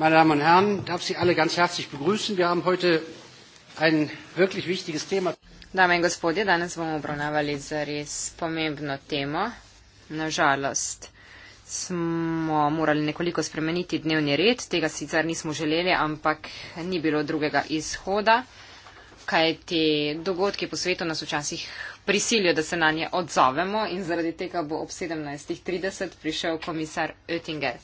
Meine Damen und Herren, darf Sie alle ganz herzlich begrüßen. Wir haben heute ein wirklich wichtiges Thema. Dame in gospodje, danes bomo obravnavali za res pomembno temo. Nažalost, smo morali nekoliko spremeniti dnevni red, tega sicer nismo želeli, ampak ni bilo drugega izhoda, kaj te dogodke po svetu nas včasih prisilijo, da se na nje odzovemo in zaradi tega bo ob 17.30 prišel komisar Oettinger.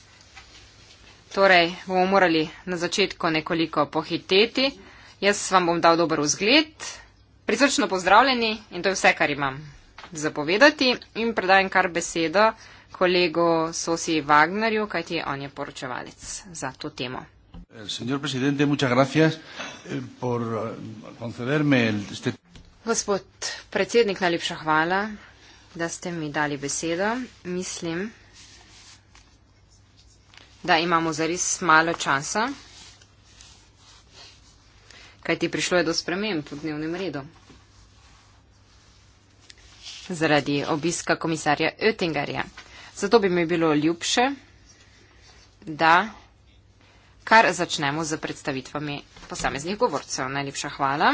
Torej, bomo morali na začetku nekoliko pohiteti. Jaz vam bom dal dober vzgled. Prisrčno pozdravljeni in to je vse, kar imam zapovedati. In predajem kar besedo kolegu Sosi Wagnerju, kajti on je poročevalec za to temo. Eh, eh, eh, Gospod predsednik, najlepša hvala, da ste mi dali besedo. Mislim, da imamo zares malo časa, kajti prišlo je do sprememb v dnevnem redu. Zaradi obiska komisarja Oettingerja. Zato bi mi bilo ljubše, da kar začnemo z predstavitvami posameznih govorcev. Najlepša hvala.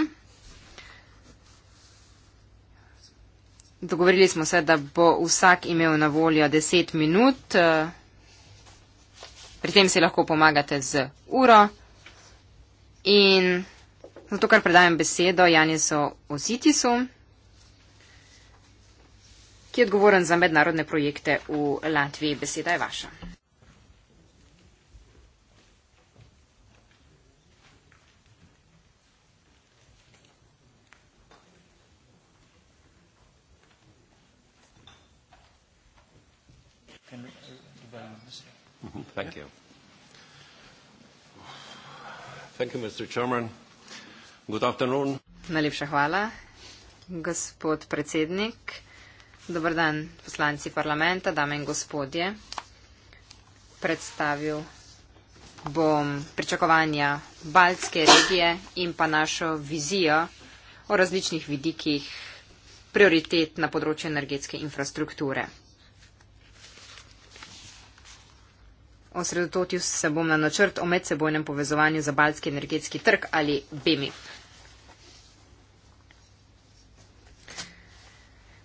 Dogovorili smo se, da bo vsak imel na voljo 10 minut. Eh, Pri tem si lahko pomagate z uro. In zato, ker predajam besedo Janisu Ositisu, ki je odgovoren za mednarodne projekte v Latviji, beseda je vaša. important. Thank you. Thank you, Mr. Chairman. Good afternoon. Najlepša hvala, gospod predsednik. Dobar dan, poslanci parlamenta, dame in gospodje. Predstavil bom pričakovanja Baltske regije in pa našo vizijo o različnih vidikih prioritet na področju energetske infrastrukture. Osredotočil se bom na načrt o medsebojnem povezovanju za Balski energetski trg ali BEMI.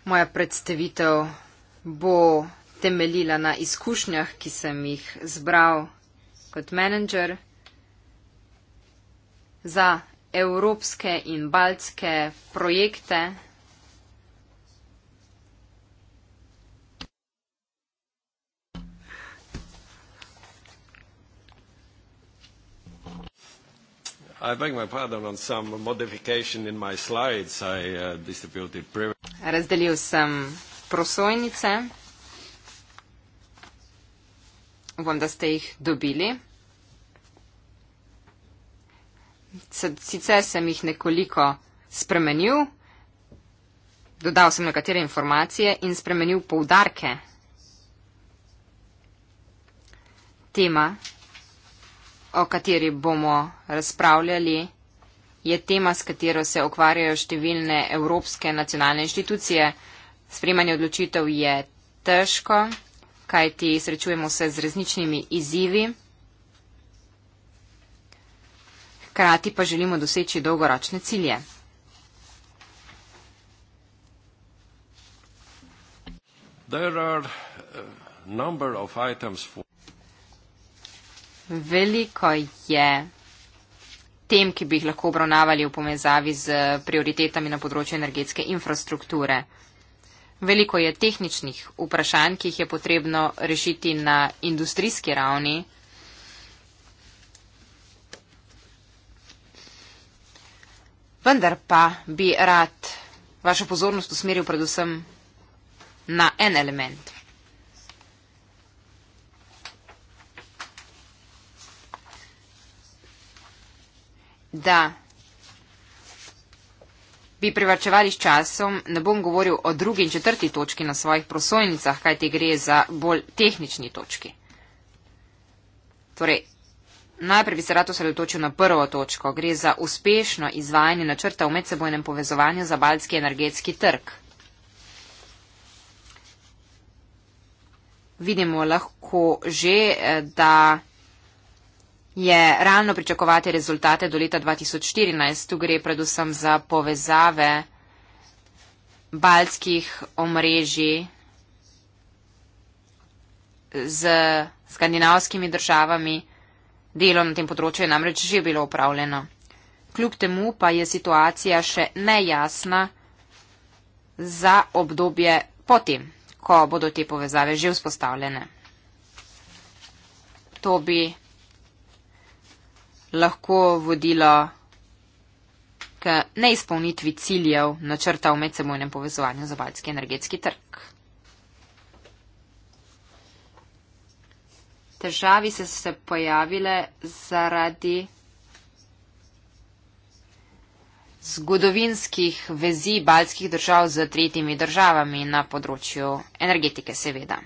Moja predstavitev bo temeljila na izkušnjah, ki sem jih zbral kot menedžer za evropske in baltske projekte. Uh, Razdelil sem prosojnice. Upam, da ste jih dobili. Sicer sem jih nekoliko spremenil, dodal sem nekatere informacije in spremenil poudarke. Tema o kateri bomo razpravljali, je tema, s katero se ukvarjajo številne evropske nacionalne inštitucije. Spremanje odločitev je težko, kajti srečujemo se z različnimi izzivi. Hkrati pa želimo doseči dolgoročne cilje. There are a uh, number of items for veliko je tem, ki bi jih lahko obravnavali v pomezavi z prioritetami na področju energetske infrastrukture. Veliko je tehničnih vprašanj, ki jih je potrebno rešiti na industrijski ravni. Vendar pa bi rad vašo pozornost usmeril predvsem na en element. da bi privrčevali s časom, ne bom govoril o drugi in četrti točki na svojih prosojnicah, kaj ti gre za bolj tehnični točki. Torej, najprej bi se rad osredotočil na prvo točko. Gre za uspešno izvajanje načrta v medsebojnem povezovanju za balski energetski trg. Vidimo lahko že, eh, da Je realno pričakovati rezultate do leta 2014? Tu gre predvsem za povezave baltskih omrežij z skandinavskimi državami. Delo na tem področju je namreč že bilo upravljeno. Kljub temu pa je situacija še nejasna za obdobje potem, ko bodo te povezave že vzpostavljene. To bi lahko vodilo k neizpolnitvi ciljev načrta v medsebojnem povezovanju za baljski energetski trg. Težavi se so se pojavile zaradi zgodovinskih vezi baljskih držav z tretjimi državami na področju energetike, seveda.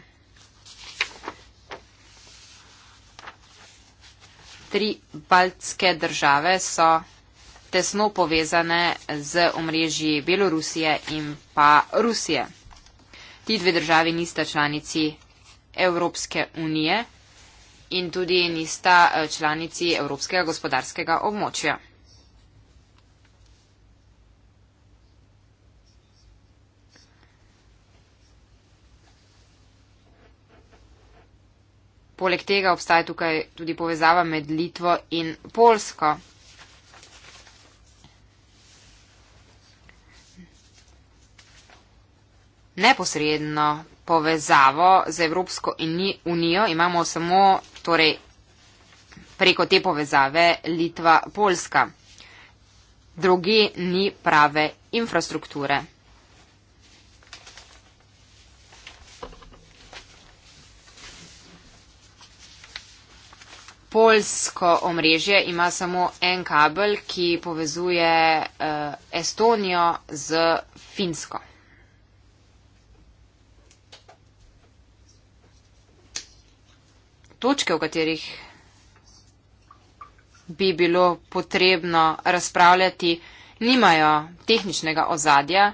tri baltske države so tesno povezane z omrežji Belorusije in pa Rusije. Ti dve državi nista članici Evropske unije in tudi nista eh, članici Evropskega gospodarskega območja. Poleg tega obstaja tukaj tudi povezava med Litvo in Polsko. Neposredno povezavo z Evropsko unijo imamo samo torej, preko te povezave Litva-Polska. Drugi ni prave infrastrukture. okoljsko omrežje ima samo en kabel, ki povezuje uh, Estonijo z Finsko. Točke, o katerih bi bilo potrebno razpravljati, nimajo tehničnega ozadja,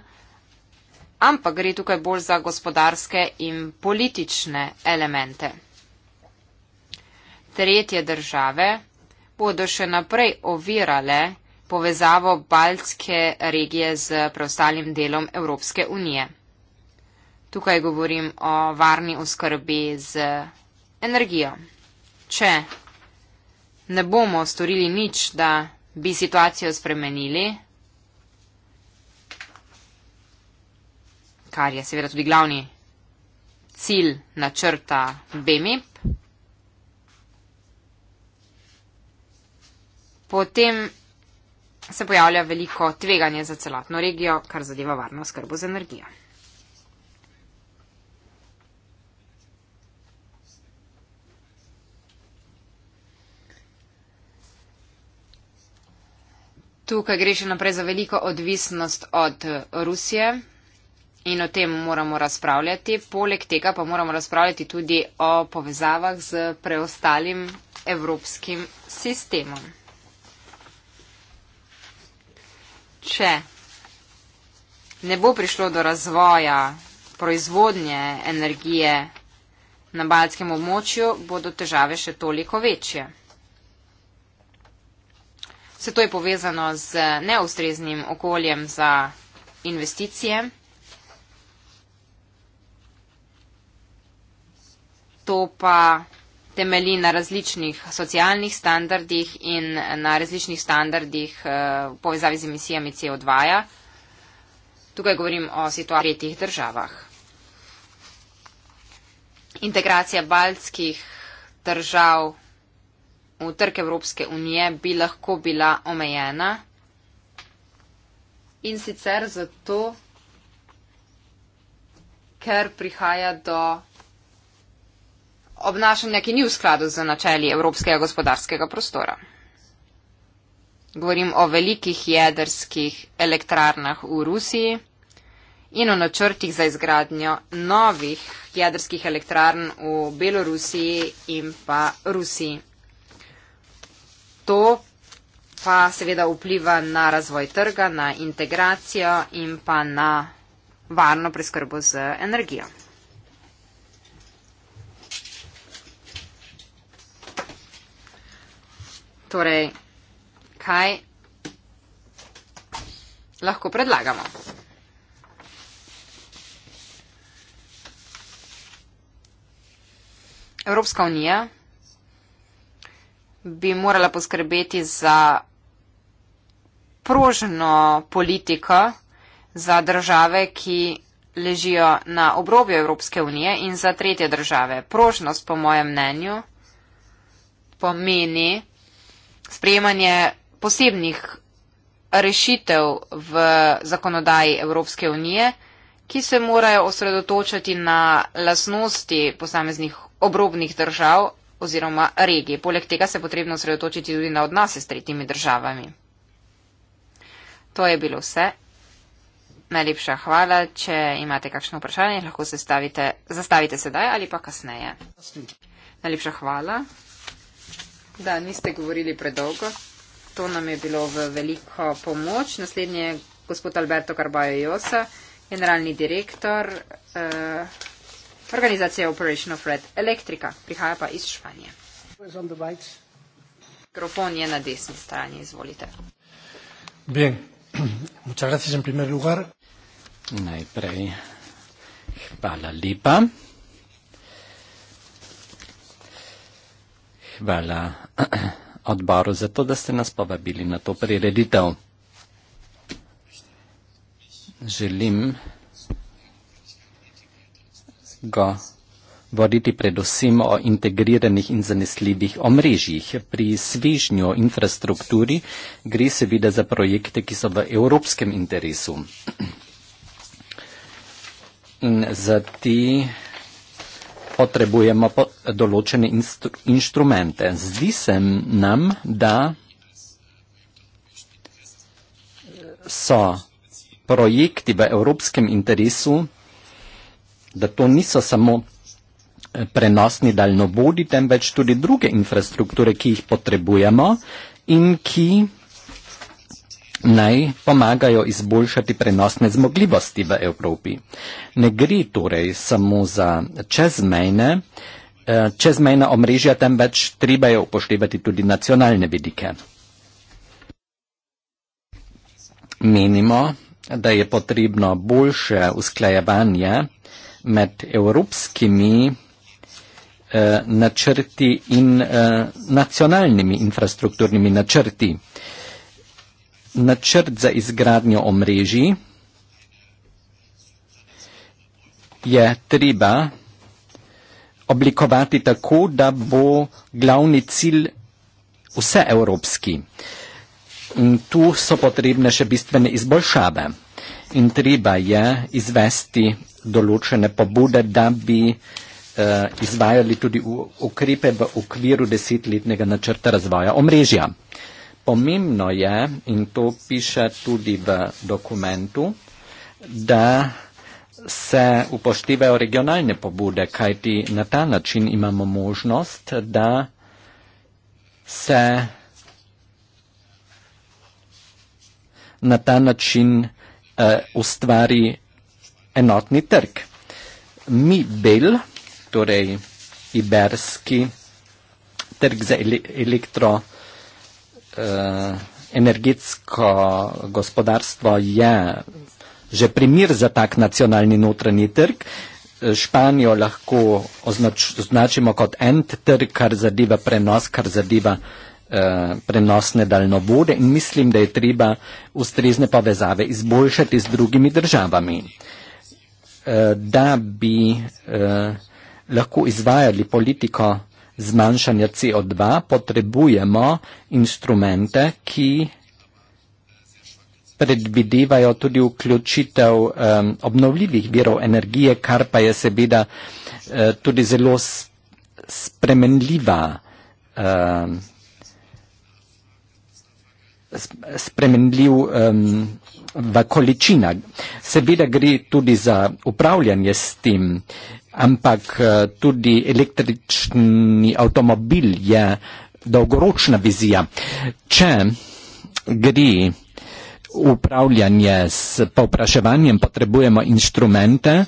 ampak gre tukaj bolj za gospodarske in politične elemente tretje države bodo še naprej ovirale povezavo Baltske regije z preostalim delom Evropske unije. Tukaj govorim o varni oskrbi z energijo. Če ne bomo storili nič, da bi situacijo spremenili, kar je seveda tudi glavni cilj načrta BEMIP, potem se pojavlja veliko tveganje za celotno regijo, kar zadeva varno skrbo z energijo. Tukaj gre še naprej za veliko odvisnost od Rusije in o tem moramo razpravljati. Poleg tega pa moramo razpravljati tudi o povezavah z preostalim evropskim sistemom. če ne bo prišlo do razvoja proizvodnje energije na baljskem območju, bodo težave še toliko večje. Vse to je povezano z neustreznim okoljem za investicije. To pa temelji na različnih socialnih standardih in na različnih standardih eh, v povezavi z emisijami CO2. -ja. Tukaj govorim o situaciji tretjih državah. Integracija baltskih držav v trg Evropske unije bi lahko bila omejena in sicer zato, ker prihaja do obnašanja, ki ni v skladu z načeli evropskega gospodarskega prostora. Govorim o velikih jedrskih elektrarnah v Rusiji in o načrtih za izgradnjo novih jedrskih elektrarn v Belorusiji in pa Rusiji. To pa seveda vpliva na razvoj trga, na integracijo in pa na varno preskrbo z energijo. Torej, kaj lahko predlagamo? Evropska unija bi morala poskrbeti za prožno politiko za države, ki ležijo na obrobju Evropske unije in za tretje države. Prožnost, po mojem mnenju, pomeni, sprejemanje posebnih rešitev v zakonodaji Evropske unije, ki se morajo osredotočati na lasnosti posameznih obrobnih držav oziroma regij. Poleg tega se je potrebno osredotočiti tudi na odnose s tretjimi državami. To je bilo vse. Najlepša hvala. Če imate kakšno vprašanje, lahko se stavite, zastavite sedaj ali pa kasneje. Najlepša hvala. Da, niste govorili predolgo. To nam je bilo v veliko pomoč. Naslednji je gospod Alberto Carbajo Josa, generalni direktor eh, organizacije Operation of Red Electrica. Prihaja pa iz Španije. Mikrofon je na desni strani, izvolite. Bien. Muchas gracias en primer lugar. Najprej. Hvala lepa. hvala odboru za to, da ste nas povabili na to prireditev. Želim go voditi predvsem o integriranih in zanesljivih omrežjih. Pri svežnju infrastrukturi gre seveda za projekte, ki so v evropskem interesu. In za te potrebujemo po, določene instru, inštrumente. Zdi se nam, da so projekti v evropskem interesu, da to niso samo eh, prenosni daljnobodi, temveč tudi druge infrastrukture, ki jih potrebujemo in ki naj pomagajo izboljšati prenosne zmogljivosti v Evropi. Ne gre torej samo za čezmejne, eh, čezmejna omrežja, temveč treba je upoštevati tudi nacionalne vidike. Menimo, da je potrebno boljše usklajevanje med evropskimi eh, načrti in eh, nacionalnimi infrastrukturnimi načrti načrt za izgradnjo omrežij, je treba oblikovati tako, da bo glavni cilj vse evropski. In tu so potrebne še bistvene izboljšave. In treba je izvesti določene pobude, da bi eh, izvajali tudi ukrepe v okviru desetletnega načrta razvoja omrežja. Eh, Pomembno je, in to piše tudi v dokumentu, da se upoštevajo regionalne pobude, kajti na ta način imamo možnost, da se na ta način uh, ustvari enotni trg. Mi bil, torej iberski trg za ele elektro. Eh, energetsko gospodarstvo je že primir za tak nacionalni notranji trg. Eh, Španijo lahko označ, označimo kot end trg, kar zadeva prenos, kar zadeva eh, prenosne daljnovode in mislim, da je treba ustrezne povezave izboljšati z drugimi državami. Da bi lahko izvajali politiko zmanjšanja CO2, potrebujemo instrumente, ki predvidevajo tudi vključitev um, obnovljivih virov energije, kar pa je seveda uh, tudi zelo spremenljiva, uh, spremenljiv um, v količinah. Seveda gre tudi za upravljanje s tem. Uh, ampak eh, tudi električni avtomobil je dolgoročna vizija. Če gre upravljanje s povpraševanjem, potrebujemo inštrumente,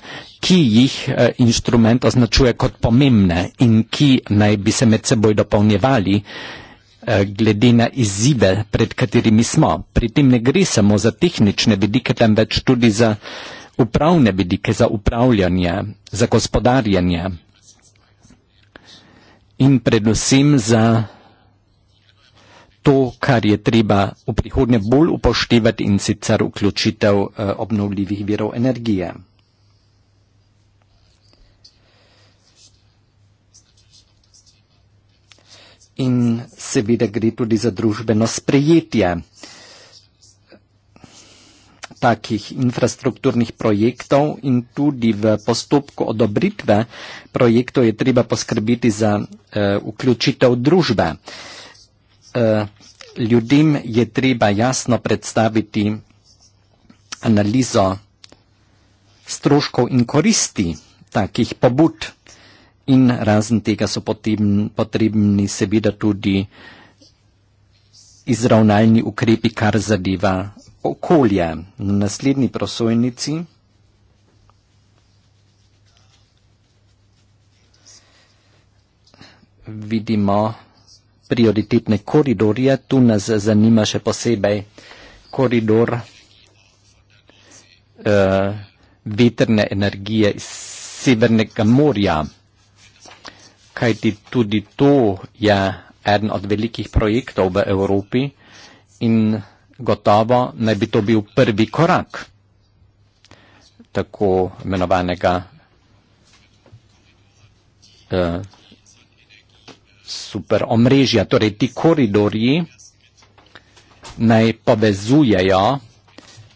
ki jih eh, inštrument označuje kot pomembne in ki naj bi se med seboj dopolnjevali eh, glede na izzive, pred katerimi smo. Pri tem ne gre samo za tehnične vidike, temveč tudi za upravne vidike za upravljanje, za gospodarjenje in predvsem za to, kar je treba v prihodnje bolj upoštevati in sicer vključitev eh, obnovljivih virov energije. In seveda gre tudi za družbeno sprejetje takih infrastrukturnih projektov in tudi v postopku odobritve projektov je treba poskrbiti za uh, vključitev družbe. Uh, ljudem je treba jasno predstaviti analizo stroškov in koristi takih pobud in razen tega so potrebni, potrebni seveda tudi izravnalni ukrepi, kar zadeva okolje na naslednji prosojnici. Vidimo prioritetne koridorje, tu nas zanima še posebej koridor uh, eh, veterne energije iz Severnega morja, kajti tudi to je eden od velikih projektov v Evropi in gotovo naj bi to bil prvi korak tako imenovanega eh, super omrežja, torej ti koridorji naj povezujejo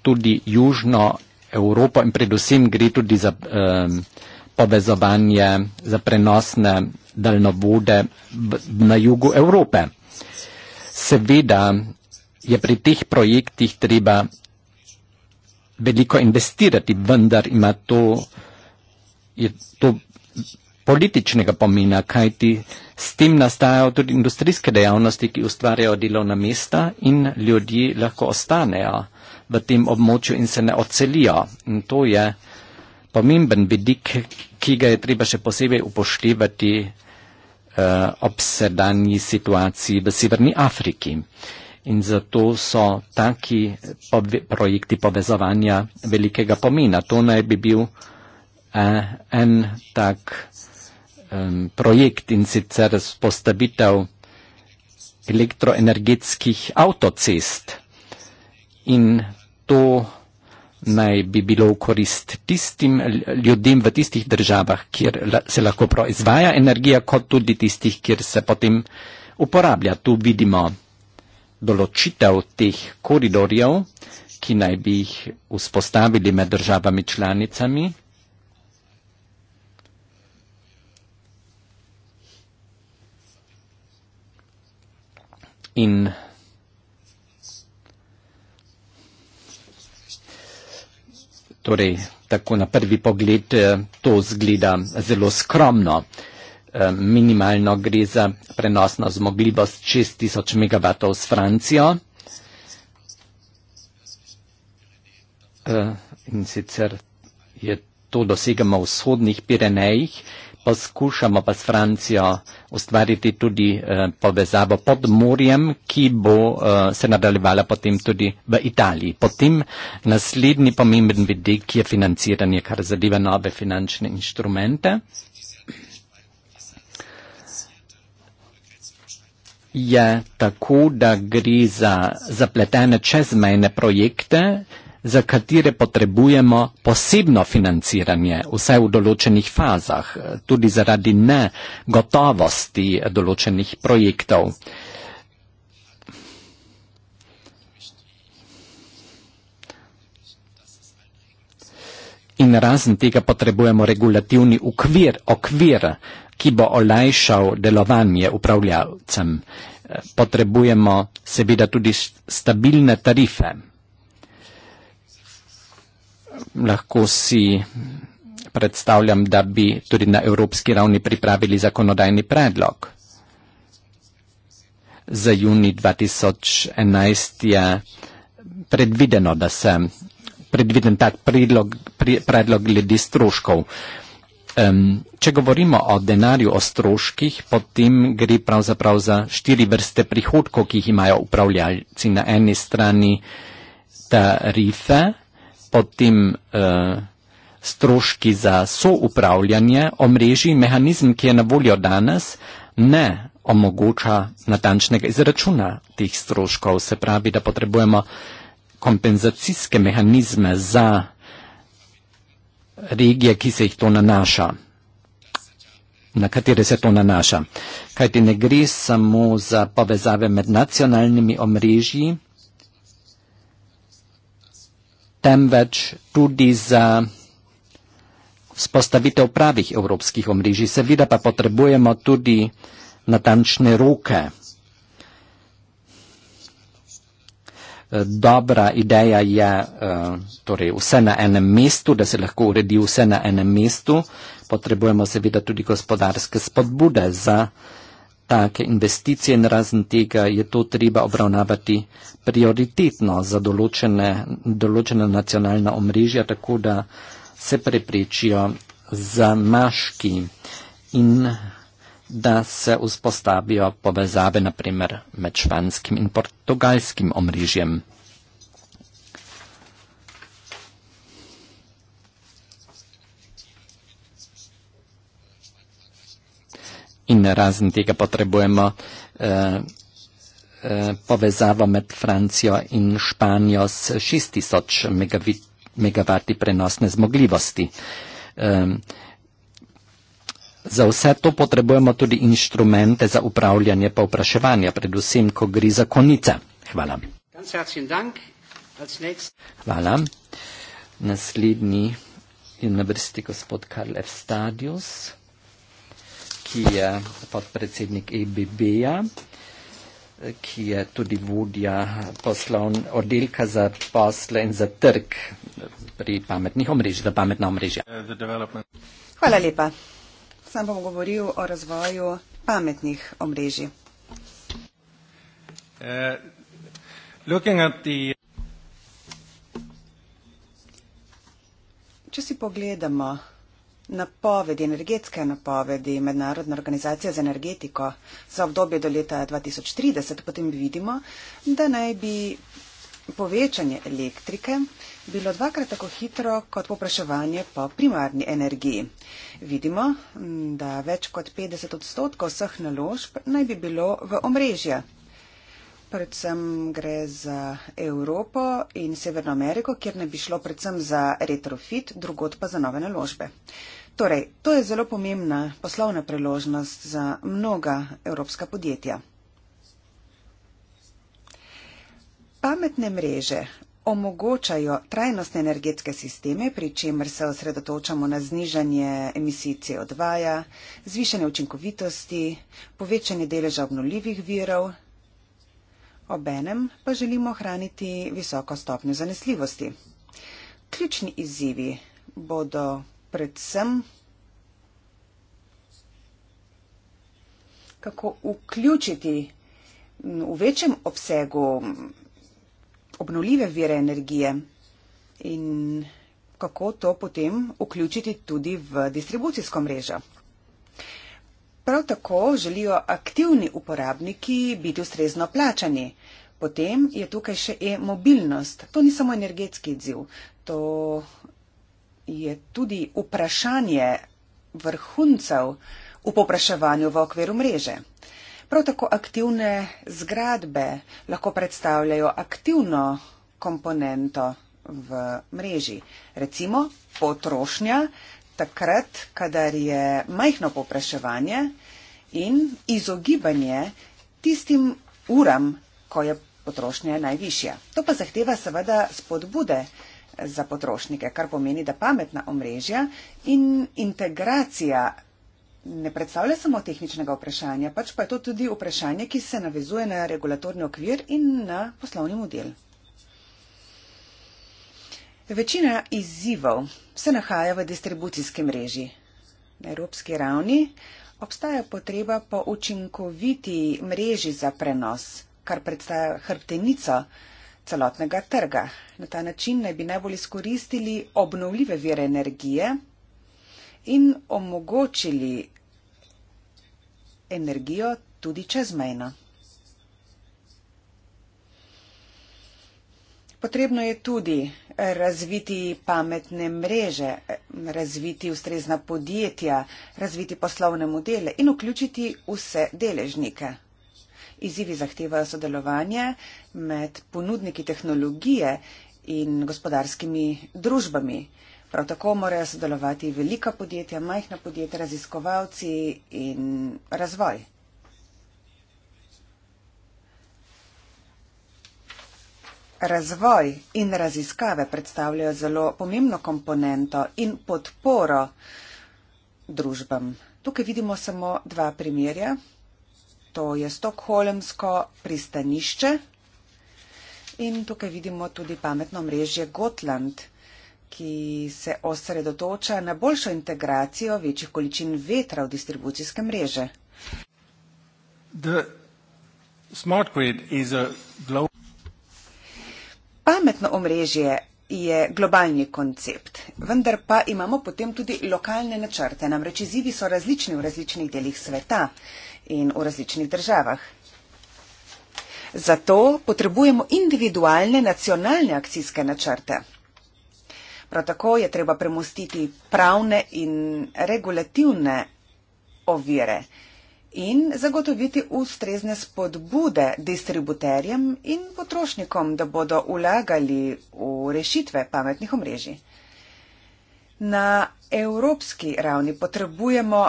tudi južno Evropo in predvsem gre tudi za eh, povezovanje za prenosne daljnovode na jugu Evrope. Seveda je pri tih projektih treba veliko investirati, vendar ima to, je to političnega pomena, kajti s tem nastajajo tudi industrijske dejavnosti, ki ustvarjajo delovna mesta in ljudje lahko ostanejo v tem območju in se ne ocelijo. In to je pomemben vidik, ki ga je treba še posebej upoštevati uh, ob sedanji situaciji v Severni Afriki. Uh, in zato so taki pove, projekti povezovanja velikega pomena. To naj bi bil eh, en tak um, projekt in sicer spostavitev elektroenergetskih avtocest in to naj bi bilo v korist tistim ljudem v tistih državah, kjer se lahko proizvaja energija, kot tudi tistih, kjer se potem uporablja. Tu vidimo določitev teh koridorjev, ki naj bi jih vzpostavili med državami članicami, In torej, tako na prvi pogled eh, to zgleda zelo skromno. Eh, minimalno gre za prenosno zmogljivost 6000 MW s Francijo. Eh, in sicer je to dosegamo v vzhodnih Pirenejih, poskušamo pa s Francijo ustvariti tudi eh, povezavo pod morjem, ki bo se nadaljevala potem tudi v Italiji. Potem naslednji pomemben vidik je financiranje, kar zadeva nove finančne inštrumente. je tako, da gre za zapletene čezmejne projekte, za katere potrebujemo posebno financiranje, vsaj v določenih fazah, tudi zaradi negotovosti določenih projektov. In razen tega potrebujemo regulativni ukvir, okvir ki bo olajšal delovanje upravljalcem. Eh, potrebujemo seveda tudi stabilne tarife. Lahko si predstavljam, da bi tudi na evropski ravni pripravili zakonodajni predlog. Za juni 2011 je predvideno, da se predviden tak predlog, predlog glede stroškov. Če govorimo o denarju, o stroških, potem gre pravzaprav za štiri vrste prihodkov, ki jih imajo upravljalci. Na eni strani tarife, potem e, stroški za soupravljanje omrežji, mehanizem, ki je na voljo danes, ne omogoča natančnega izračuna teh stroškov. Se pravi, da potrebujemo kompenzacijske mehanizme za regije, ki se jih to nanaša, na katere se to nanaša. Kajti ne gre samo za povezave med nacionalnimi omrežji, temveč tudi za spostavitev pravih evropskih omrežij. Seveda pa potrebujemo tudi natančne roke. dobra ideja je eh, torej vse na enem mestu, da se lahko uredi vse na enem mestu. Potrebujemo seveda tudi gospodarske spodbude za take investicije in razen tega je to treba obravnavati prioritetno za določene, določene nacionalna omrežja, tako da se preprečijo zamaški. In da se vzpostavijo povezave, naprimer, med španskim in portugalskim omrežjem. In razen tega potrebujemo eh, eh, povezavo med Francijo in Španijo s 6000 megavati prenosne zmogljivosti. Eh, Za vse to potrebujemo tudi inštrumente za upravljanje povpraševanja, predvsem, ko gre za konice. Hvala. Hvala. Naslednji je na vrsti gospod Karl F. Stadius, ki je podpredsednik EBB-ja, ki je tudi vodja poslovn oddelka za posle in za trg pri pametnih omrežjih, za pametna omrežja. Hvala lepa sem bom govoril o razvoju pametnih omrežij. Uh, the... Če si pogledamo napovedi, energetske napovedi Mednarodne organizacije za energetiko za obdobje do leta 2030, potem vidimo, da naj bi povečanje elektrike bilo dvakrat tako hitro kot popraševanje po primarni energiji. Vidimo, mm, da več kot 50 odstotkov vseh naložb naj bi bilo v omrežje. Predvsem gre za Evropo in Severno Ameriko, kjer ne bi šlo predvsem za retrofit, drugot pa za nove naložbe. Torej, to je zelo pomembna poslovna priložnost za mnoga evropska podjetja. Pametne mreže omogočajo trajnostne energetske sisteme, pri čemer se osredotočamo na znižanje emisij CO2, zvišanje učinkovitosti, povečanje deleža obnoljivih virov, obenem pa želimo ohraniti visoko stopnjo zanesljivosti. Ključni izzivi bodo predvsem kako vključiti v večjem obsegu obnovljive vire energije in kako to potem vključiti tudi v distribucijsko mrežo. Prav tako želijo aktivni uporabniki biti ustrezno plačani. Potem je tukaj še e-mobilnost. To ni samo energetski odziv, to je tudi vprašanje vrhuncev v popraševanju v okviru mreže. Prav tako aktivne zgradbe lahko predstavljajo aktivno komponento v mreži. Recimo potrošnja, takrat, kadar je majhno popraševanje in izogibanje tistim uram, ko je potrošnja najvišja. To pa zahteva seveda spodbude za potrošnike, kar pomeni, da pametna omrežja in integracija ne predstavlja samo tehničnega vprašanja, pač pa je to tudi vprašanje, ki se navezuje na regulatorni okvir in na poslovni model. Večina izzivov se nahaja v distribucijski mreži. Na evropski ravni obstaja potreba po učinkoviti mreži za prenos, kar predstavlja hrbtenico celotnega trga. Na ta način naj bi najbolj izkoristili obnovljive vire energije in omogočili energijo tudi čezmejno. Potrebno je tudi razviti pametne mreže, razviti ustrezna podjetja, razviti poslovne modele in vključiti vse deležnike. Izivi zahtevajo sodelovanje med ponudniki tehnologije in gospodarskimi družbami. Prav tako morajo sodelovati velika podjetja, majhna podjetja, raziskovalci in razvoj. Razvoj in raziskave predstavljajo zelo pomembno komponento in podporo družbam. Tukaj vidimo samo dva primerja. To je Stokholmsko pristanišče in tukaj vidimo tudi pametno mrežje Gotland ki se osredotoča na boljšo integracijo večjih količin vetra v distribucijske mreže. Pametno omrežje je globalni koncept, vendar pa imamo potem tudi lokalne načrte. Namreč izzivi so različni v različnih delih sveta in v različnih državah. Zato potrebujemo individualne nacionalne akcijske načrte. Prav tako je treba premostiti pravne in regulativne ovire in zagotoviti ustrezne spodbude distributerjem in potrošnikom, da bodo vlagali v rešitve pametnih omrežij. Na evropski ravni potrebujemo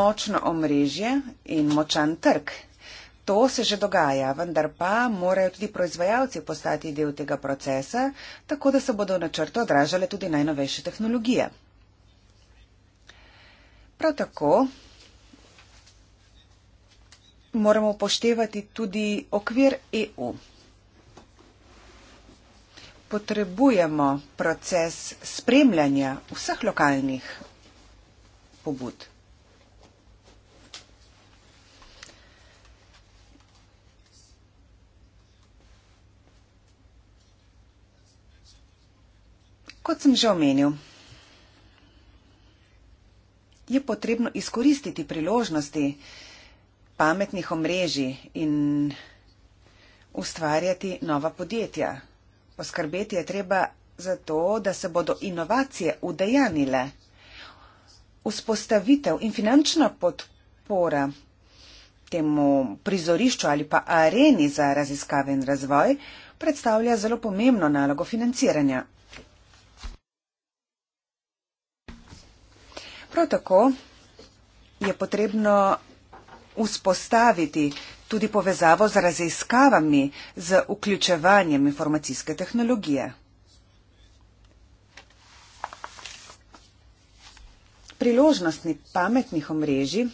močno omrežje in močan trg. To se že dogaja, vendar pa morajo tudi proizvajalci postati del tega procesa, tako da se bodo v načrtu odražale tudi najnovejše tehnologije. Prav tako moramo upoštevati tudi okvir EU. Potrebujemo proces spremljanja vseh lokalnih pobud. Kot sem že omenil, je potrebno izkoristiti priložnosti pametnih omrežij in ustvarjati nova podjetja. Poskrbeti je treba za to, da se bodo inovacije udejanile. Vzpostavitev in finančna podpora temu prizorišču ali pa areni za raziskave in razvoj predstavlja zelo pomembno nalogo financiranja. Prav tako je potrebno vzpostaviti tudi povezavo z raziskavami, z vključevanjem informacijske tehnologije. Priložnostni pametnih omrežij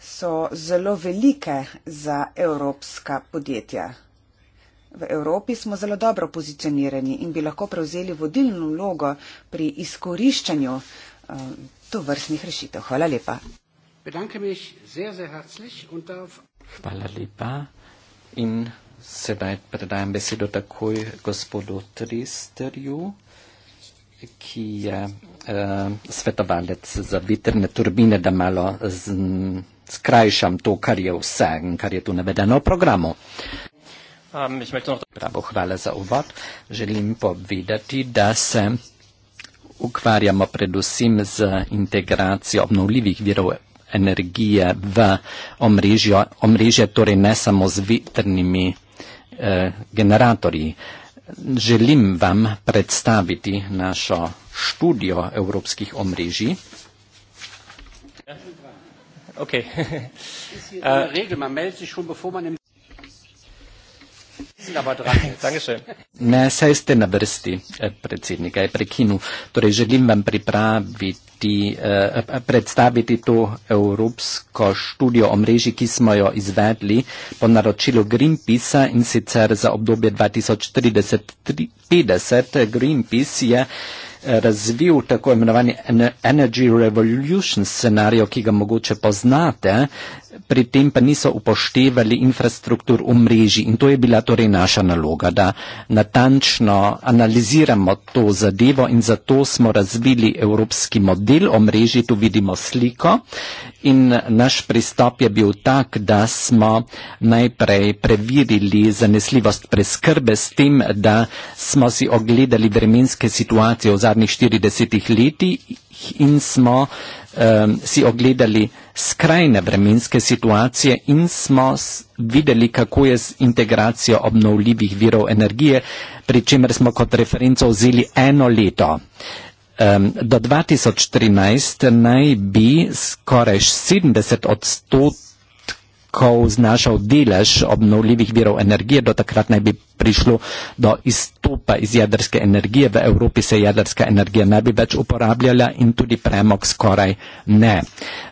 so zelo velike za evropska podjetja. V Evropi smo zelo dobro pozicionirani in bi lahko prevzeli vodilno vlogo pri izkoriščanju um, to vrstnih rešitev. Hvala lepa. Hvala lepa in sedaj predajam besedo takoj gospodu Tristerju, ki je uh, svetovalec za vitrne turbine, da malo z, m, skrajšam to, kar je vse, kar je tu navedeno v programu. Um, Pravo, hvala za uvod. Želim povedati, da se ukvarjamo predvsem z integracijo obnovljivih virov energije v omrežje, omrežje torej ne samo z vetrnimi eh, generatorji. Želim vam predstaviti našo študijo evropskih omrežij. Okay. uh, Ne, saj ste na vrsti, eh, predsednik, je prekinu. Torej, želim vam pripraviti, eh, predstaviti to evropsko študijo o mreži, ki smo jo izvedli po naročilu Greenpeacea in sicer za obdobje 2030-2050. Greenpeace je eh, razvil tako imenovani Energy Revolution scenarij, ki ga mogoče poznate, pri tem pa niso upoštevali infrastruktur v mreži in to je bila torej naša naloga, da natančno analiziramo to zadevo in zato smo razvili evropski model o mreži, tu vidimo sliko in naš pristop je bil tak, da smo najprej preverili zanesljivost preskrbe s tem, da smo si ogledali vremenske situacije v zadnjih 40 letih in smo um, si ogledali skrajne vremenske situacije in smo videli, kako je z integracijo obnovljivih virov energije, pri čemer smo kot referenco vzeli eno leto. Um, do 2013 naj bi skoraj 70 odstotkov odstotkov znašal delež obnovljivih virov energije, do takrat naj bi prišlo do izstopa iz jedrske energije. V Evropi se jedrska energija ne bi več uporabljala in tudi premog skoraj ne.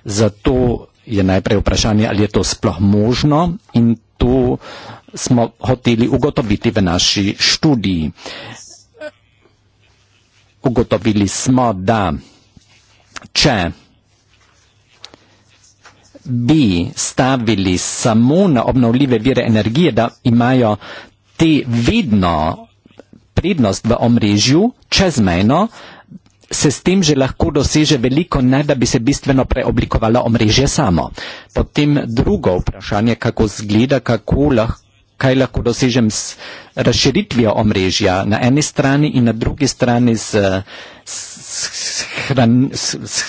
Zato je najprej vprašanje, ali je to sploh možno in to smo hoteli ugotoviti v naši študiji. Ugotovili smo, da če bi stavili samo na obnovljive vire energije, da imajo te vidno prednost v omrežju, čezmejno, se s tem že lahko doseže veliko, ne da bi se bistveno preoblikovalo omrežje samo. Potem drugo vprašanje, kako zgleda, kako lahko kaj lahko dosežem s razširitvijo omrežja na eni strani in na drugi strani s, s shran, s, s,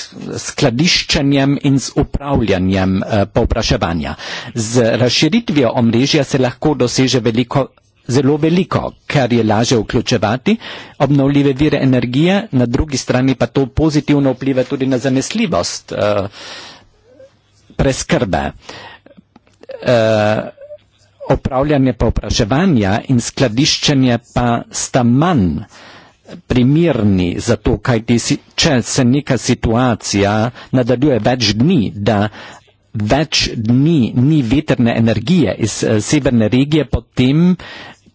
skladiščenjem in z upravljanjem eh, povpraševanja. Z razširitvijo omrežja se lahko doseže veliko, zelo veliko, ker je laže vključevati obnovljive vire energije, na drugi strani pa to pozitivno vpliva tudi na zanesljivost eh, preskrbe. Eh, upravljanje povpraševanja in skladiščenje pa sta manj primirni za to, kaj ti si, če se neka situacija nadaljuje več dni, da več dni ni veterne energije iz uh, severne regije, potem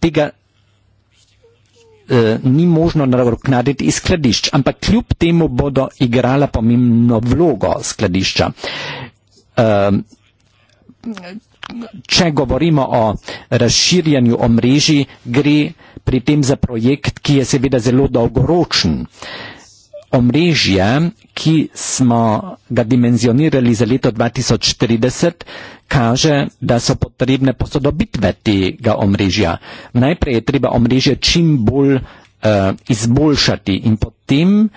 tega eh, ni možno nadoknaditi iz skladišč, ampak kljub temu bodo igrala pomembno vlogo skladišča. Ehm, če govorimo o razširjanju omrežij, gre pri tem za projekt, ki je seveda zelo dolgoročen. Omrežje, ki smo ga dimenzionirali za leto 2040, kaže, da so potrebne posodobitve tega omrežja. Najprej je treba omrežje čim bolj uh, izboljšati in potem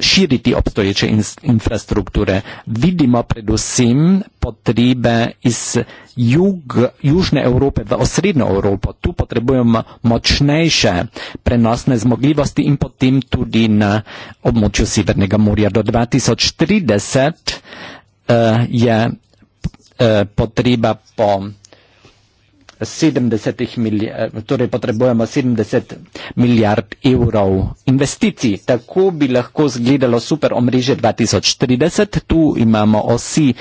širiti obstoječe in, infrastrukture. Vidimo predvsem potrebe iz jug, južne Evrope v osrednjo Evropo. Tu potrebujemo močnejše prenosne zmogljivosti in potem tudi na območju Severnega morja. Do 2030 uh, eh, je uh, potreba po 70 milijard, eh, torej potrebujemo 70 milijard evrov investicij. Tako bi lahko izgledalo super omrežje 2030. Tu imamo osi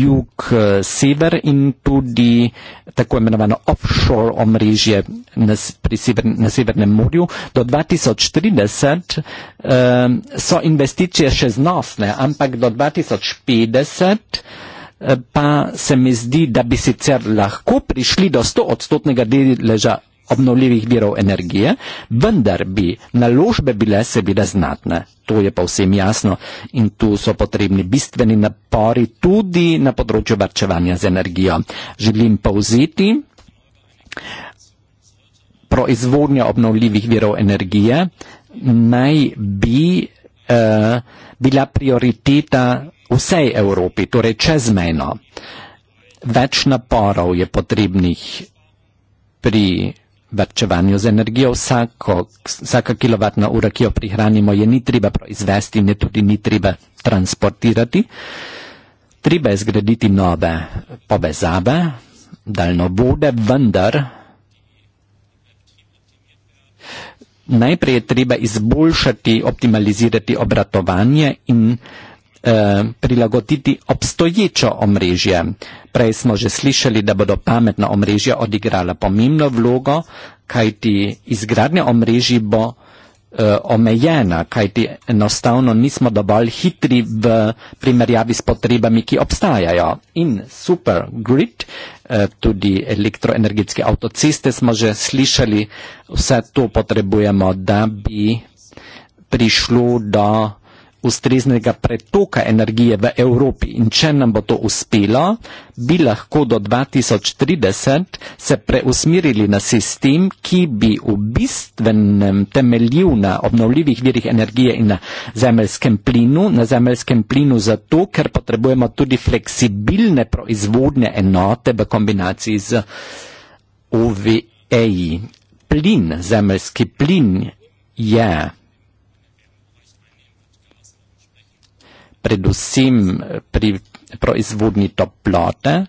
jug-sever eh, in tudi tako imenovano offshore omrežje na, sever, na Severnem morju. Do 2030 um, eh, so investicije še znosne, ampak do 2050 pa se mi zdi, da bi sicer lahko prišli do 100 odstotnega deleža obnovljivih virov energije, vendar bi naložbe bile seveda znatne. To je pa vsem jasno in tu so potrebni bistveni napori tudi na področju varčevanja z energijo. Želim povziti, proizvodnja obnovljivih virov energije naj bi eh, bila prioriteta vsej Evropi, torej čezmejno. Več naporov je potrebnih pri vrčevanju z energijo. Vsako, vsaka kilovatna ura, ki jo prihranimo, je ni treba proizvesti in je tudi ni treba transportirati. Treba je zgraditi nove povezave, daljnovode, vendar najprej je treba izboljšati, optimalizirati obratovanje in Eh, prilagoditi obstoječo omrežje. Prej smo že slišali, da bodo pametna omrežja odigrala pomembno vlogo, kajti izgradnja omrežji bo eh, omejena, kajti enostavno nismo dovolj hitri v primerjavi s potrebami, ki obstajajo. In super grid, eh, tudi elektroenergetske avtoceste smo že slišali, vse to potrebujemo, da bi prišlo do ustreznega pretoka energije v Evropi in če nam bo to uspelo, bi lahko do 2030 se preusmirili na sistem, ki bi v bistvenem temeljil na obnovljivih virih energije in na zemeljskem plinu. Na zemeljskem plinu zato, ker potrebujemo tudi fleksibilne proizvodne enote v kombinaciji z OVE-ji. Plin, zemeljski plin je predvsem pri proizvodni toplote.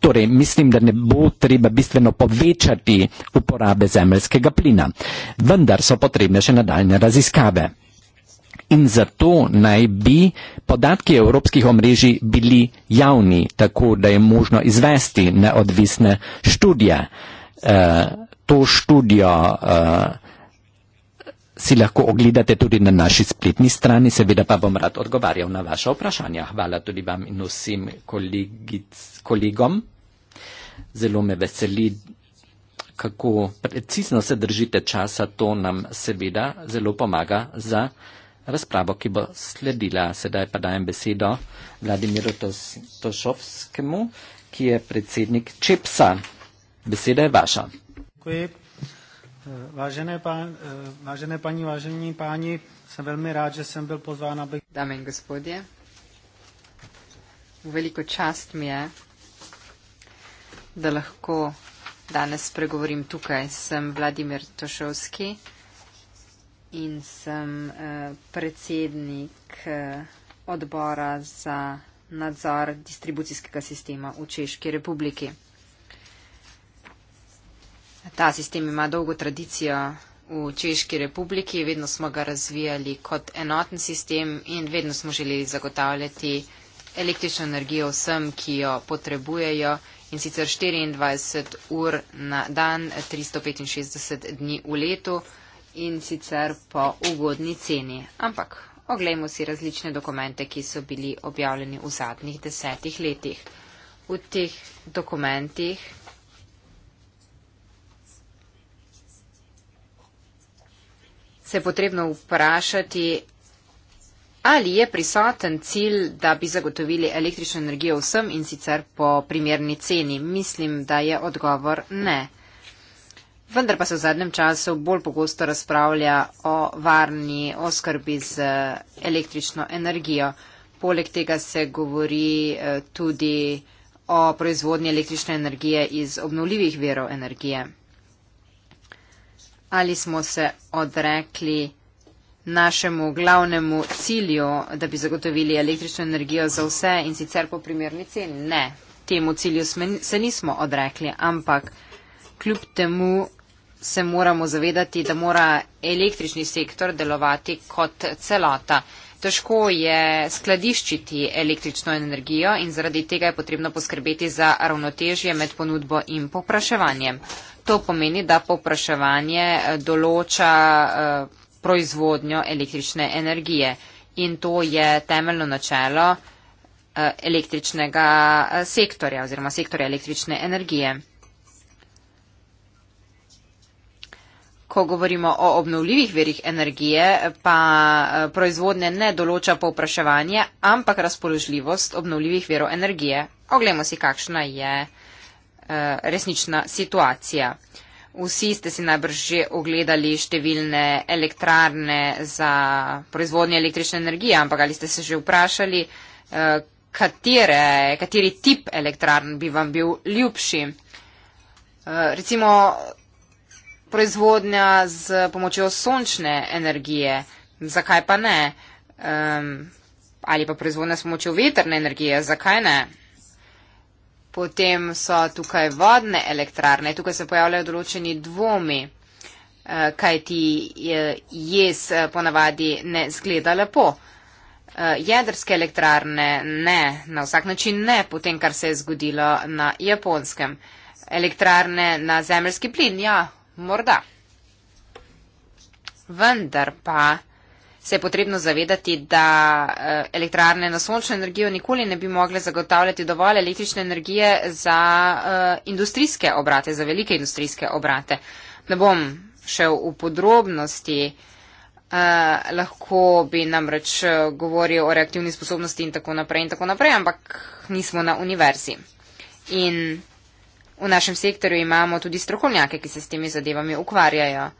Torej, mislim, da ne bo treba bistveno povečati uporabe zemljskega plina, vendar so potrebne še nadaljne raziskave. In zato naj bi podatki evropskih omrežij bili javni, tako da je možno izvesti neodvisne študije. E, to študijo. E, si lahko ogledate tudi na naši spletni strani, seveda pa bom rad odgovarjal na vaše vprašanja. Hvala tudi vam in vsem kolegic, kolegom. Zelo me veseli, kako precizno se držite časa. To nam seveda zelo pomaga za razpravo, ki bo sledila. Sedaj pa dajem besedo Vladimiru Tošovskemu, ki je predsednik Čepsa. Beseda je vaša. Kujep. Vážené, pán, eh, vážené paní, vážení páni, jsem velmi rád, že jsem byl pozván, aby... Dámy a gospodě, veliko část mi je, da lahko danes spregovorim tukaj. Sem Vladimir Tošovski in sem eh, predsednik eh, odbora za nadzor distribucijskega sistema v Češki republiki. Ta sistem ima dolgo tradicijo v Češki republiki, vedno smo ga razvijali kot enoten sistem in vedno smo želeli zagotavljati električno energijo vsem, ki jo potrebujejo in sicer 24 ur na dan, 365 dni v letu in sicer po ugodni ceni. Ampak oglejmo si različne dokumente, ki so bili objavljeni v zadnjih desetih letih. V teh dokumentih se je potrebno vprašati, ali je prisoten cilj, da bi zagotovili električno energijo vsem in sicer po primerni ceni. Mislim, da je odgovor ne. Vendar pa se v zadnjem času bolj pogosto razpravlja o varni oskrbi z eh, električno energijo. Poleg tega se govori eh, tudi o proizvodnji električne energije iz obnovljivih verov energije ali smo se odrekli našemu glavnemu cilju, da bi zagotovili električno energijo za vse in sicer po primerni ceni. Ne, temu cilju sme, se nismo odrekli, ampak kljub temu se moramo zavedati, da mora električni sektor delovati kot celota. Težko je skladiščiti električno energijo in zaradi tega je potrebno poskrbeti za ravnotežje med ponudbo in popraševanjem. To pomeni, da povpraševanje eh, določa eh, proizvodnjo električne energije in to je temeljno načelo eh, električnega sektorja oziroma sektorja električne energije. Ko govorimo o obnovljivih verih energije, pa proizvodnje ne določa povpraševanje, ampak razpoložljivost obnovljivih verov energije. Oglejmo si, kakšna je. Eh, resnična situacija. Vsi ste si najbrž že ogledali številne elektrarne za proizvodnje električne energije, ampak ali ste se že vprašali, eh, katere, kateri tip elektrarn bi vam bil ljubši? Eh, recimo proizvodnja z pomočjo sončne energije, zakaj pa ne? Ali pa proizvodnja s pomočjo veterne energije, zakaj ne? Potem so tukaj vodne elektrarne, tukaj se pojavljajo določeni dvomi, eh, kaj ti eh, jes eh, ponavadi ne zgleda lepo. Jedrske elektrarne ne, na vsak način ne, potem kar se je zgodilo na japonskem. Elektrarne na zemljski plin, ja, morda. Vendar pa se je potrebno zavedati, da eh, elektrarne na sončno energijo nikoli ne bi mogle zagotavljati dovolj električne energije za eh, industrijske obrate, za velike industrijske obrate. Ne bom šel v podrobnosti. Uh, lahko bi namreč govoril o reaktivni sposobnosti in tako naprej in tako naprej, ampak nismo na univerzi. In v našem sektorju imamo tudi strokovnjake, ki se s temi zadevami ukvarjajo.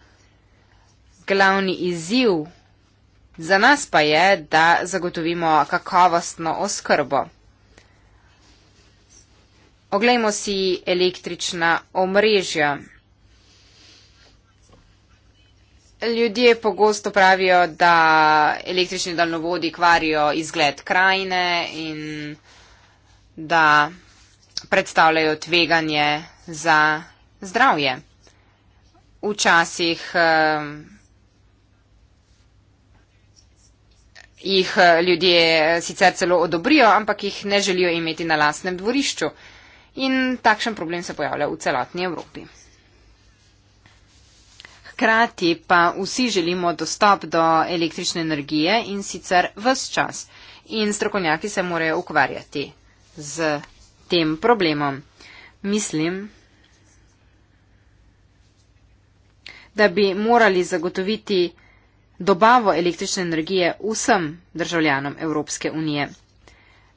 Glavni izziv Za nas pa je, da zagotovimo kakovostno oskrbo. Oglejmo si električna omrežja. Ljudje pogosto pravijo, da električni daljnovodi kvarijo izgled krajine in da predstavljajo tveganje za zdravje. Včasih eh, jih eh, ljudje eh, sicer celo odobrijo, ampak jih ne želijo imeti na lastnem dvorišču. In takšen problem se pojavlja v celotni Evropi. Hkrati pa vsi želimo dostop do električne energije in sicer vse čas. In strokovnjaki se morajo ukvarjati z tem problemom. Mislim, da bi morali zagotoviti dobavo električne energije vsem državljanom Evropske unije.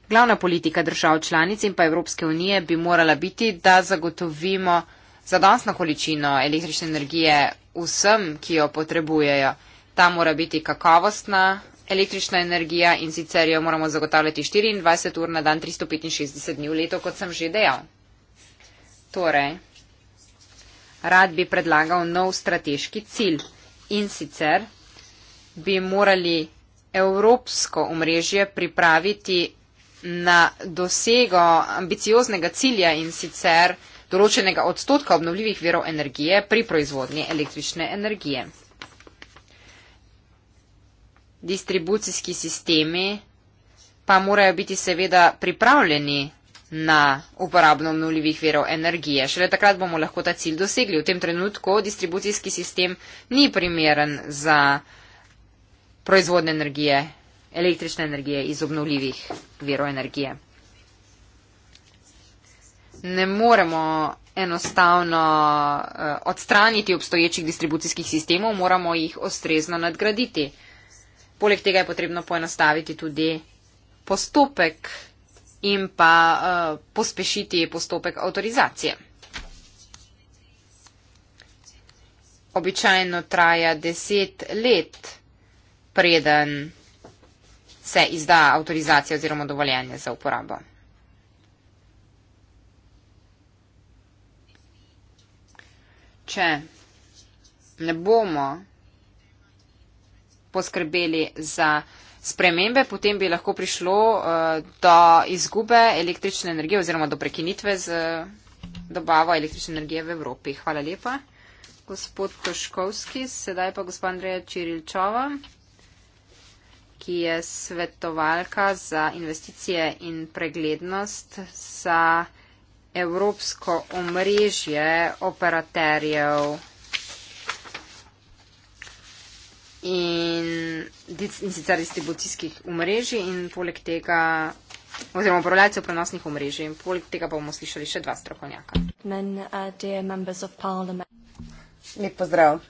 Glavna politika držav članic in pa Evropske unije bi morala biti, da zagotovimo zadostno količino električne energije vsem, ki jo potrebujejo. Ta mora biti kakovostna električna energija in sicer jo moramo zagotavljati 24 ur na dan, 365 dni v leto, kot sem že dejal. Torej, rad bi predlagal nov strateški cilj in sicer bi morali evropsko omrežje pripraviti na dosego ambicioznega cilja in sicer določenega odstotka obnovljivih virov energije pri proizvodnji električne energije. Distribucijski sistemi pa morajo biti seveda pripravljeni na uporabno obnovljivih virov energije. Šele takrat bomo lahko ta cilj dosegli. V tem trenutku distribucijski sistem ni primeren za proizvodne energije, električne energije iz obnovljivih virov energije. Ne moremo enostavno eh, odstraniti obstoječih distribucijskih sistemov, moramo jih ostrezno nadgraditi. Poleg tega je potrebno poenostaviti tudi postopek in pa eh, pospešiti postopek avtorizacije. Običajno traja deset let preden se izda avtorizacija oziroma dovoljenje za uporabo. Če ne bomo poskrbeli za spremembe, potem bi lahko prišlo eh, do izgube električne energije oziroma do prekinitve z eh, dobavo električne energije v Evropi. Hvala lepa, gospod Toškovski. Sedaj pa gospod Andreja Čiriljčova ki je svetovalka za investicije in preglednost za evropsko omrežje operaterjev in, in sicer distribucijskih omrežij in poleg tega oziroma upravljalcev prenosnih omrežij. In poleg tega bomo slišali še dva strokovnjaka. Uh, Lep pozdrav.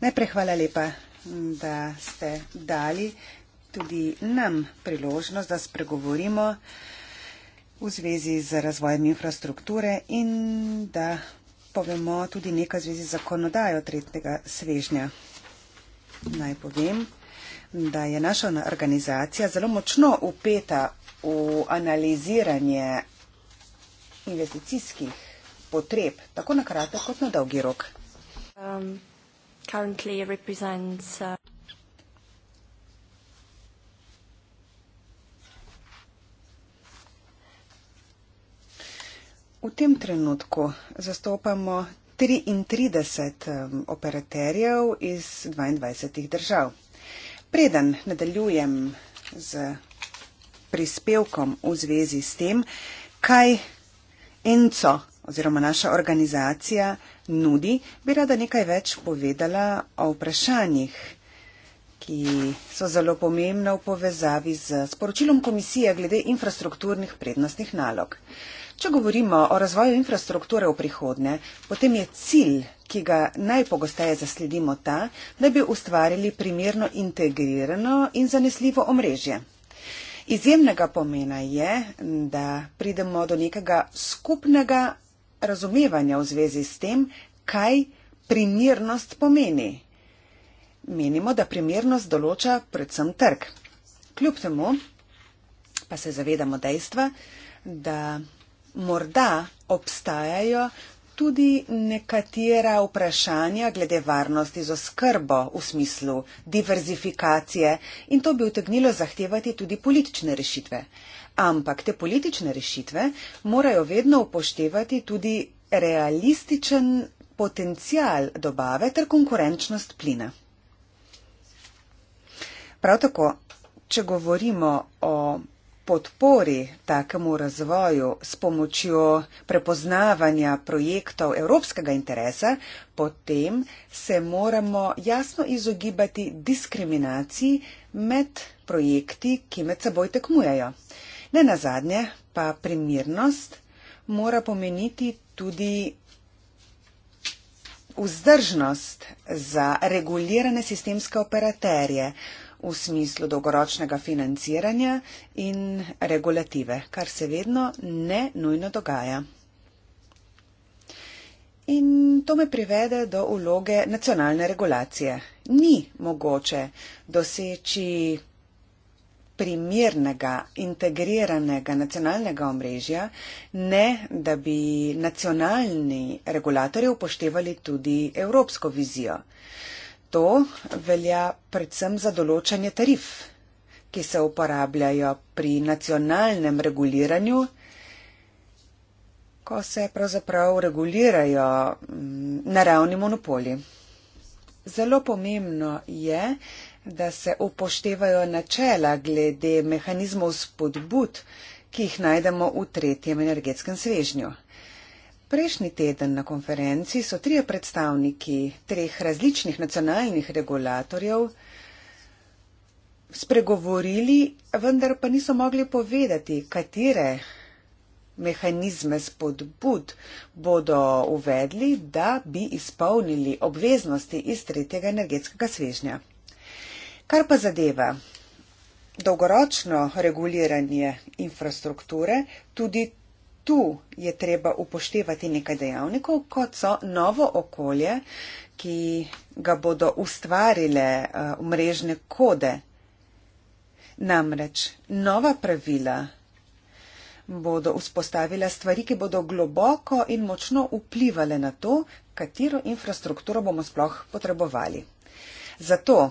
Najprej hvala lepa, da ste dali tudi nam priložnost, da spregovorimo v zvezi z razvojem infrastrukture in da povemo tudi nekaj zvezi z zakonodajo tretjega svežnja. Naj povem, da je naša organizacija zelo močno upeta v analiziranje investicijskih potreb, tako na kratek kot na dolgi rok. Um, currently represents uh V tem trenutku zastopamo 33 um, operaterjev iz 22 držav. Preden nadaljujem z prispevkom v zvezi s tem, kaj Enco oziroma naša organizacija nudi, bi rada nekaj več povedala o vprašanjih ki so zelo pomembna v povezavi z sporočilom komisije glede infrastrukturnih prednostnih nalog. Če govorimo o razvoju infrastrukture v prihodnje, potem je cilj, ki ga najpogosteje zasledimo ta, da bi ustvarili primerno integrirano in zanesljivo omrežje. Izjemnega pomena je, da pridemo do nekega skupnega razumevanja v zvezi s tem, kaj primernost pomeni. Menimo, da primernost določa predvsem trg. Kljub temu pa se zavedamo dejstva, da morda obstajajo tudi nekatera vprašanja glede varnosti z oskrbo v smislu diverzifikacije in to bi utegnilo zahtevati tudi politične rešitve ampak te politične rešitve morajo vedno upoštevati tudi realističen potencial dobave ter konkurenčnost plina. Prav tako, če govorimo o podpori takemu razvoju s pomočjo prepoznavanja projektov evropskega interesa, potem se moramo jasno izogibati diskriminaciji med projekti, ki med seboj tekmujejo. Ne na zadnje pa primirnost mora pomeniti tudi vzdržnost za regulirane sistemske operaterje v smislu dolgoročnega financiranja in regulative, kar se vedno ne nujno dogaja. In to me privede do uloge nacionalne regulacije. Ni mogoče doseči primernega integriranega nacionalnega omrežja, ne da bi nacionalni regulatorji upoštevali tudi evropsko vizijo. To velja predvsem za določanje tarif, ki se uporabljajo pri nacionalnem reguliranju, ko se pravzaprav regulirajo mm, naravni monopoli. Zelo pomembno je, da se upoštevajo načela glede mehanizmov spodbud, ki jih najdemo v tretjem energetskem svežnju. Prejšnji teden na konferenci so trije predstavniki treh različnih nacionalnih regulatorjev spregovorili, vendar pa niso mogli povedati, katere mehanizme spodbud bodo uvedli, da bi izpolnili obveznosti iz tretjega energetskega svežnja. Kar pa zadeva dolgoročno reguliranje infrastrukture, tudi tu je treba upoštevati nekaj dejavnikov, kot so novo okolje, ki ga bodo ustvarile eh, mrežne kode. Namreč nova pravila bodo vzpostavila stvari, ki bodo globoko in močno vplivali na to, katero infrastrukturo bomo sploh potrebovali. Zato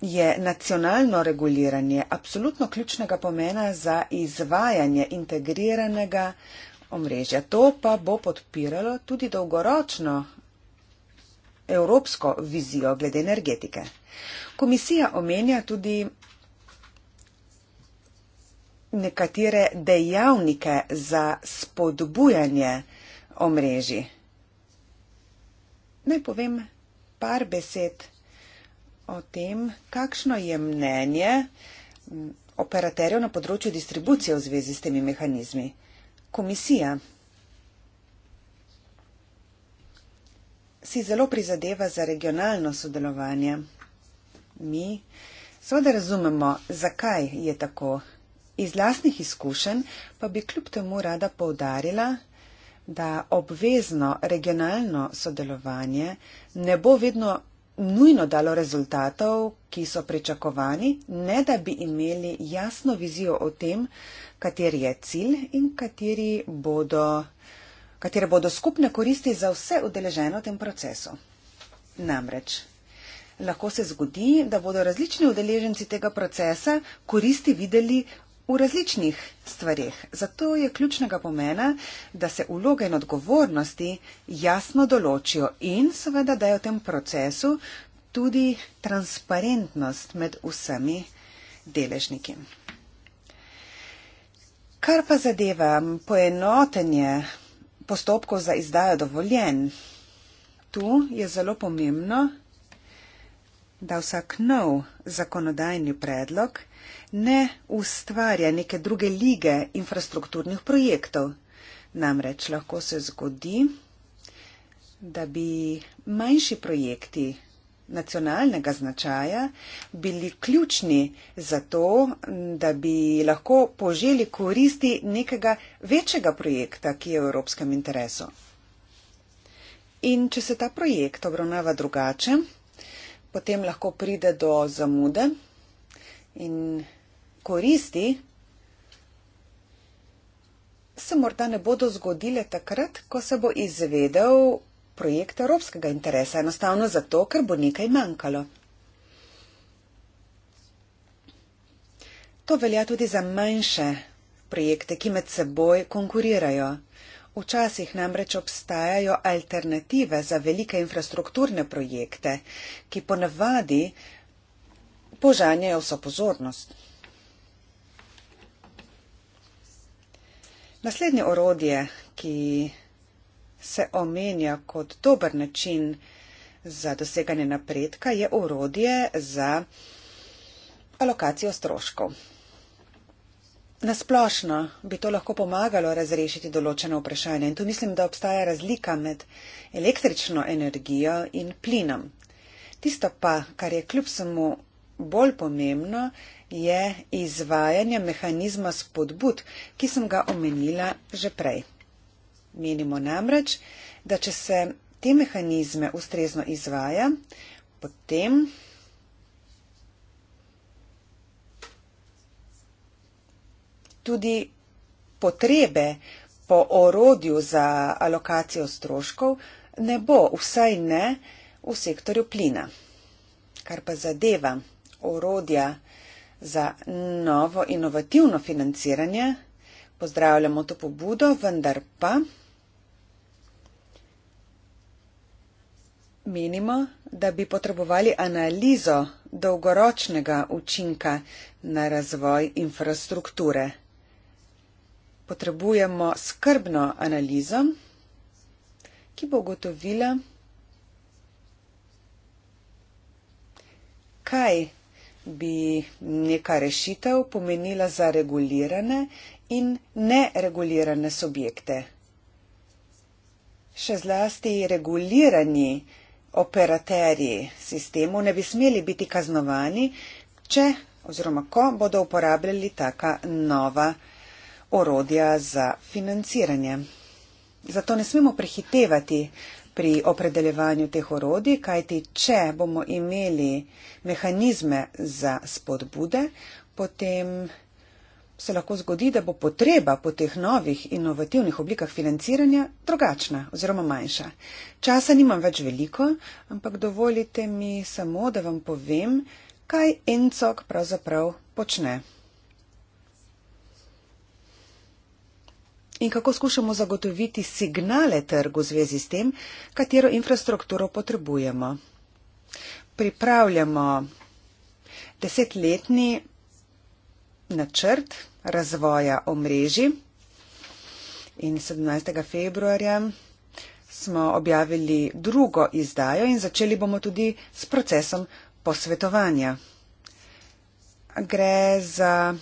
je nacionalno reguliranje apsolutno ključnega pomena za izvajanje integriranega omrežja. To pa bo podpiralo tudi dolgoročno evropsko vizijo glede energetike. Komisija omenja tudi nekatere dejavnike za spodbujanje omrežji. Naj povem par besed o tem, kakšno je mnenje operaterjev na področju distribucije v zvezi s temi mehanizmi. Komisija si zelo prizadeva za regionalno sodelovanje. Mi seveda razumemo, zakaj je tako. Iz lastnih izkušenj pa bi kljub temu rada poudarila, da obvezno regionalno sodelovanje ne bo vedno nujno dalo rezultatov, ki so pričakovani, ne da bi imeli jasno vizijo o tem, kateri je cilj in kateri bodo, katere bodo skupne koristi za vse udeleženo v tem procesu. Namreč lahko se zgodi, da bodo različni udeleženci tega procesa koristi videli v različnih stvarih. Zato je ključnega pomena, da se vloge in odgovornosti jasno določijo in seveda, da je v tem procesu tudi transparentnost med vsemi deležniki. Kar pa zadeva poenotenje postopkov za izdajo dovoljen, tu je zelo pomembno, da vsak nov zakonodajni predlog ne ustvarja neke druge lige infrastrukturnih projektov. Namreč lahko se zgodi, da bi manjši projekti nacionalnega značaja bili ključni za to, da bi lahko poželi koristi nekega večjega projekta, ki je v evropskem interesu. In če se ta projekt obravnava drugače, potem lahko pride do zamude in koristi se morda ne bodo zgodile takrat, ko se bo izvedel projekt evropskega interesa, enostavno zato, ker bo nekaj manjkalo. To velja tudi za manjše projekte, ki med seboj konkurirajo. Včasih namreč obstajajo alternative za velike infrastrukturne projekte, ki ponavadi požanjajo vso pozornost. Naslednje orodje, ki se omenja kot dober način za doseganje napredka, je orodje za alokacijo stroškov. Nasplošno bi to lahko pomagalo razrešiti določene vprašanja in tu mislim, da obstaja razlika med električno energijo in plinom. Tisto pa, kar je kljub samo bolj pomembno, je izvajanje mehanizma spodbud, ki sem ga omenila že prej. Menimo namreč, da če se te mehanizme ustrezno izvaja, potem tudi potrebe po orodju za alokacijo stroškov ne bo, vsaj ne v sektorju plina. Kar pa zadeva orodja, za novo inovativno financiranje. Pozdravljamo to pobudo, vendar pa menimo, da bi potrebovali analizo dolgoročnega učinka na razvoj infrastrukture. Potrebujemo skrbno analizo, ki bo ugotovila, kaj bi neka rešitev pomenila za regulirane in neregulirane subjekte. Še zlasti regulirani operaterji sistemov ne bi smeli biti kaznovani, če oziroma ko bodo uporabljali taka nova orodja za financiranje. Zato ne smemo prehitevati pri opredeljevanju teh orodij, kajti če bomo imeli mehanizme za spodbude, potem se lahko zgodi, da bo potreba po teh novih inovativnih oblikah financiranja drugačna oziroma manjša. Časa nimam več veliko, ampak dovolite mi samo, da vam povem, kaj Encok pravzaprav počne. in kako skušamo zagotoviti signale trgu v zvezi s tem, katero infrastrukturo potrebujemo. Pripravljamo desetletni načrt razvoja omrežji in 17. februarja smo objavili drugo izdajo in začeli bomo tudi s procesom posvetovanja. Gre za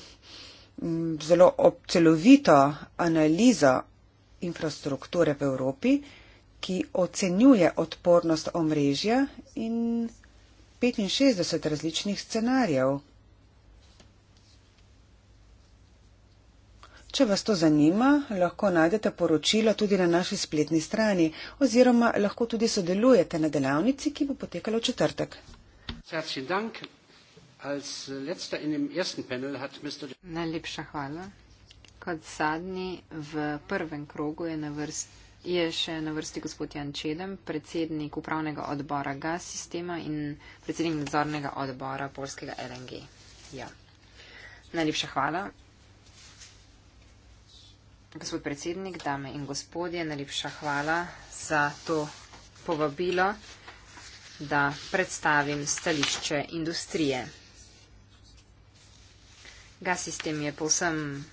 zelo obcelovito analizo infrastrukture v Evropi, ki ocenjuje odpornost omrežja in 65 različnih scenarijev. Če vas to zanima, lahko najdete poročilo tudi na naši spletni strani oziroma lahko tudi sodelujete na delavnici, ki bo potekala v četrtek. Srečen dan. Najlepša hvala. Kot zadnji v prvem krogu je, na vrst, je še na vrsti gospod Jan Čedem, predsednik upravnega odbora gas sistema in predsednik nadzornega odbora polskega LNG. Ja. Najlepša hvala. Gospod predsednik, dame in gospodje, najlepša hvala za to povabilo, da predstavim stališče industrije. Gasistem je povsem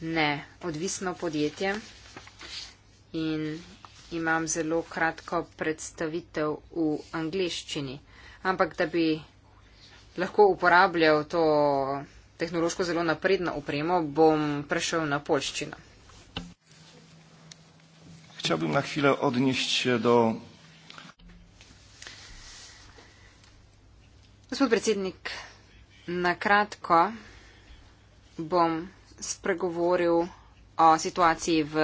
neodvisno podjetje in imam zelo kratko predstavitev v angliščini. Ampak da bi lahko uporabljal to tehnološko zelo napredno upremo, bom prešel na polščino. Chciałbym na chwilę odnieść się do. Gospod predsednik, na kratko bom spregovoril o situaciji v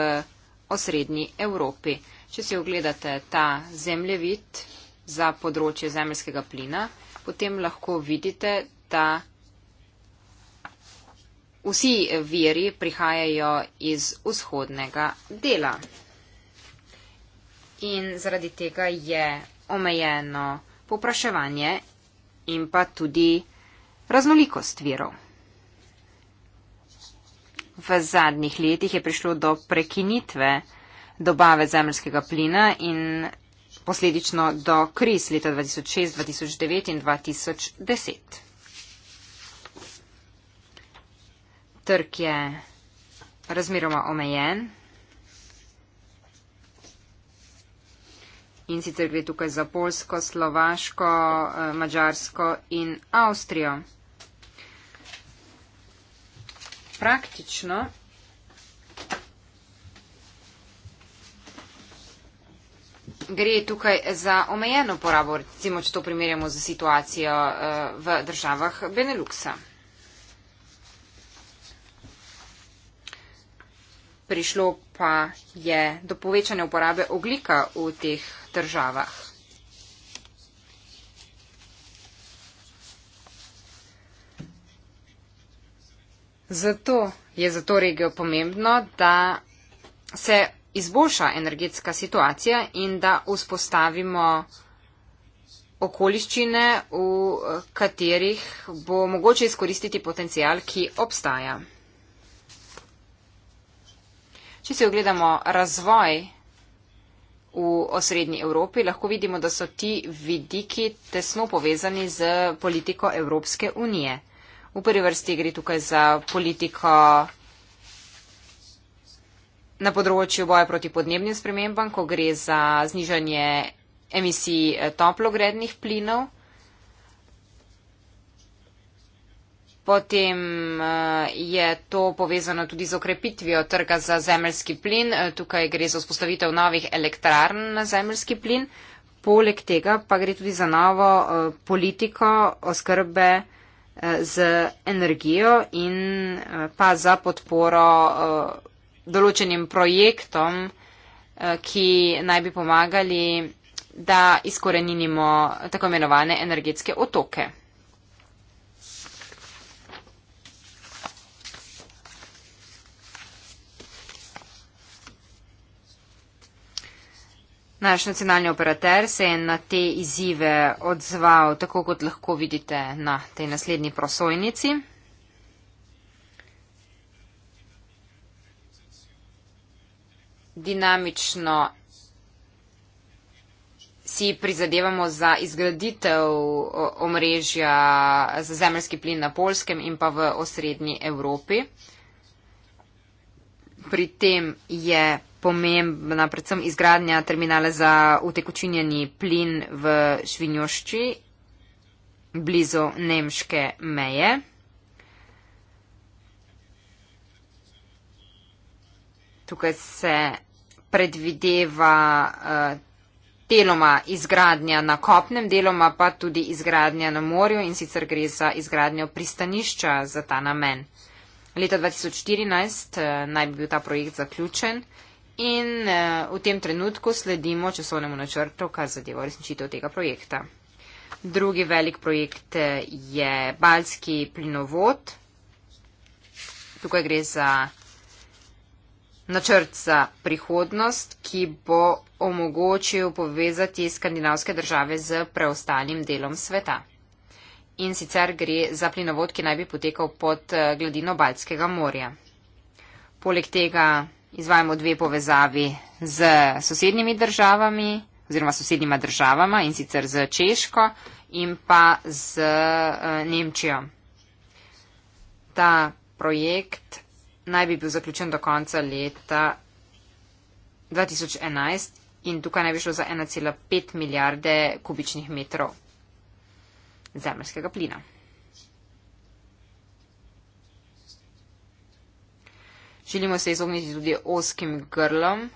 osrednji Evropi. Če si ogledate ta zemljevid za področje zemljskega plina, potem lahko vidite, da vsi viri prihajajo iz vzhodnega dela. In zaradi tega je omejeno popraševanje in pa tudi raznolikost virov. V zadnjih letih je prišlo do prekinitve dobave zemljskega plina in posledično do kriz leta 2006, 2009 in 2010. Trg je razmeroma omejen in sicer gre tukaj za Polsko, Slovaško, eh, Mačarsko in Avstrijo praktično gre tukaj za omejeno porabo, recimo, če to primerjamo z situacijo eh, v državah Beneluksa. Prišlo pa je do povečanja uporabe oglika v teh državah. Zato je za to regijo pomembno, da se izboljša energetska situacija in da vzpostavimo okoliščine, v katerih bo mogoče izkoristiti potencial, ki obstaja. Če si ogledamo razvoj v osrednji Evropi, lahko vidimo, da so ti vidiki tesno povezani z politiko Evropske unije. V prvi vrsti gre tukaj za politiko na področju boja proti podnebnim spremembam, ko gre za znižanje emisij eh, toplogrednih plinov. Potem eh, je to povezano tudi z okrepitvijo trga za zemljski plin. Eh, tukaj gre za vzpostavitev novih elektrarn na zemljski plin. Poleg tega pa gre tudi za novo politiko oskrbe z energijo in eh, pa za podporo eh, določenim projektom, eh, ki naj bi pomagali, da izkoreninimo tako imenovane energetske otoke. Naš nacionalni operater se je na te izzive odzval tako, kot lahko vidite na tej naslednji prosojnici. Dinamično si prizadevamo za izgraditev omrežja za zemljski plin na Polskem in pa v osrednji Evropi. Pri tem je pomembna predvsem izgradnja terminala za utekočinjeni plin v Švinjošči, blizu nemške meje. Tukaj se predvideva uh, deloma izgradnja na kopnem, deloma pa tudi izgradnja na morju in sicer gre za izgradnjo pristanišča za ta namen. Leta 2014 uh, eh, naj bi bil ta projekt zaključen. Uh, in uh, v tem trenutku sledimo časovnemu načrtu, kar zadeva resničitev tega projekta. Drugi velik projekt eh, je Balski plinovod. Tukaj gre za načrt za prihodnost, ki bo omogočil povezati skandinavske države z preostalim delom sveta. In sicer gre za plinovod, ki naj bi potekal pod eh, gladino Baltskega morja. Poleg tega izvajamo dve povezavi z sosednjimi državami oziroma sosednjima državama in sicer z Češko in pa z eh, Nemčijo. Ta projekt naj bi bil zaključen do konca leta 2011 in tukaj naj bi šlo za 1,5 milijarde kubičnih metrov zemljskega plina. Želimo se izogniti tudi oskim grlom.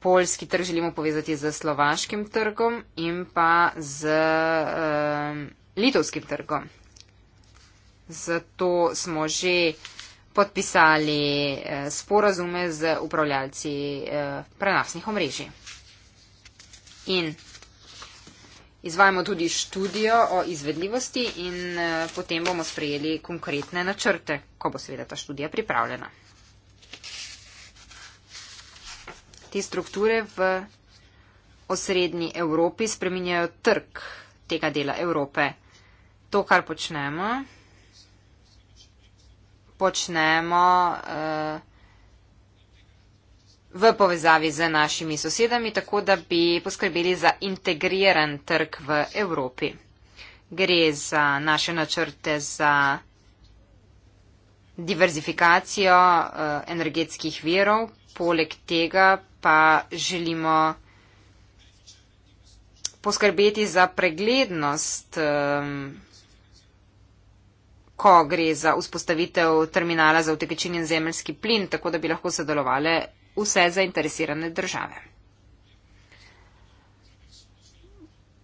Polski trg želimo povezati z slovaškim trgom in pa z um, litovskim trgom. Zato smo že podpisali eh, sporazume z upravljalci eh, prenosnih omrežij. In Izvajamo tudi študijo o izvedljivosti in eh, potem bomo sprejeli konkretne načrte, ko bo seveda ta študija pripravljena. Te strukture v osrednji Evropi spreminjajo trg tega dela Evrope. To, kar počnemo, počnemo. Uh, v povezavi z našimi sosedami, tako da bi poskrbeli za integriran trg v Evropi. Gre za naše načrte za diverzifikacijo eh, energetskih virov, poleg tega pa želimo poskrbeti za preglednost, eh, ko gre za vzpostavitev terminala za utekečin in zemljski plin, tako da bi lahko sodelovali vse zainteresirane države.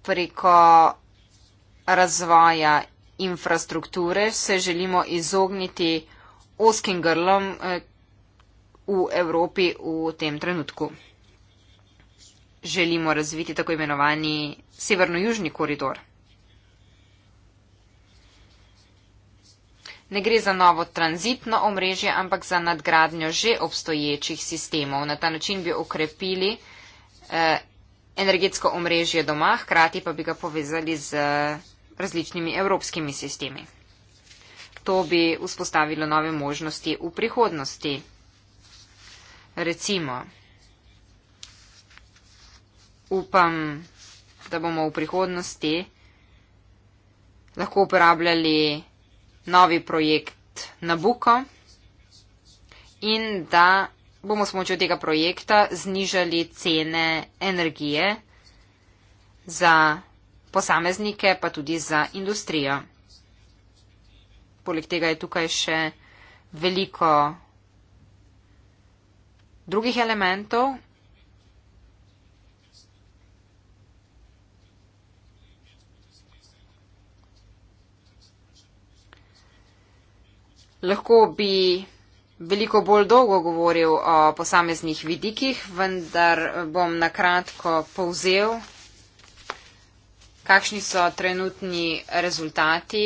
Preko razvoja infrastrukture se želimo izogniti oskim grlom eh, v Evropi v tem trenutku. Želimo razviti tako imenovani severno-južni koridor. ne gre za novo tranzitno omrežje, ampak za nadgradnjo že obstoječih sistemov. Na ta način bi okrepili eh, energetsko omrežje doma, hkrati pa bi ga povezali z eh, različnimi evropskimi sistemi. To bi vzpostavilo nove možnosti v prihodnosti. Recimo, upam, da bomo v prihodnosti lahko uporabljali novi projekt Nabuko in da bomo s pomočjo tega projekta znižali cene energije za posameznike, pa tudi za industrijo. Poleg tega je tukaj še veliko drugih elementov, Lahko bi veliko bolj dolgo govoril o posameznih vidikih, vendar bom na kratko povzel, kakšni so trenutni rezultati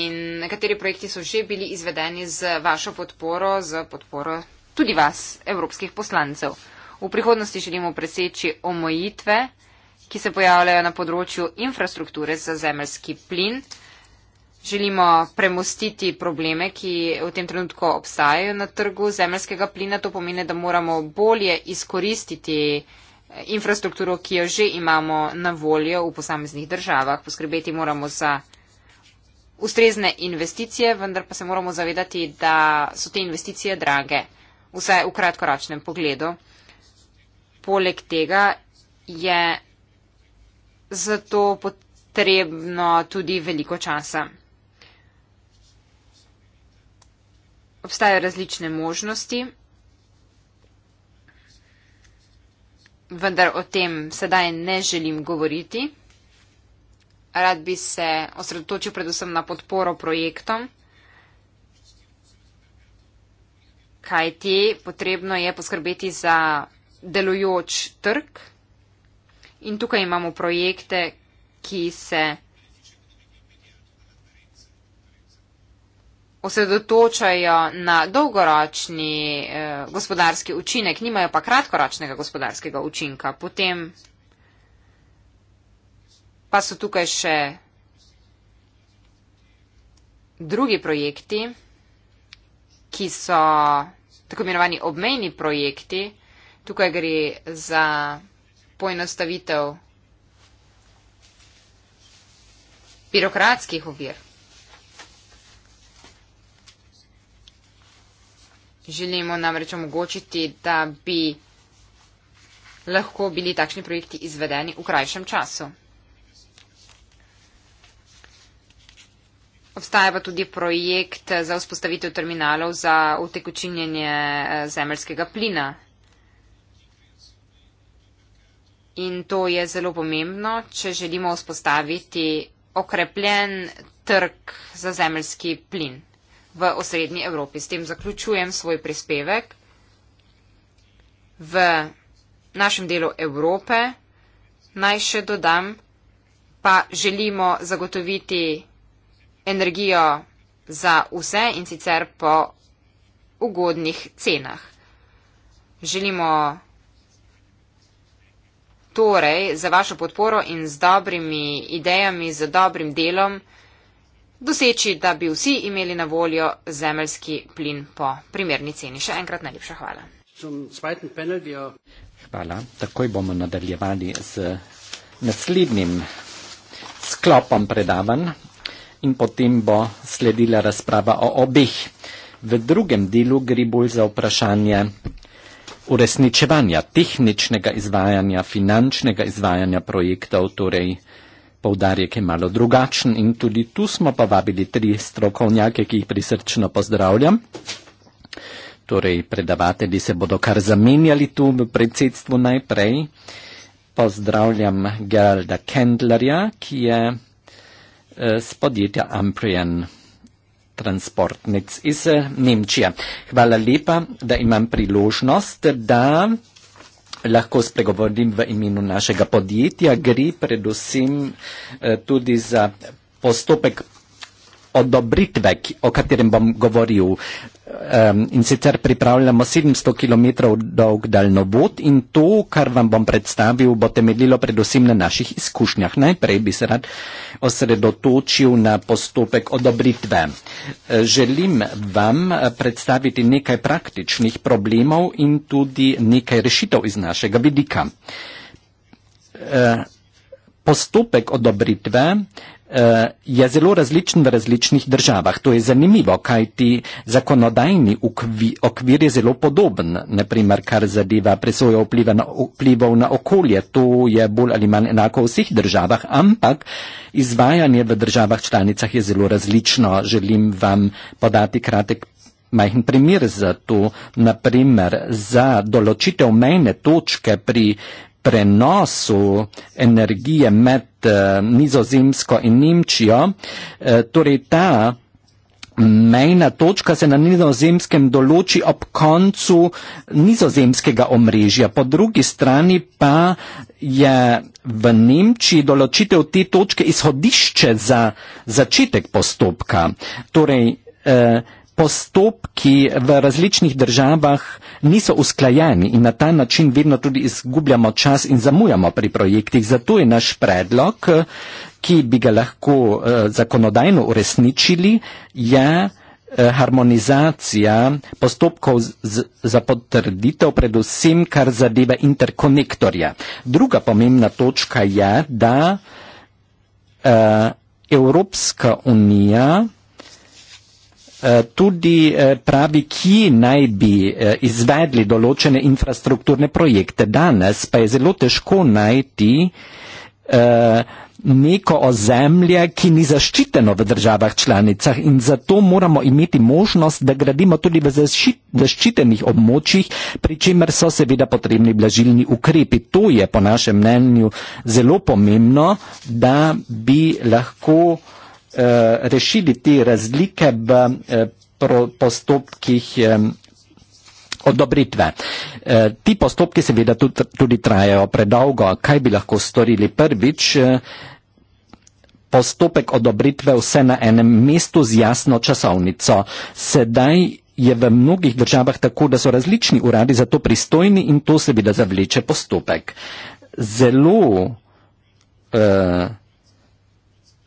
in kateri projekti so že bili izvedeni z vašo podporo, z podporo tudi vas, evropskih poslancev. V prihodnosti želimo preseči omojitve, ki se pojavljajo na področju infrastrukture za zemljski plin želimo premostiti probleme, ki v tem trenutku obstajajo na trgu zemljskega plina, to pomeni, da moramo bolje izkoristiti eh, infrastrukturo, ki jo že imamo na voljo v posameznih državah. Poskrbeti moramo za ustrezne investicije, vendar pa se moramo zavedati, da so te investicije drage, vsaj v kratkoročnem pogledu. Poleg tega je zato potrebno tudi veliko časa. obstajajo različne možnosti, vendar o tem sedaj ne želim govoriti. Rad bi se osredotočil predvsem na podporo projektom, kaj ti potrebno je poskrbeti za delujoč trg. In tukaj imamo projekte, ki se. osredotočajo na dolgoročni eh, gospodarski učinek, nimajo pa kratkoročnega gospodarskega učinka. Potem pa so tukaj še drugi projekti, ki so tako imenovani obmejni projekti. Tukaj gre za poenostavitev birokratskih ovir. Želimo namreč omogočiti, da bi lahko bili takšni projekti izvedeni v krajšem času. Obstaja pa tudi projekt za vzpostavitev terminalov za utekočinjenje eh, zemeljskega plina. In to je zelo pomembno, če želimo vzpostaviti okrepljen trg za zemeljski plin v osrednji Evropi. S tem zaključujem svoj prispevek. V našem delu Evrope naj še dodam, pa želimo zagotoviti energijo za vse in sicer po ugodnih cenah. Želimo torej za vašo podporo in z dobrimi idejami, z dobrim delom, doseči, da bi vsi imeli na voljo zemeljski plin po primerni ceni. Še enkrat najlepša hvala. Hvala. Takoj bomo nadaljevali z naslednjim sklopom predavanj in potem bo sledila razprava o obeh. V drugem delu gre bolj za vprašanje uresničevanja tehničnega izvajanja, finančnega izvajanja projektov, torej Poudarjek je malo drugačen in tudi tu smo povabili tri strokovnjake, ki jih prisrčno pozdravljam. Torej, predavateli se bodo kar zamenjali tu v predsedstvu najprej. Pozdravljam Geralda Kendlerja, ki je z eh, podjetja Amprien Transportnic iz eh, Nemčije. Hvala lepa, da imam priložnost, da lahko spregovorim v imenu našega podjetja. Gre predvsem eh, tudi za postopek odobritve, o katerem bom govoril um, in sicer pripravljamo 700 km dolg daljnovod in to, kar vam bom predstavil, bo temeljilo predvsem na naših izkušnjah. Najprej bi se rad osredotočil na postopek odobritve. E, želim vam e, predstaviti nekaj praktičnih problemov in tudi nekaj rešitev iz našega vidika. Uh, postopek odobritve uh, Eh, je zelo različen v različnih državah. To je zanimivo, kaj ti zakonodajni okvir je zelo podoben. Naprimer, kar zadeva presojo vpliva na, vplivov na okolje, to je bolj ali manj enako v vseh državah, ampak izvajanje v državah članicah je zelo različno. Želim vam podati kratek. Majhen primer za to, naprimer, za določitev mejne točke pri prenosu energije med uh, nizozemsko in Nemčijo. Uh, torej ta mejna točka se na nizozemskem določi ob koncu nizozemskega omrežja. Po drugi strani pa je v Nemčiji določitev te točke izhodišče za začetek postopka. Torej, uh, postopki v različnih državah niso usklajeni in na ta način vedno tudi izgubljamo čas in zamujamo pri projektih. Zato je naš predlog, ki bi ga lahko eh, zakonodajno uresničili, je eh, harmonizacija postopkov za potrditev, predvsem kar zadeva interkonektorja. Druga pomembna točka je, da uh, Evropska unija Eh, tudi eh, pravi, ki naj bi eh, izvedli določene infrastrukturne projekte. Danes pa je zelo težko najti neko ozemlje, ki ni zaščiteno v državah članicah in zato moramo imeti možnost, da gradimo tudi v zaščitenih območjih, pri čemer so seveda potrebni blažilni ukrepi. To je po našem mnenju zelo pomembno, da bi lahko uh, Eh, rešili te razlike v eh, postopkih eh, odobritve. Ti postopki seveda tudi trajajo predolgo. Kaj bi lahko storili prvič? Postopek odobritve vse na enem mestu z jasno časovnico. Sedaj je v mnogih državah tako, da so različni uradi za to pristojni in to seveda zavleče postopek. Zelo eh,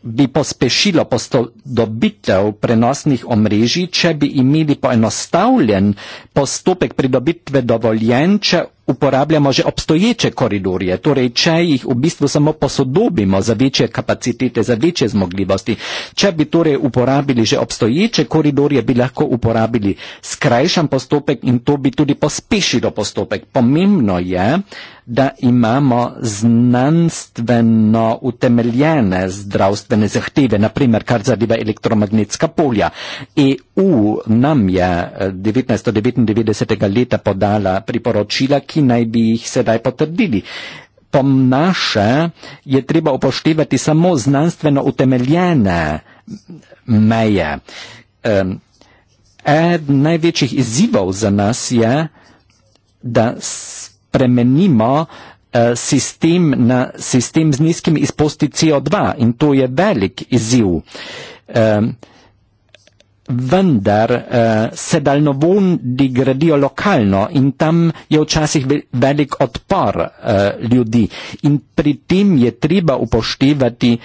bi pospešilo posodobitev prenosnih omrežij, če bi imeli poenostavljen postopek pridobitve dovoljen, če uporabljamo že obstoječe koridorje, torej če jih v bistvu samo posodobimo za večje kapacitete, za večje zmogljivosti, če bi torej uporabili že obstoječe koridorje, bi lahko uporabili skrajšan postopek in to bi tudi pospešilo postopek. Pomembno je, da imamo znanstveno utemeljene zdravstvene zahteve, naprimer kar zadeva elektromagnetska polja. EU nam je 1999. Eh, leta podala priporočila, ki naj bi jih sedaj potrdili. Po naše je treba upoštevati samo znanstveno utemeljene meje. Ed največjih izzivov za nas je, da spremenimo e, sistem na sistem z nizkimi izpusti CO2 in to je velik izziv. Uh, vendar uh, se daljnovodi gradijo lokalno in tam je včasih velik odpor uh, ljudi. In pri tem je treba upoštevati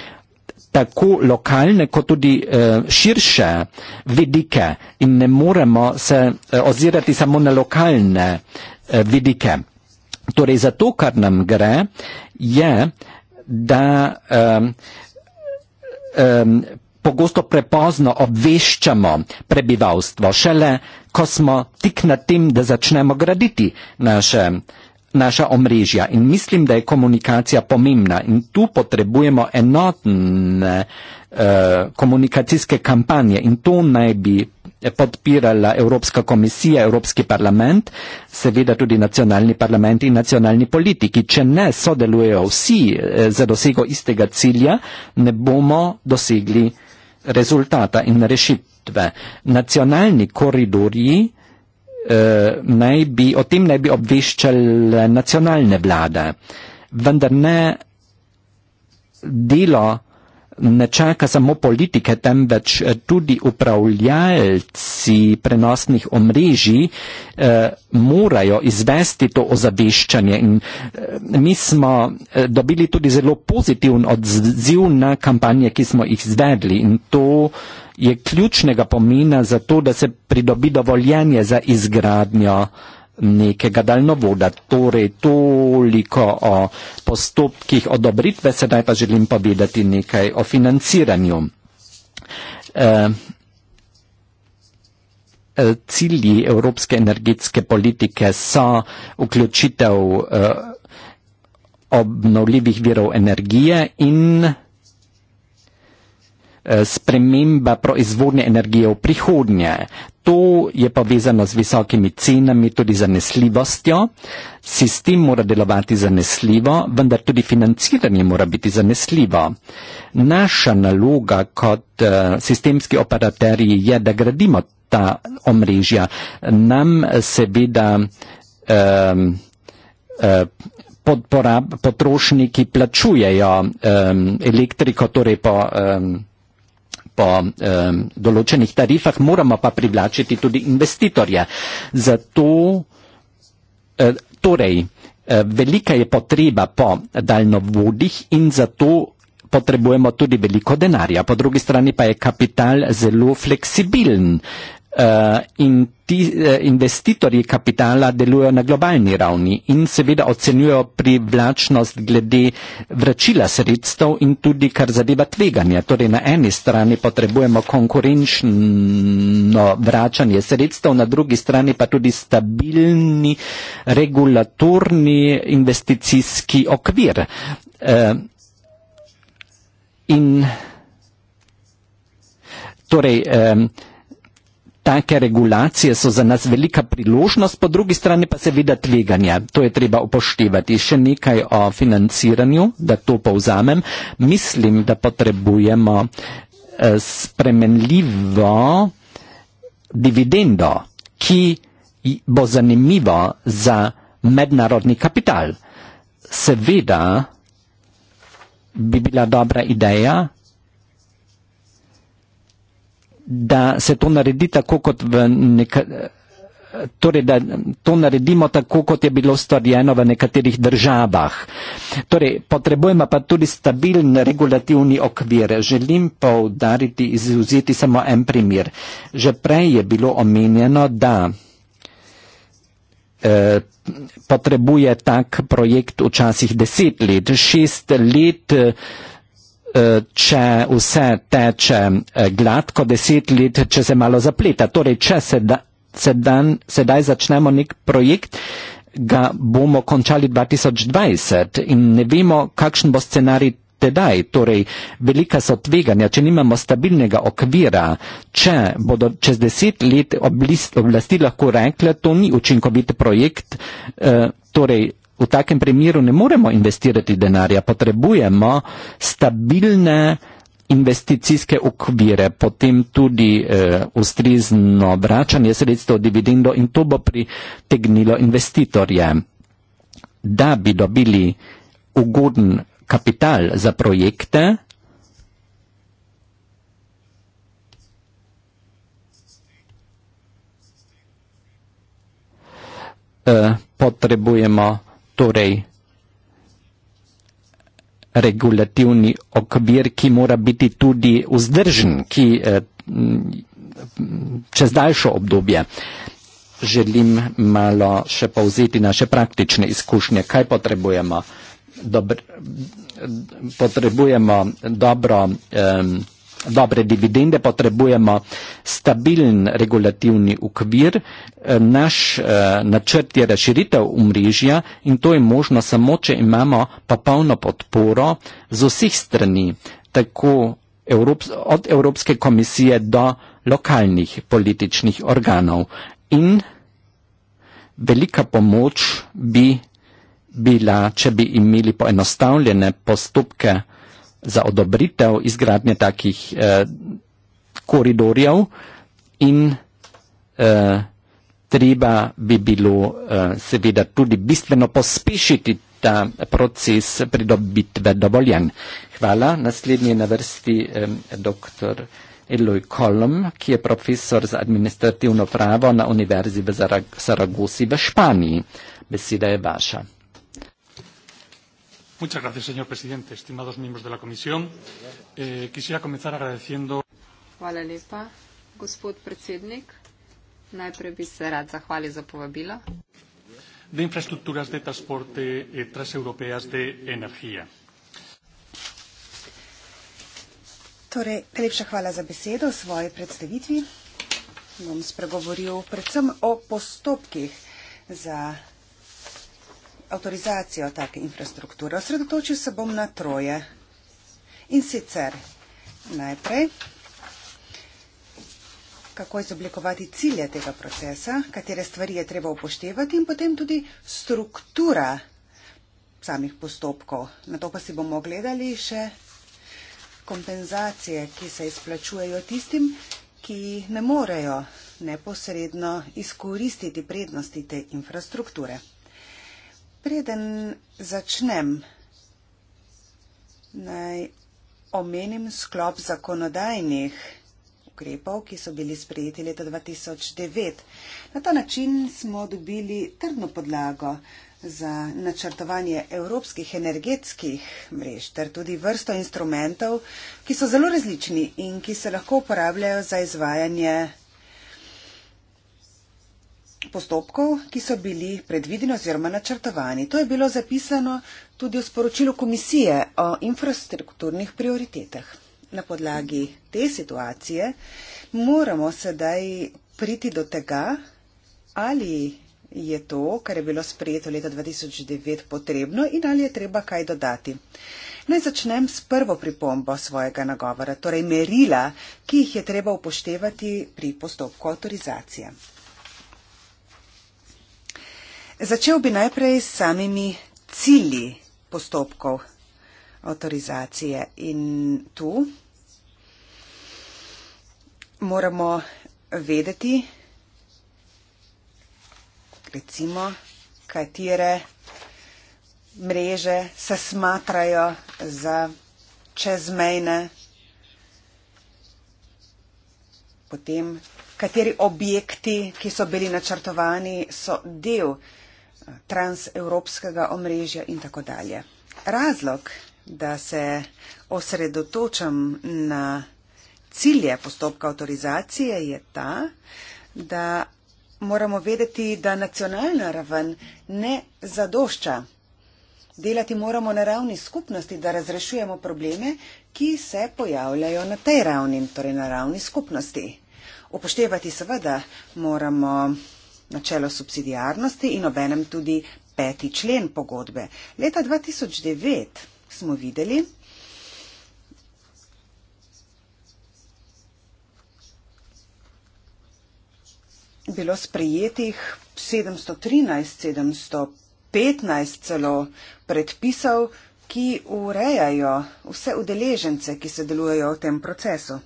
tako lokalne kot tudi uh, širše vidike in ne moremo se uh, ozirati samo na lokalne uh, vidike. Torej, za to, kar nam gre, je, da um, um, pogosto prepozno obveščamo prebivalstvo, šele ko smo tik nad tem, da začnemo graditi naše, naša omrežja. In mislim, da je komunikacija pomembna in tu potrebujemo enotne eh, komunikacijske kampanje in to naj bi podpirala Evropska komisija, Evropski parlament, seveda tudi nacionalni parlament in nacionalni politiki. Če ne sodelujejo vsi eh, za dosego istega cilja, ne bomo dosegli rezultata in rešitve. Nacionalni koridorji eh, naj bi, o tem naj bi obveščale nacionalne vlade, vendar ne delo ne čaka samo politike, temveč eh, tudi upravljalci prenosnih omrežij eh, morajo izvesti to ozaveščanje. In eh, mi smo dobili tudi zelo pozitiven odziv na kampanje, ki smo jih izvedli in to je ključnega pomena za to, da se pridobi dovoljenje za izgradnjo nekega daljnovoda. Torej, toliko o postopkih odobritve, sedaj pa želim povedati nekaj o financiranju. E, cilji evropske energetske politike so vključitev e, obnovljivih virov energije in sprememba proizvodnje energije v prihodnje to je povezano z visokimi cenami, tudi zanesljivostjo. Sistem mora delovati zanesljivo, vendar tudi financiranje mora biti zanesljivo. Naša naloga kot uh, sistemski operaterji je, da gradimo ta omrežja. Nam seveda uh, uh, eh, podporab, potrošniki plačujejo um, elektriko, torej po. Um, po um, določenih tarifah, moramo pa privlačiti tudi investitorja. Zato, uh, torej, uh, velika je potreba po daljnovodih in zato potrebujemo tudi veliko denarja. Po drugi strani pa je kapital zelo fleksibilen. Uh, uh, in ti, uh, investitorji kapitala delujejo na globalni ravni in seveda ocenjujejo privlačnost glede vračila sredstev in tudi kar zadeva tveganja. Torej na eni strani potrebujemo konkurenčno vračanje sredstev, na drugi strani pa tudi stabilni regulatorni investicijski okvir. Uh, in, torej, um, take regulacije so za nas velika priložnost, po drugi strani pa seveda tveganja. To je treba upoštevati. Še nekaj o financiranju, da to povzamem. Mislim, da potrebujemo eh, spremenljivo dividendo, ki bo zanimivo za mednarodni kapital. Seveda bi bila dobra ideja da se to naredi tako, kot v neka. Torej, da to naredimo tako, kot je bilo stvarjeno v nekaterih državah. Torej, potrebujemo pa tudi stabilen regulativni okvir. Želim poudariti, izuzeti samo en primer. Že prej je bilo omenjeno, da eh, potrebuje tak projekt včasih deset let, šest let. Eh, E, če vse teče e, gladko, deset let, če se malo zapleta. Torej, če sedaj, sedaj začnemo nek projekt, ga bomo končali 2020 in ne vemo, kakšen bo scenarij tedaj. Torej, velika so tveganja, če nimamo stabilnega okvira, če bodo čez deset let oblasti lahko rekle, to ni učinkovit projekt, e, torej v takem primeru ne moremo investirati denarja, potrebujemo stabilne investicijske okvire, potem tudi eh, ustrizno vračanje sredstev dividendo in to bo pritegnilo investitorje, da bi dobili ugoden kapital za projekte. Eh, potrebujemo torej regulativni okvir, ki mora biti tudi vzdržen, ki eh, čez daljšo obdobje želim malo še povziti naše praktične izkušnje, kaj potrebujemo. Dobre, potrebujemo dobro um, dobre dividende, potrebujemo stabilen regulativni ukvir. E, naš e, načrt je razširitev umrežja in to je možno samo, če imamo popolno podporo z vseh strani, tako od Evropske komisije do lokalnih političnih organov. In velika pomoč bi bila, če bi imeli poenostavljene postopke za odobritev izgradnje takih eh, koridorjev in eh, treba bi bilo eh, seveda tudi bistveno pospešiti ta proces pridobitve dovoljen. Hvala. Naslednji je na vrsti eh, dr. Eloj Kolom, ki je profesor za administrativno pravo na Univerzi v Zaragosi v Španiji. Beseda je vaša. Muchas gracias, señor presidente. Estimados miembros de la comisión, eh, quisiera comenzar agradeciendo. Hvala lepa, gospod predsednik. Najprej bi se rad zahvalil za povabilo. De infrastrukturas de transporte eh, transeuropeas de energía. Torej, najlepša hvala za besedo v svoji predstavitvi. Bom spregovoril predvsem o postopkih za avtorizacijo take infrastrukture. Osredotočil se bom na troje. In sicer najprej, kako izoblikovati cilje tega procesa, katere stvari je treba upoštevati in potem tudi struktura samih postopkov. Na to pa si bomo gledali še kompenzacije, ki se izplačujejo tistim, ki ne morejo neposredno izkoristiti prednosti te infrastrukture. Preden začnem, naj omenim sklop zakonodajnih ukrepov, ki so bili sprejeti leta 2009. Na ta način smo dobili trdno podlago za načrtovanje evropskih energetskih mrež ter tudi vrsto instrumentov, ki so zelo različni in ki se lahko uporabljajo za izvajanje postopkov, ki so bili predvideni oziroma načrtovani. To je bilo zapisano tudi v sporočilu komisije o infrastrukturnih prioritetah. Na podlagi te situacije moramo sedaj priti do tega, ali je to, kar je bilo sprejeto leta 2009, potrebno in ali je treba kaj dodati. Naj začnem s prvo pripombo svojega nagovora, torej merila, ki jih je treba upoštevati pri postopku avtorizacije. Začel bi najprej s samimi cilji postopkov avtorizacije in tu moramo vedeti, recimo, katere mreže se smatrajo za čezmejne, potem kateri objekti, ki so bili načrtovani, so del mreže transevropskega omrežja in tako dalje. Razlog, da se osredotočam na cilje postopka avtorizacije, je ta, da moramo vedeti, da nacionalna raven ne zadošča. Delati moramo na ravni skupnosti, da razrešujemo probleme, ki se pojavljajo na tej ravni, torej na ravni skupnosti. Upoštevati seveda moramo načelo subsidijarnosti in obenem tudi peti člen pogodbe. Leta 2009 smo videli, bilo sprejetih 713, 715 celo predpisov, ki urejajo vse udeležence, ki se delujejo v tem procesu.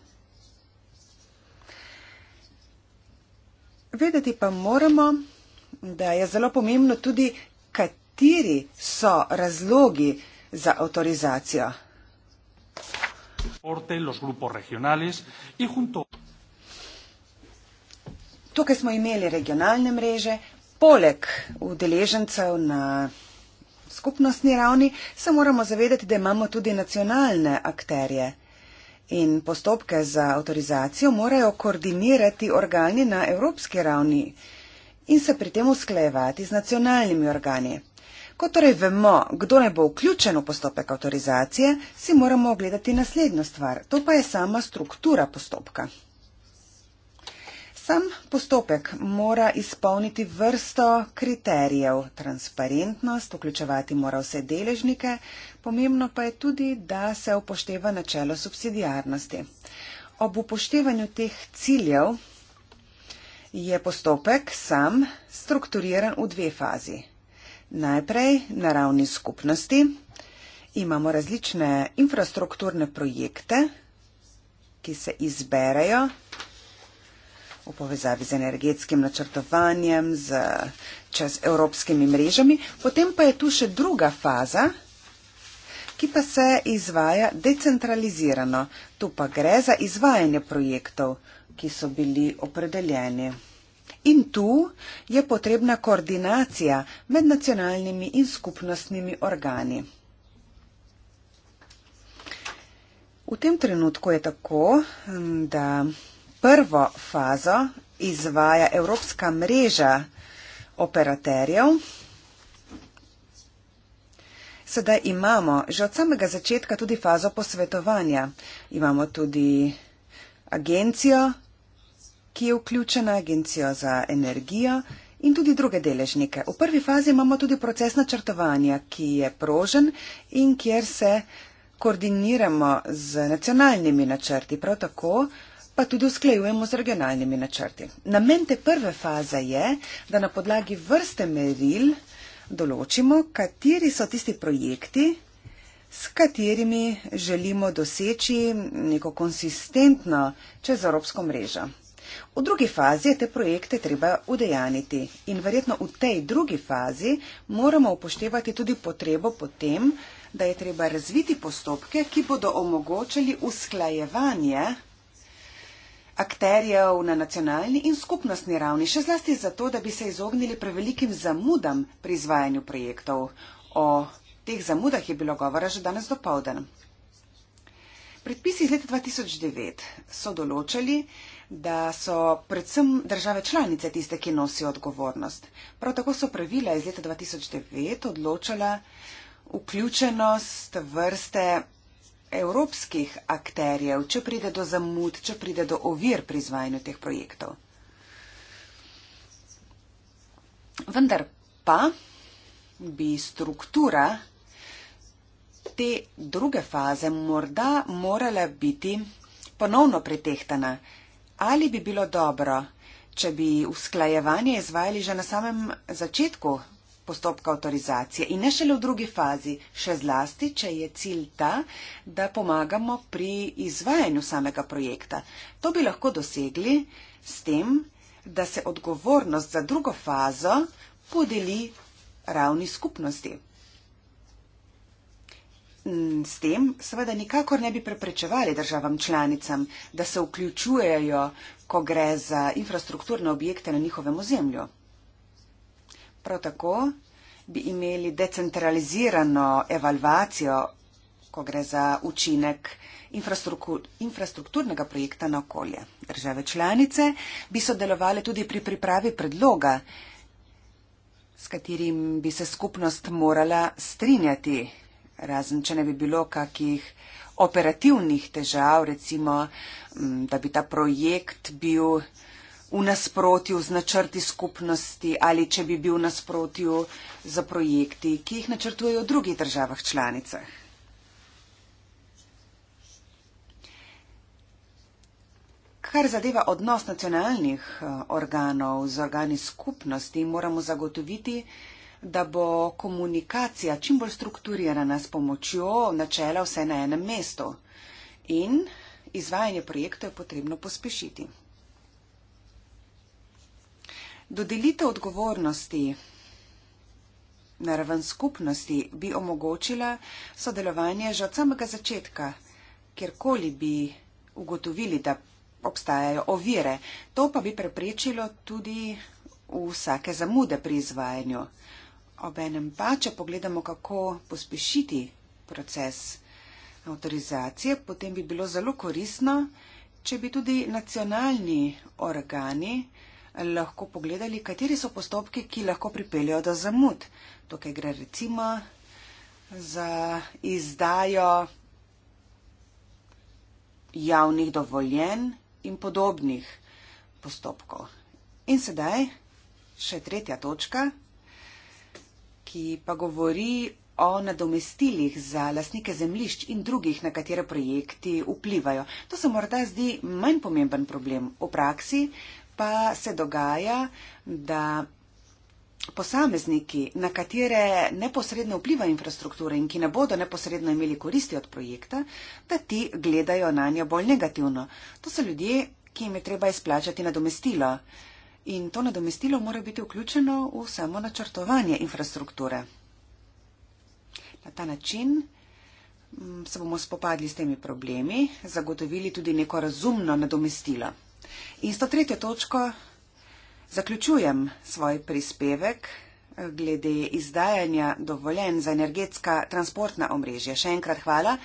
vedeti pa moramo, da je zelo pomembno tudi, kateri so razlogi za avtorizacijo. Tukaj smo imeli regionalne mreže, poleg udeležencev na skupnostni ravni se moramo zavedati, da imamo tudi nacionalne akterje in postopke za avtorizacijo morajo koordinirati organi na evropski ravni in se pri tem usklejevati z nacionalnimi organi. Ko torej vemo, kdo naj bo vključen v postopek avtorizacije, si moramo ogledati naslednjo stvar, to pa je sama struktura postopka. Sam postopek mora izpolniti vrsto kriterijev. Transparentnost vključevati mora vse deležnike, pomembno pa je tudi, da se upošteva načelo subsidijarnosti. Ob upoštevanju teh ciljev je postopek sam strukturiran v dve fazi. Najprej na ravni skupnosti imamo različne infrastrukturne projekte, ki se izberajo v povezavi z energetskim načrtovanjem, z čez evropskimi mrežami. Potem pa je tu še druga faza, ki pa se izvaja decentralizirano. Tu pa gre za izvajanje projektov, ki so bili opredeljeni. In tu je potrebna koordinacija med nacionalnimi in skupnostnimi organi. V tem trenutku je tako, hm, da prvo fazo izvaja Evropska mreža operaterjev. Sedaj imamo že od samega začetka tudi fazo posvetovanja. Imamo tudi agencijo, ki je vključena, agencijo za energijo in tudi druge deležnike. V prvi fazi imamo tudi proces načrtovanja, ki je prožen in kjer se koordiniramo z nacionalnimi načrti. Prav tako pa tudi usklajujemo z regionalnimi načrti. Namen te prve faze je, da na podlagi vrste meril določimo, kateri so tisti projekti, s katerimi želimo doseči neko konsistentno čez Evropsko mrežo. V drugi fazi je te projekte treba udejaniti in verjetno v tej drugi fazi moramo upoštevati tudi potrebo potem, da je treba razviti postopke, ki bodo omogočali usklajevanje akterjev na nacionalni in skupnostni ravni, še zlasti zato, da bi se izognili prevelikim zamudam pri izvajanju projektov. O teh zamudah je bilo govora že danes dopovden. Predpisi iz leta 2009 so določali, da so predvsem države članice tiste, ki nosijo odgovornost. Prav tako so pravila iz leta 2009 odločala vključenost vrste evropskih akterjev, če pride do zamud, če pride do ovir pri izvajanju teh projektov. Vendar pa bi struktura te druge faze morda morala biti ponovno pretehtana. Ali bi bilo dobro, če bi usklajevanje izvajali že na samem začetku postopka avtorizacije in ne šele v drugi fazi, še zlasti, če je cilj ta, da pomagamo pri izvajanju samega projekta. To bi lahko dosegli s tem, da se odgovornost za drugo fazo podeli ravni skupnosti. Mm, s tem seveda nikakor ne bi preprečevali državam članicam, da se vključujejo, ko gre za infrastrukturne objekte na njihovem ozemlju. Prav tako bi imeli decentralizirano evalvacijo, ko gre za učinek infrastrukturnega projekta na okolje. Države članice bi sodelovali tudi pri pripravi predloga, s katerim bi se skupnost morala strinjati, razen če ne bi bilo kakih operativnih težav, recimo, da bi ta projekt bil v nasprotju z načrti skupnosti ali če bi bil v nasprotju za projekti, ki jih načrtujejo v drugih državah članicah. Kar zadeva odnos nacionalnih eh, organov z organi skupnosti, moramo zagotoviti, da bo komunikacija čim bolj strukturirana s pomočjo načela vse na enem mestu in izvajanje projektov je potrebno pospešiti. Dodelitev odgovornosti na raven skupnosti bi omogočila sodelovanje že od samega začetka, kjerkoli bi ugotovili, da obstajajo ovire. To pa bi preprečilo tudi vsake zamude pri izvajanju. Obenem pa, če pogledamo, kako pospešiti proces avtorizacije, potem bi bilo zelo korisno, če bi tudi nacionalni organi lahko pogledali, kateri so postopki, ki lahko pripeljajo do zamud. Tukaj gre recimo za izdajo javnih dovoljen in podobnih postopkov. In sedaj še tretja točka, ki pa govori o nadomestilih za lasnike zemlišč in drugih, na katere projekti vplivajo. To se morda zdi manj pomemben problem. V praksi pa se dogaja, da posamezniki, na katere neposredno vpliva infrastruktura in ki ne bodo neposredno imeli koristi od projekta, da ti gledajo na njo bolj negativno. To so ljudje, ki jim je treba izplačati nadomestilo. In to nadomestilo mora biti vključeno v samo načrtovanje infrastrukture. Na ta način mm, se bomo spopadli s temi problemi, zagotovili tudi neko razumno nadomestilo. In s to tretjo točko zaključujem svoj prispevek glede izdajanja dovoljen za energetska transportna omrežja. Še enkrat hvala,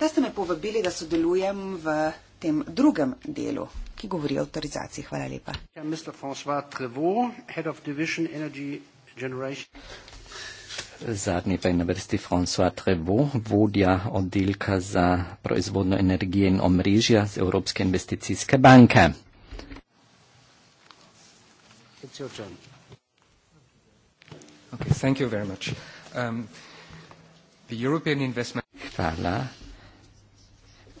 da ste me povabili, da sodelujem v tem drugem delu, ki govori o avtorizaciji. Hvala lepa. Ja, Zadnji pa je na vrsti François Trevaux, vodja oddelka za proizvodno energije in omrežja z Evropske investicijske banke your turn. Okay, thank you very much. Um, the European Investment Hvala.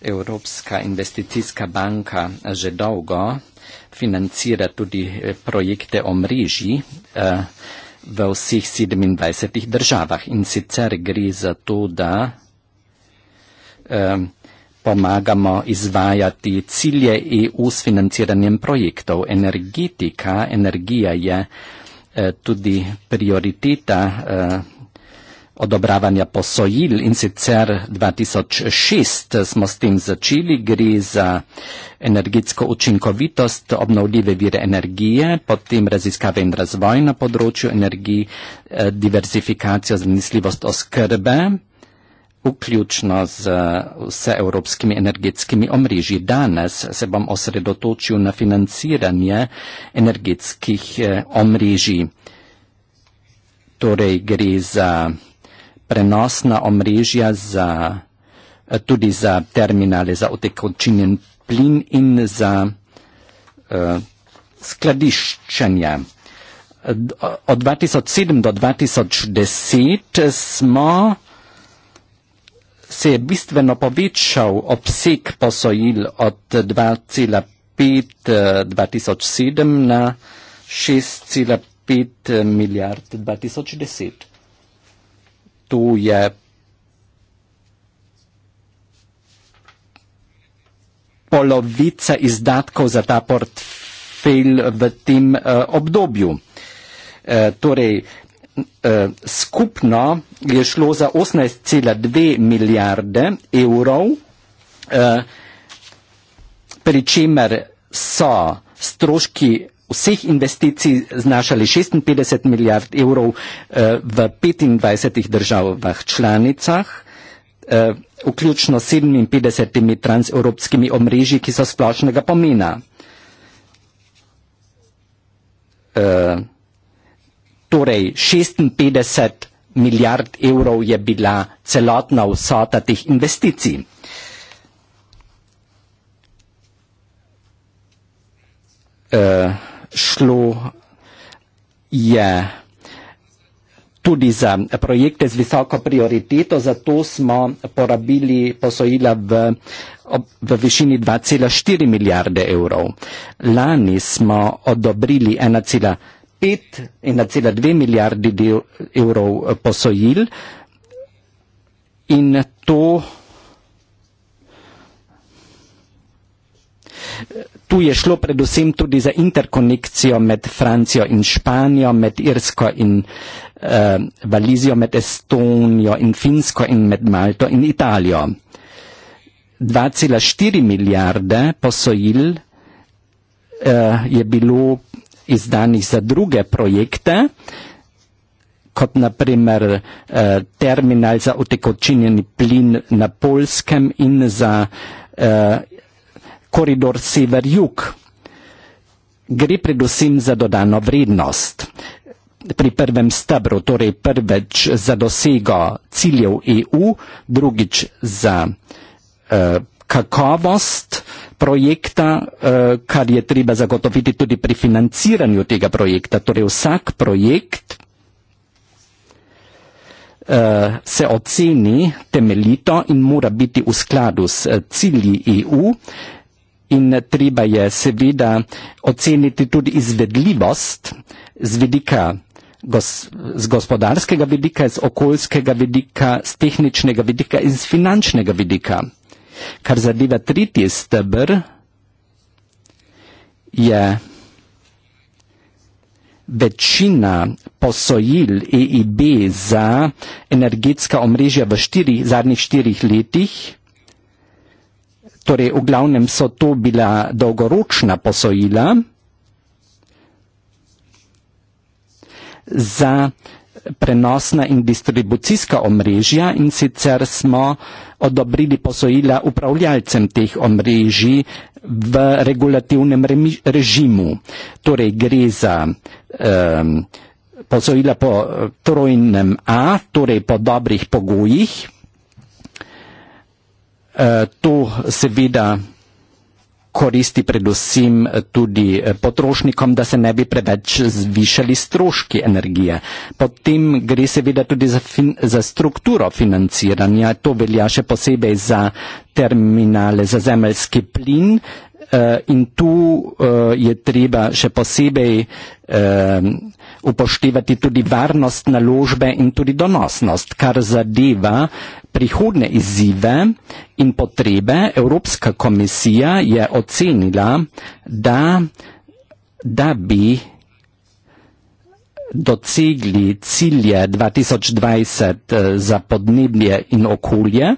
Evropska investicijska banka že dolgo financira tudi eh, projekte o mreži uh, v vseh 27 državah. In sicer gre za to, da uh, pomagamo izvajati cilje EU s financiranjem projektov. Energetika, energija je eh, tudi prioriteta eh, odobravanja posojil in sicer 2006 smo s tem začeli, gre za energetsko učinkovitost obnovljive vire energije, potem raziskave in razvoj na področju energiji, eh, diversifikacijo, zanesljivost oskrbe, vključno z vseevropskimi energetskimi omrežji. Danes se bom osredotočil na financiranje energetskih eh, omrežji. Torej gre za prenosna omrežja, za, eh, tudi za terminale za otekočinjen plin in za uh, skladiščenje. Od 2007 do 2010 smo se je bistveno povečal obseg posojil od 2,5 2007 na 6,5 milijard 2010. Tu je polovica izdatkov za ta portfelj v tem uh, obdobju. Uh, torej, eh, skupno je šlo za 18,2 milijarde evrov, eh, pri čemer so stroški vseh investicij znašali 56 milijard evrov eh, v 25 državah članicah, eh, vključno 57 transevropskimi omrežji, ki so splošnega pomena. Eh, torej 56 milijard evrov je bila celotna vsota teh investicij. E, šlo je tudi za projekte z visoko prioriteto, zato smo porabili posojila v, v višini 2,4 milijarde evrov. Lani smo odobrili 1,4 milijarde evrov 5,2 milijardi evrov eh, posojil in to Tu je šlo predvsem tudi za interkonekcijo med Francijo in Španijo, med Irsko in eh, Valizijo, med Estonijo in Finsko in med Malto in Italijo. 2,4 milijarde posojil eh, je bilo izdanih za druge projekte, kot naprimer eh, terminal za utekočinjeni plin na Polskem in za eh, koridor sever-jug. Gre predvsem za dodano vrednost. Pri prvem stebru, torej prvič za dosego ciljev EU, drugič za eh, kakovost projekta, eh, kar je treba zagotoviti tudi pri financiranju tega projekta. Torej vsak projekt eh, se oceni temeljito in mora biti v skladu s eh, cilji EU. In treba je seveda oceniti tudi izvedljivost z vidika, gos, z gospodarskega vidika, z okoljskega vidika, z tehničnega vidika in z finančnega vidika. Kar zadeva tretji stebr, je večina posojil EIB za energetska omrežja v štiri, zadnjih štirih letih, torej v glavnem so to bila dolgoročna posojila za energetska omrežja prenosna in distribucijska omrežja in sicer smo odobrili posojila upravljalcem teh omrežij v regulativnem režimu. Torej gre za um, posojila po trojnem A, torej po dobrih pogojih. Uh, to seveda koristi predvsem eh, tudi eh, potrošnikom, da se ne bi preveč zvišali stroški energije. Potem gre seveda tudi za, fin, za strukturo financiranja, to velja še posebej za terminale za zemljski plin, Eh, in tu eh, je treba še posebej eh, upoštevati tudi varnost naložbe in tudi donosnost, kar zadeva prihodne izzive in potrebe. Evropska komisija je ocenila, da, da bi docegli cilje 2020 za podnebje in okolje,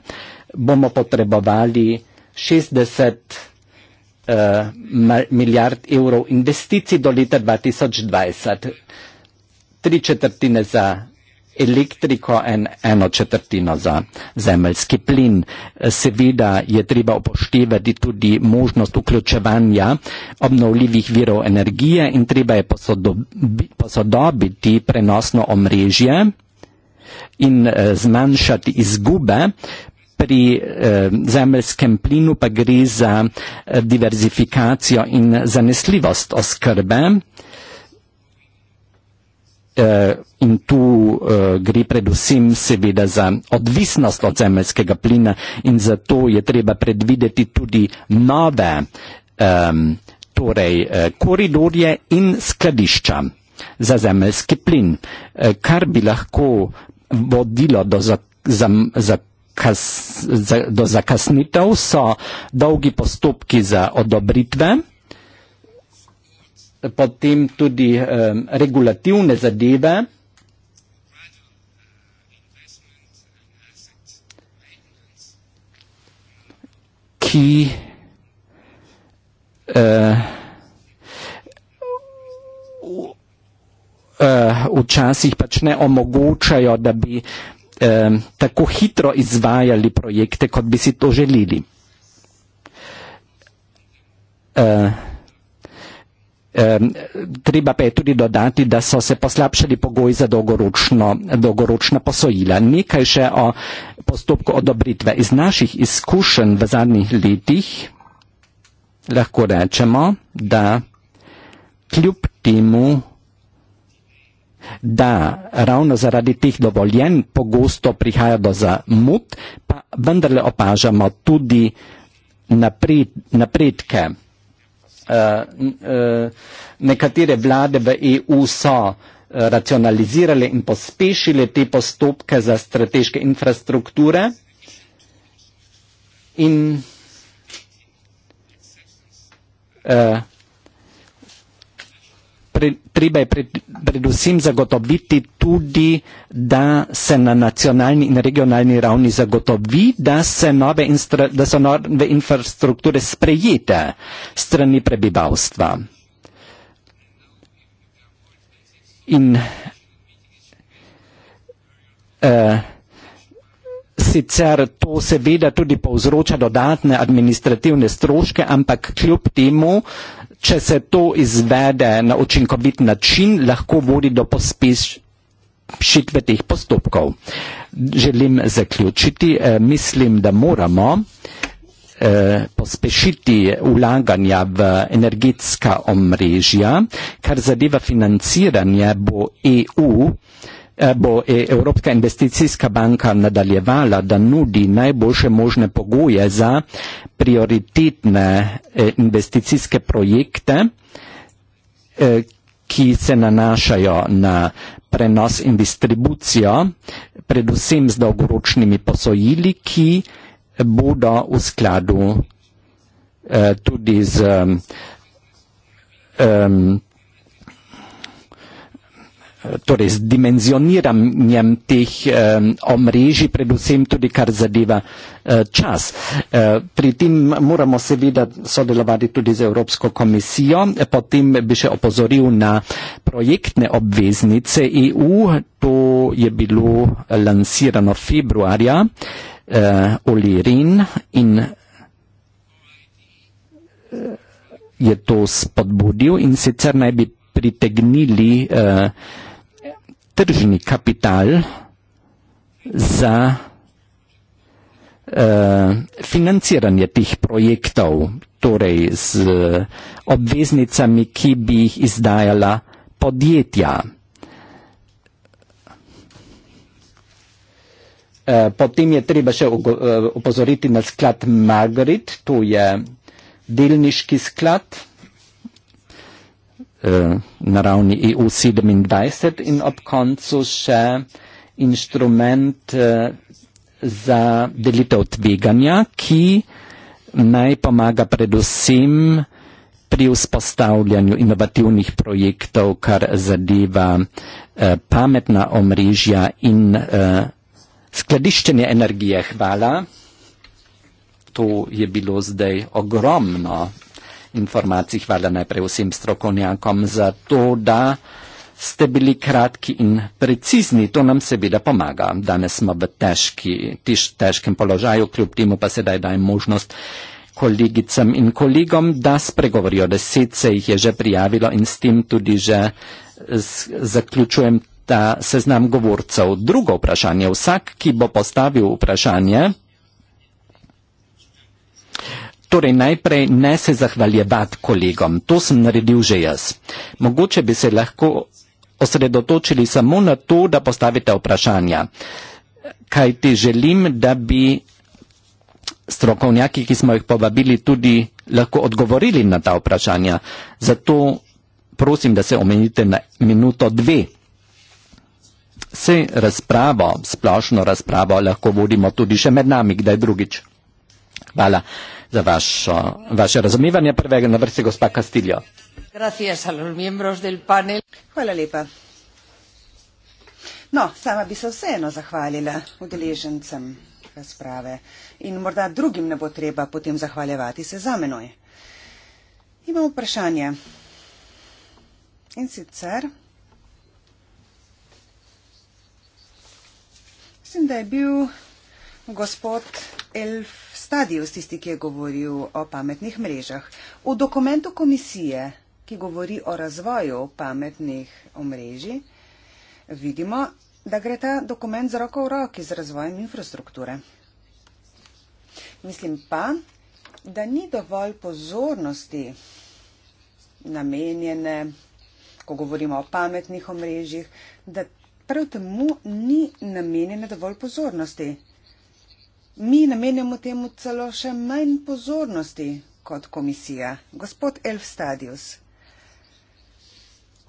bomo potrebovali 60 Eh, milijard evrov investicij do leta 2020. Tri četrtine za elektriko in eno četrtino za zemljski plin. Seveda je treba upoštevati tudi možnost vključevanja obnovljivih virov energije in treba je posodobiti prenosno omrežje in eh, zmanjšati izgube, pri eh, zemljskem plinu pa gre za eh, diverzifikacijo in zanesljivost oskrbe. Eh, in tu eh, gre predvsem seveda za odvisnost od zemljskega plina in zato je treba predvideti tudi nove torej, eh, koridorje in skladišča za zemljski plin, kar bi lahko vodilo do zato, za, za kas, za, do zakasnitev, so dolgi postopki za odobritve, potem tudi um, regulativne zadeve, ki uh, Uh, včasih pač ne omogočajo, da bi eh, tako hitro izvajali projekte, kot bi si to želeli. Eh, eh, treba pa je tudi dodati, da so se poslabšali pogoji za dolgoročna posojila. Nekaj še o postopku odobritve. Iz naših izkušenj v zadnjih letih lahko rečemo, da kljub temu, da ravno zaradi teh dovoljenj pogosto prihaja do zamud, pa vendarle opažamo tudi napred, napredke. Uh, uh, nekatere vlade v EU so eh, racionalizirale in pospešile te postopke za strateške infrastrukture in uh, pre, treba je pred, predvsem zagotoviti tudi, da se na nacionalni in regionalni ravni zagotovi, da, nove instra, da so nove infrastrukture sprejete strani prebivalstva. In uh, sicer to seveda tudi povzroča dodatne administrativne stroške, ampak kljub temu uh, če se to izvede na učinkovit način, lahko vodi do pospešitve teh postopkov. Želim zaključiti, eh, mislim, da moramo e, pospešiti ulaganja v energetska omrežja, kar zadeva financiranje, bo EU eh, Eh, bo eh, Evropska investicijska banka nadaljevala, da nudi najboljše možne pogoje za prioritetne eh, investicijske projekte, ki se nanašajo na prenos in distribucijo, predvsem z dolgoročnimi posojili, ki bodo v skladu tudi z um, torej z dimenzioniranjem teh eh, omrežij, predvsem tudi kar zadeva eh, čas. Eh, pri tem moramo seveda sodelovati tudi z Evropsko komisijo, e, potem bi še opozoril na projektne obveznice EU, to je bilo lansirano februarja, eh, Olirin in e, je to spodbudil in sicer naj bi pritegnili eh, tržni kapital za eh, financiranje tih projektov, torej z eh, obveznicami, ki bi jih izdajala podjetja. Eh, potem je treba še eh, opozoriti na sklad Margaret, to je delniški sklad. Eh, na ravni EU27 in ob koncu še inštrument eh, za delitev tveganja, ki naj pomaga predvsem pri vzpostavljanju inovativnih projektov, kar zadeva eh, pametna omrežja in skladiščenje energije. Hvala. To je bilo zdaj ogromno informacij hvala najprej vsem strokovnjakom za to, da ste bili kratki in precizni. To nam seveda pomaga. Danes smo v težki, tiš, težkem položaju, kljub temu pa sedaj dajem možnost kolegicam in kolegom, da spregovorijo. Deset se jih je že prijavilo in s tem tudi že zaključujem ta seznam govorcev. Drugo vprašanje. Vsak, ki bo postavil vprašanje, Torej, najprej ne se zahvaljevat kolegom, to sem naredil že jaz. Mogoče bi se lahko osredotočili samo na to, da postavite vprašanja. Kaj ti želim, da bi strokovnjaki, ki smo jih povabili, tudi lahko odgovorili na ta vprašanja. Zato prosim, da se omenite na minuto dve. Vse razpravo, splošno razpravo lahko vodimo tudi še med nami, kdaj drugič. Hvala za vašo, vaše razumevanje. Prvega na vrsti gospa Kastiljo. Hvala lepa. No, sama bi se vseeno zahvalila udeležencem razprave in morda drugim ne bo treba potem zahvaljevati se za menoj. Imam vprašanje. In sicer. Mislim, da je bil gospod Elf. Stadius, tisti, ki je govoril o pametnih mrežah. V dokumentu komisije, ki govori o razvoju pametnih omrežij, vidimo, da gre ta dokument z roko v roki z razvojem infrastrukture. Mislim pa, da ni dovolj pozornosti namenjene, ko govorimo o pametnih omrežjih, da prav temu ni namenjene dovolj pozornosti. Mi namenjamo temu celo še manj pozornosti kot komisija. Gospod Elfstadius,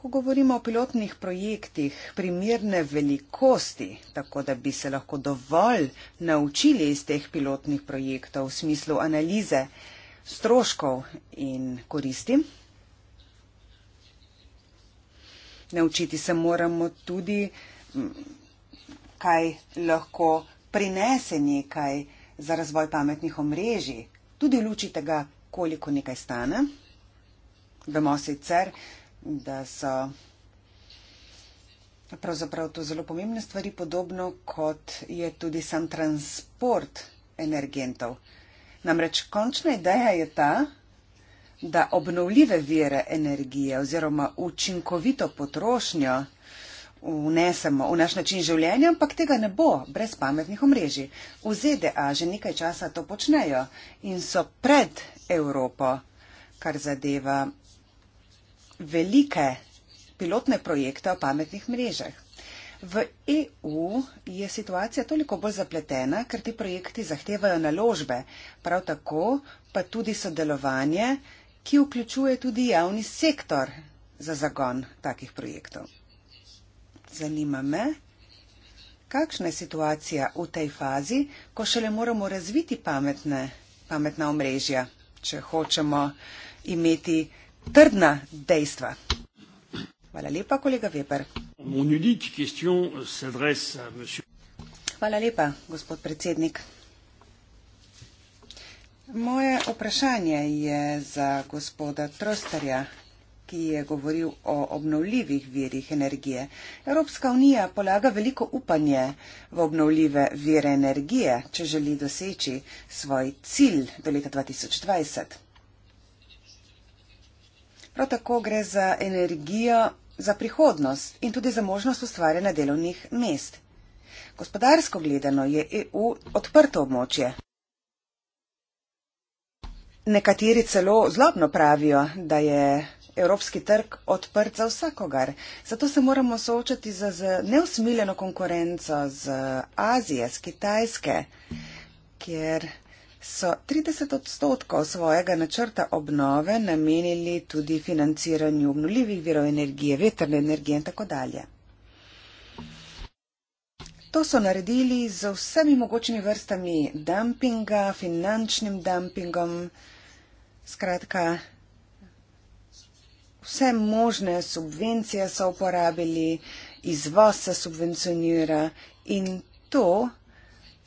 ko govorimo o pilotnih projektih primerne velikosti, tako da bi se lahko dovolj naučili iz teh pilotnih projektov v smislu analize stroškov in koristi, naučiti se moramo tudi, kaj lahko prinese nekaj za razvoj pametnih omrežij, tudi v luči tega, koliko nekaj stane. Vemo sicer, da so pravzaprav to zelo pomembne stvari, podobno kot je tudi sam transport energentov. Namreč končna ideja je ta, da obnovljive vire energije oziroma učinkovito potrošnjo vnesemo v naš način življenja, ampak tega ne bo brez pametnih omrežij. V ZDA že nekaj časa to počnejo in so pred Evropo, kar zadeva velike pilotne projekte o pametnih mrežah. V EU je situacija toliko bolj zapletena, ker ti projekti zahtevajo naložbe, prav tako pa tudi sodelovanje, ki vključuje tudi javni sektor za zagon takih projektov. Zanima me, kakšna je situacija v tej fazi, ko šele moramo razviti pametne, pametna omrežja, če hočemo imeti trdna dejstva. Hvala lepa, kolega Weber. Hvala lepa, gospod predsednik. Moje vprašanje je za gospoda Trosterja, ki je govoril o obnovljivih virih energije. Evropska unija polaga veliko upanje v obnovljive vire energije, če želi doseči svoj cilj do leta 2020. Prav tako gre za energijo za prihodnost in tudi za možnost ustvarjanja delovnih mest. Gospodarsko gledano je EU odprto območje. Nekateri celo zlobno pravijo, da je evropski trg odprt za vsakogar. Zato se moramo soočati z, z neusmiljeno konkurenco z Azije, z Kitajske, kjer so 30 odstotkov svojega načrta obnove namenili tudi financiranju obnuljivih virov energije, veterne energije in tako dalje. To so naredili z vsemi mogočimi vrstami dumpinga, finančnim dumpingom, skratka vse možne subvencije so uporabili, izvoz se subvencionira in to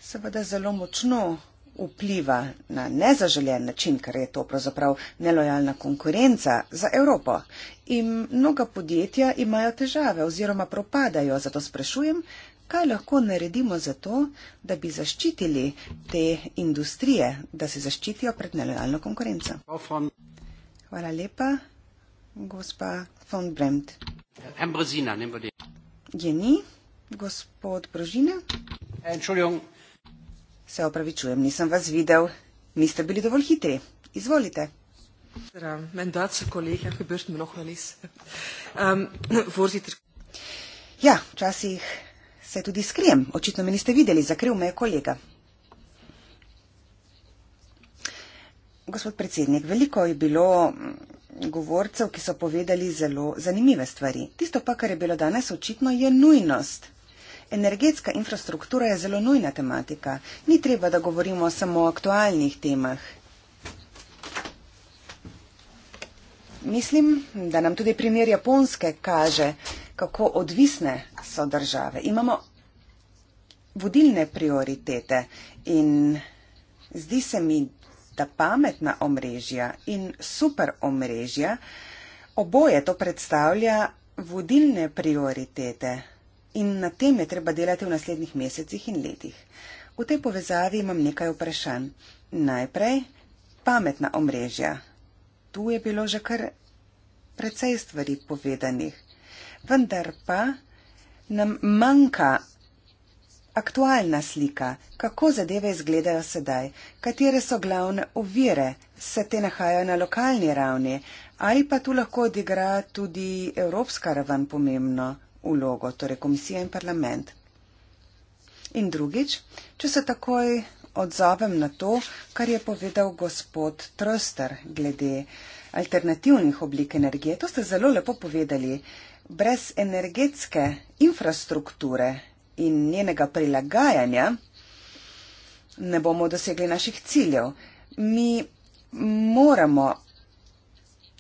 seveda zelo močno vpliva na nezaželjen način, ker je to pravzaprav nelojalna konkurenca za Evropo. In mnoga podjetja imajo težave oziroma propadajo, zato sprašujem, kaj lahko naredimo za to, da bi zaščitili te industrije, da se zaščitijo pred nelojalno konkurenco. Hvala lepa gospa von Bremt. Ambrosina, nehmen wir den. Je ni, gospod Brožina. Entschuldigung. Se opravičujem, nisem vas videl. Niste bili dovolj hitri. Izvolite. Ja, včasih se tudi skrijem. Očitno me niste videli, zakril me je kolega. Gospod predsednik, veliko je bilo govorcev, ki so povedali zelo zanimive stvari. Tisto pa, kar je bilo danes očitno, je nujnost. Energetska infrastruktura je zelo nujna tematika. Ni treba, da govorimo samo o aktualnih temah. Mislim, da nam tudi primer Japonske kaže, kako odvisne so države. Imamo vodilne prioritete in zdi se mi, da pametna omrežja in super omrežja oboje to predstavlja vodilne prioritete in na tem je treba delati v naslednjih mesecih in letih. V tej povezavi imam nekaj vprašanj. Najprej pametna omrežja. Tu je bilo že kar precej stvari povedanih. Vendar pa nam manjka aktualna slika, kako zadeve izgledajo sedaj, katere so glavne ovire, se te nahajajo na lokalni ravni ali pa tu lahko odigra tudi evropska raven pomembno ulogo, torej komisija in parlament. In drugič, če se takoj odzovem na to, kar je povedal gospod Tröster glede alternativnih oblik energije. To ste zelo lepo povedali. Brez energetske infrastrukture in njenega prilagajanja, ne bomo dosegli naših ciljev. Mi moramo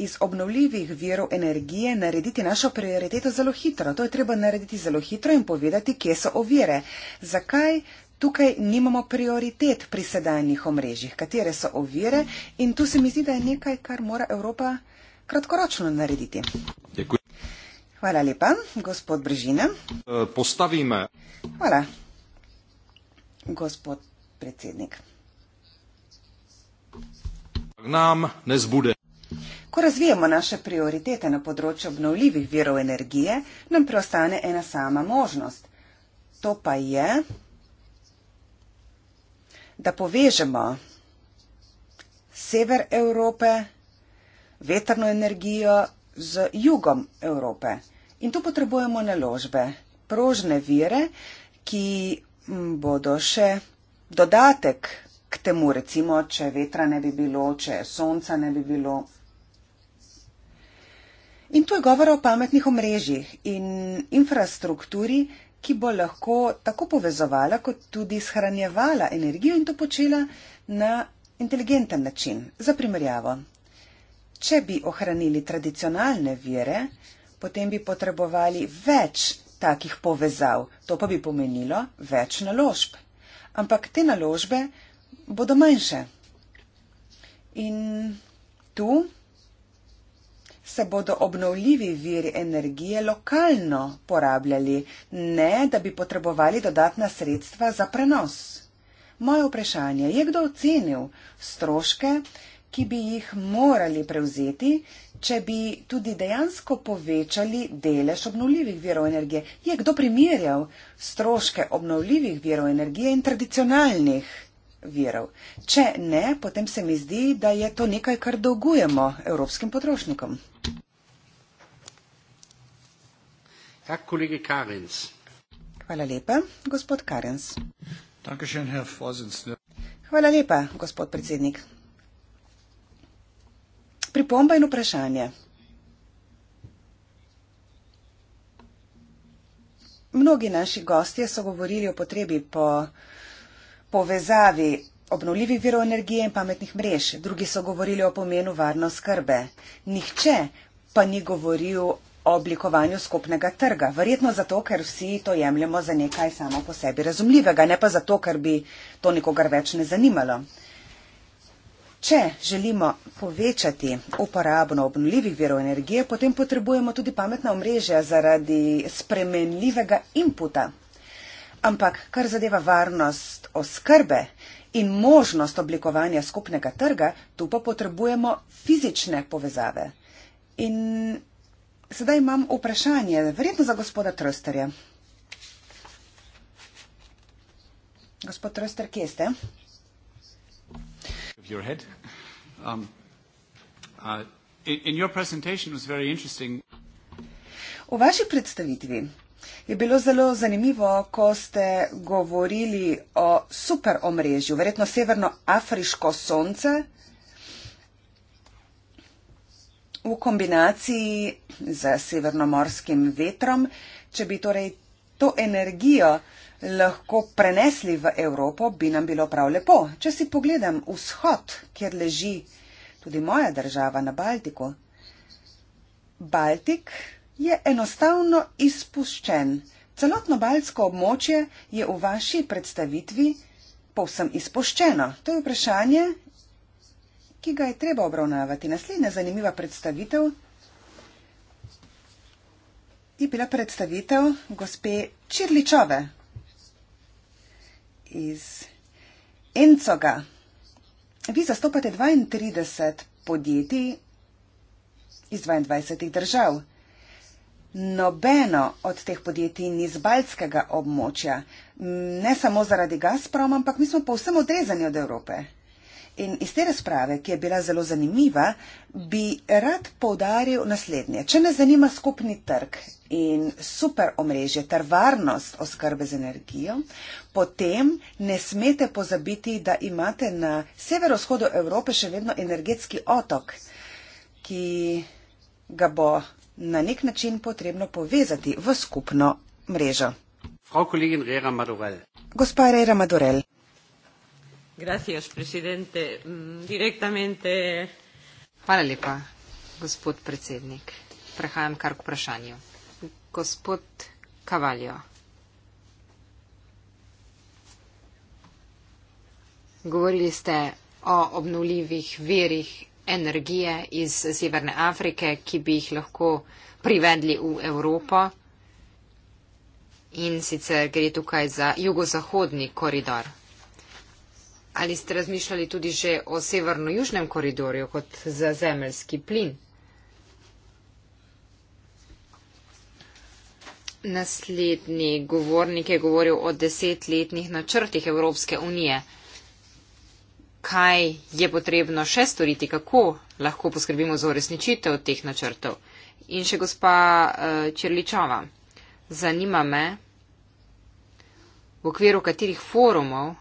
iz obnovljivih virov energije narediti našo prioriteto zelo hitro. To je treba narediti zelo hitro in povedati, kje so ovire. Zakaj tukaj nimamo prioritet pri sedajnih omrežjih, katere so ovire in tu se mi zdi, da je nekaj, kar mora Evropa kratkoročno narediti. Dekuji. Hvala lepa, gospod Brežina. E, Postavi me. Hvala, gospod predsednik. Nam ne zbude. Ko razvijamo naše prioritete na področju obnovljivih virov energije, nam preostane ena sama možnost. To pa je, da povežemo sever Evrope, vetrno energijo z jugom Evrope. In tu potrebujemo naložbe, prožne vire, ki bodo še dodatek k temu, recimo, če vetra ne bi bilo, če sonca ne bi bilo. In tu je govora o pametnih omrežjih in infrastrukturi, ki bo lahko tako povezovala, kot tudi shranjevala energijo in to počela na inteligenten način. Za primerjavo, če bi ohranili tradicionalne vire, potem bi potrebovali več takih povezav, to pa bi pomenilo več naložb. Ampak te naložbe bodo manjše. In tu se bodo obnovljivi viri energije lokalno porabljali, ne da bi potrebovali dodatna sredstva za prenos. Moje vprašanje je, kdo ocenil stroške, ki bi jih morali prevzeti, če bi tudi dejansko povečali delež obnovljivih virov energije. Je kdo primerjal stroške obnovljivih virov energije in tradicionalnih virov? Če ne, potem se mi zdi, da je to nekaj, kar dolgujemo evropskim potrošnikom. Herr ja, Kollege Karens. Hvala lepa, gospod Karens. Hvala lepa, gospod predsednik. Pripomba in vprašanje. Mnogi naši gostje so govorili o potrebi po povezavi obnovljivih virov energije in pametnih mrež, drugi so govorili o pomenu varno skrbe. Nihče pa ni govoril o oblikovanju skupnega trga. Verjetno zato, ker vsi to jemljemo za nekaj samo po sebi razumljivega, ne pa zato, ker bi to nikogar več ne zanimalo. Če želimo povečati uporabo obnovljivih verov energije, potem potrebujemo tudi pametna omrežja zaradi spremenljivega inputa. Ampak kar zadeva varnost oskrbe in možnost oblikovanja skupnega trga, tu pa potrebujemo fizične povezave. In sedaj imam vprašanje, verjetno za gospoda Trösterja. Gospod Tröster, kje ste? of your head. Um, uh, in, in your presentation was very interesting. V vaši predstavitvi je bilo zelo zanimivo, ko ste govorili o super omrežju, verjetno severnoafriško sonce v kombinaciji z severnomorskim vetrom, če bi torej to energijo uh, lahko prenesli v Evropo, bi nam bilo prav lepo. Če si pogledam vzhod, kjer leži tudi moja država na Baltiku, Baltik je enostavno izpuščen. Celotno baltsko območje je v vaši predstavitvi povsem izpuščeno. To je vprašanje, ki ga je treba obravnavati. Naslednja zanimiva predstavitev je bila predstavitev gospe Čirličove iz Encoga. Vi zastopate 32 podjetij iz 22 držav. Nobeno od teh podjetij ni z baljskega območja. Ne samo zaradi Gazprom, ampak mi smo povsem odrezani od Evrope. In iz te razprave, ki je bila zelo zanimiva, bi rad povdaril naslednje. Če nas zanima skupni trg in super omrežje ter varnost oskrbe z energijo, potem ne smete pozabiti, da imate na severovzhodu Evrope še vedno energetski otok, ki ga bo na nek način potrebno povezati v skupno mrežo. Gospa Rejra Madurel. Gracias, presidente. Mm, Direktamente. Hvala lepa, gospod predsednik. Prehajam kar k vprašanju. Gospod Kavaljo. Govorili ste o obnovljivih verih energije iz Severne Afrike, ki bi jih lahko privedli v Evropo. In sicer gre tukaj za jugozahodni koridor. Ali ste razmišljali tudi že o severno-južnem koridorju kot za zemeljski plin? Naslednji govornik je govoril o desetletnih načrtih Evropske unije. Kaj je potrebno še storiti, kako lahko poskrbimo za uresničitev teh načrtov? In še gospa eh, Črličova, zanima me, v okviru katerih forumov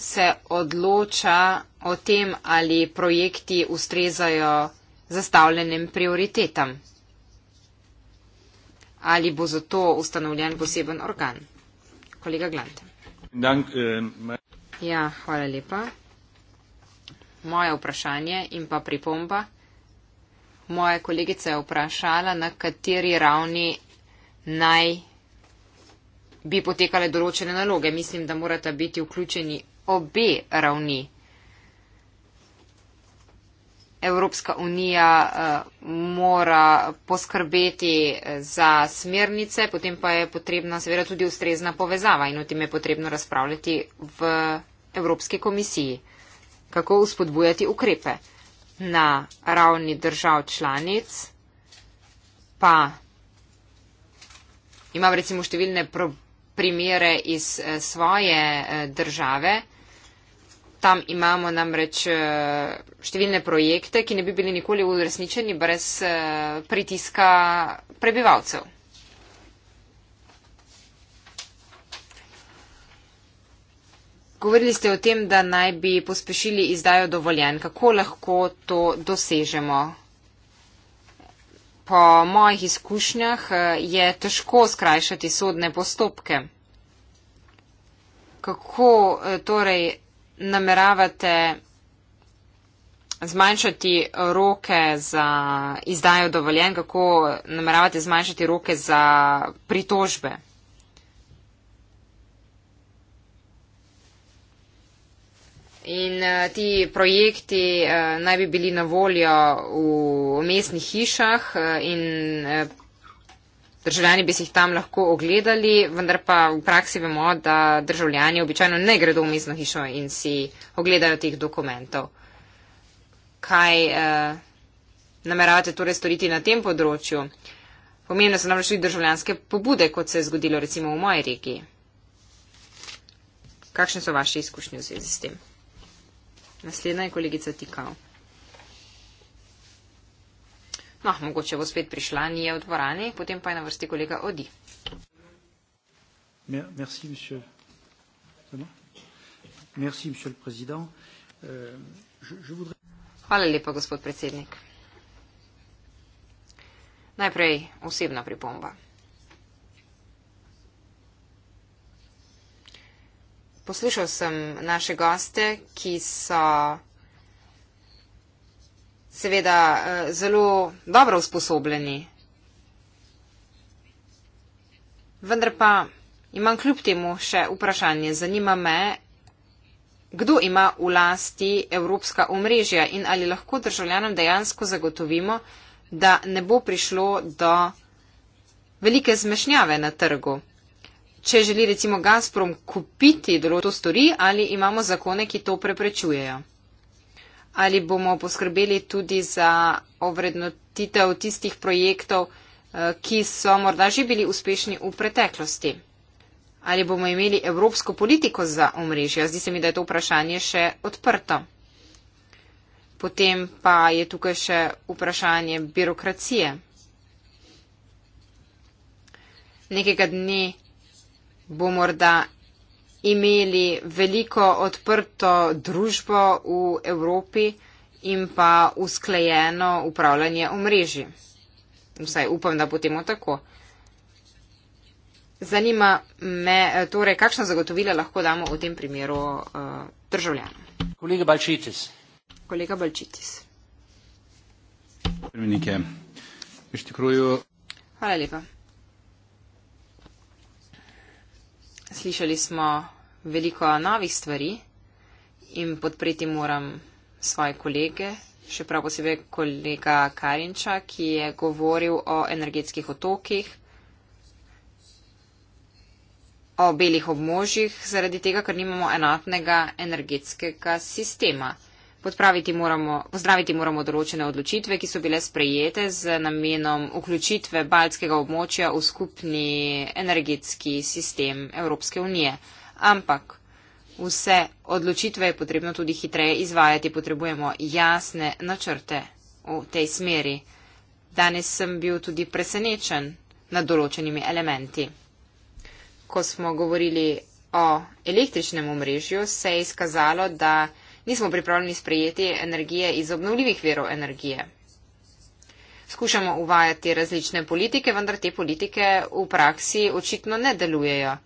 se odloča o tem, ali projekti ustrezajo zastavljenim prioritetam? Ali bo zato ustanovljen poseben organ? Kolega Glante. Dank, uh, eh, ma... Ja, hvala lepa. Moje vprašanje in pa pripomba. Moja kolegica je vprašala, na kateri ravni naj bi potekale določene naloge. Mislim, da morata biti vključeni obe ravni. Evropska unija eh, mora poskrbeti eh, za smernice, potem pa je potrebna seveda tudi ustrezna povezava in o tem je potrebno razpravljati v Evropski komisiji. Kako uspodbujati ukrepe na ravni držav članic, pa imam recimo številne pro primere iz eh, svoje države. Tam imamo namreč eh, številne projekte, ki ne bi bili nikoli uresničeni brez eh, pritiska prebivalcev. Govorili ste o tem, da naj bi pospešili izdajo dovoljen. Kako lahko to dosežemo? Po mojih izkušnjah eh, je težko skrajšati sodne postopke. Kako torej nameravate zmanjšati roke za izdajo dovoljen, kako nameravate zmanjšati roke za pritožbe? In uh, ti projekti uh, naj bi bili na voljo v mestnih hišah uh, in uh, državljani bi si jih tam lahko ogledali, vendar pa v praksi vemo, da državljani običajno ne gredo v mestno hišo in si ogledajo teh dokumentov. Kaj eh, nameravate torej storiti na tem področju? Pomembne so namreč tudi državljanske pobude, kot se je zgodilo recimo v moji regiji. Kakšne so vaše izkušnje v zvezi s tem? Naslednja je kolegica Tikal. No, mogoče bo spet prišla, ni je v dvorani, potem pa je na vrsti kolega Odi. Merci, monsieur. Merci, monsieur le président. Euh, je voudrais... Hvala lepa, gospod predsednik. Najprej osebna pripomba. Poslušal sem naše goste, ki so seveda eh, zelo dobro usposobljeni. Vendar pa imam kljub temu še vprašanje. Zanima me, kdo ima v lasti evropska omrežja in ali lahko državljanom dejansko zagotovimo, da ne bo prišlo do velike zmešnjave na trgu. Če želi recimo Gazprom kupiti, da to stori, ali imamo zakone, ki to preprečujejo ali bomo poskrbeli tudi za ovrednotitev tistih projektov, eh, ki so morda že bili uspešni v preteklosti. Ali bomo imeli evropsko politiko za omrežje? Zdi se mi, da je to vprašanje še odprto. Potem pa je tukaj še vprašanje birokracije. Nekega dne bo morda imeli veliko odprto družbo v Evropi in pa usklajeno upravljanje omrežji. Vsaj upam, da bo temu tako. Zanima me, torej, kakšna zagotovila lahko damo v tem primeru uh, državljanom. Kolega Balčitis. Kolega Balčitis. Hvala lepa. slišali smo veliko novih stvari in podpreti moram svoje kolege, še prav posebej kolega Karinča, ki je govoril o energetskih otokih, o belih območjih, zaradi tega, ker nimamo enotnega energetskega sistema. Moramo, pozdraviti moramo določene odločitve, ki so bile sprejete z namenom vključitve baltskega območja v skupni energetski sistem Evropske unije. Ampak vse odločitve je potrebno tudi hitreje izvajati. Potrebujemo jasne načrte v tej smeri. Danes sem bil tudi presenečen nad določenimi elementi. Ko smo govorili o električnem omrežju, se je izkazalo, da nismo pripravljeni sprejeti energije iz obnovljivih verov energije. Skušamo uvajati različne politike, vendar te politike v praksi očitno ne delujejo.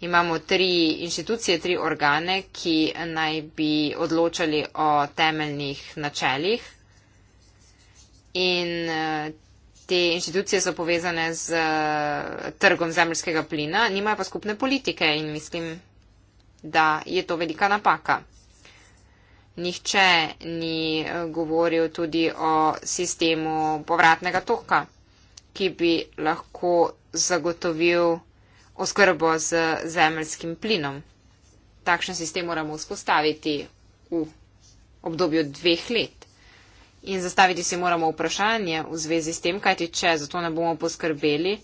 Imamo tri inštitucije, tri organe, ki naj bi odločali o temeljnih načeljih. In eh, te inštitucije so povezane z eh, trgom zemljskega plina, nimajo pa skupne politike in mislim, da je to velika napaka nihče ni eh, govoril tudi o sistemu povratnega toka, ki bi lahko zagotovil oskrbo z zemljskim plinom. Takšen sistem moramo vzpostaviti v obdobju dveh let. In zastaviti si moramo vprašanje v zvezi s tem, kajti če za to ne bomo poskrbeli,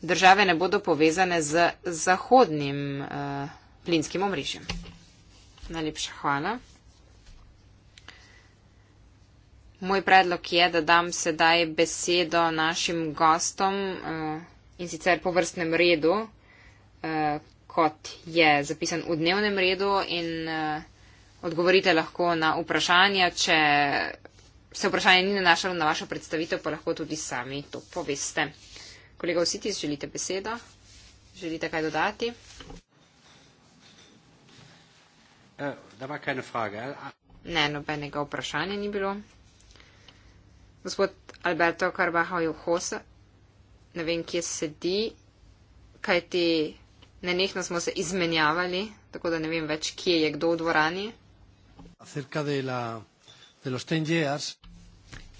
države ne bodo povezane z zahodnim uh, plinskim omrežjem. Najlepša hvala. Moj predlog je, da dam sedaj besedo našim gostom eh, in sicer po vrstnem redu, eh, kot je zapisan v dnevnem redu in eh, odgovorite lahko na vprašanja, če se vprašanje ni nanašalo na vašo predstavitev, pa lahko tudi sami to poveste. Kolega Vsitis, želite besedo? Želite kaj dodati? Da, da ima kaj na frage. Ne, nobenega vprašanja ni bilo gospod Alberto Carvajal je v Hosa, ne vem, kje sedi, kajti nenehno smo se izmenjavali, tako da ne vem več, kje je kdo v dvorani. De la, de los years.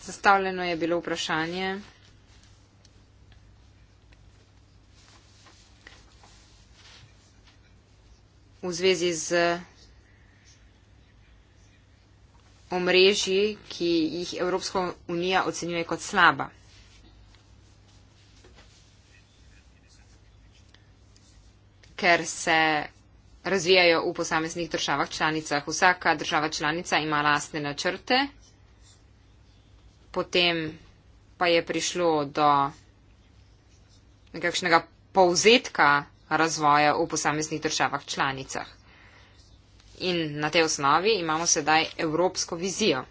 Zastavljeno je bilo vprašanje. V zvezi z omrežji, ki jih Evropska unija ocenjuje kot slaba. Ker se razvijajo v posameznih državah članicah. Vsaka država članica ima lastne načrte, potem pa je prišlo do nekakšnega povzetka razvoja v posameznih državah članicah. In na tej osnovi imamo sedaj evropsko vizijo.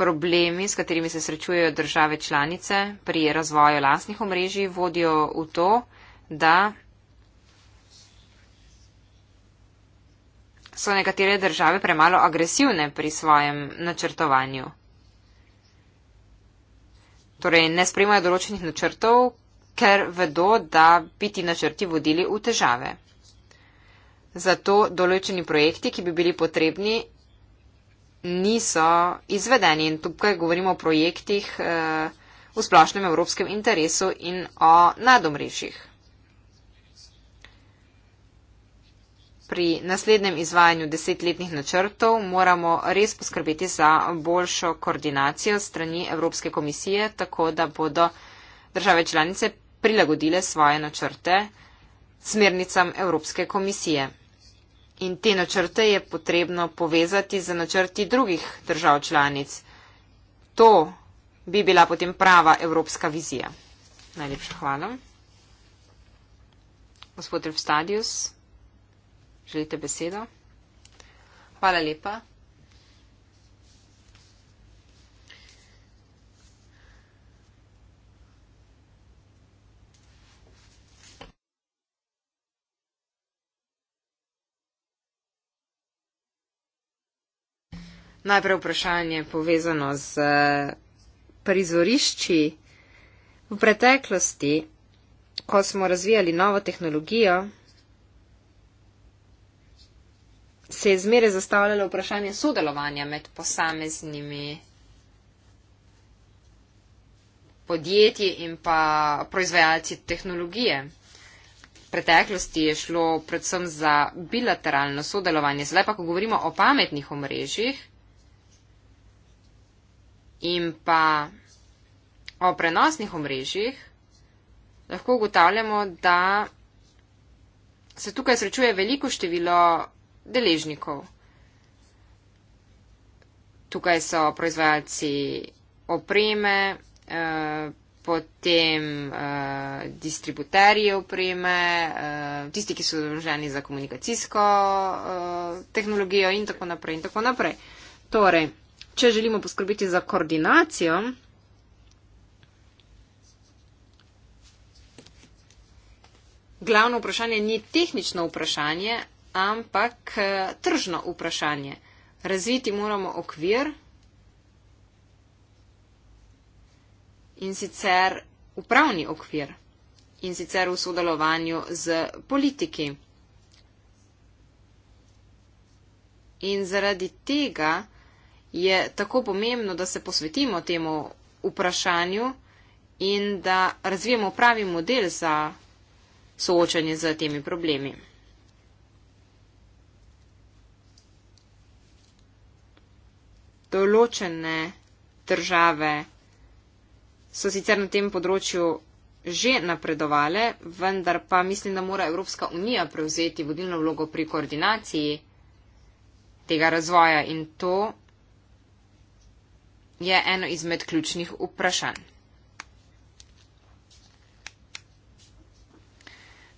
Problemi, s katerimi se srečujejo države članice pri razvoju lasnih omrežij, vodijo v to, da so nekatere države premalo agresivne pri svojem načrtovanju. Torej, ne spremajo določenih načrtov, ker vedo, da bi ti načrti vodili v težave. Zato določeni projekti, ki bi bili potrebni, niso izvedeni. In tukaj govorimo o projektih eh, v splošnem evropskem interesu in o nadomrežjih. Pri naslednjem izvajanju desetletnih načrtov moramo res poskrbeti za boljšo koordinacijo strani Evropske komisije, tako da bodo države članice prilagodile svoje načrte smernicam Evropske komisije. In te načrte je potrebno povezati z načrti drugih držav članic. To bi bila potem prava evropska vizija. Najlepša hvala. Gospod Refstadius, želite besedo? Hvala lepa. Najprej vprašanje povezano z eh, prizorišči. V preteklosti, ko smo razvijali novo tehnologijo, se je zmere zastavljalo vprašanje sodelovanja med posameznimi podjetji in pa proizvajalci tehnologije. V preteklosti je šlo predvsem za bilateralno sodelovanje. Zdaj pa, ko govorimo o pametnih omrežjih, in pa o prenosnih omrežjih lahko ugotavljamo, da se tukaj srečuje veliko število deležnikov. Tukaj so proizvajalci opreme, eh, potem eh, distributerji opreme, eh, tisti, ki so zadolženi za komunikacijsko tehnologijo in tako naprej. In tako naprej. Torej, Če želimo poskrbiti za koordinacijo, glavno vprašanje ni tehnično vprašanje, ampak eh, tržno vprašanje. Razviti moramo okvir in sicer upravni okvir in sicer v sodelovanju z politiki. In zaradi tega, je tako pomembno, da se posvetimo temu vprašanju in da razvijemo pravi model za soočanje z temi problemi. Določene države so sicer na tem področju že napredovale, vendar pa mislim, da mora Evropska unija prevzeti vodilno vlogo pri koordinaciji tega razvoja in to je eno izmed ključnih vprašanj.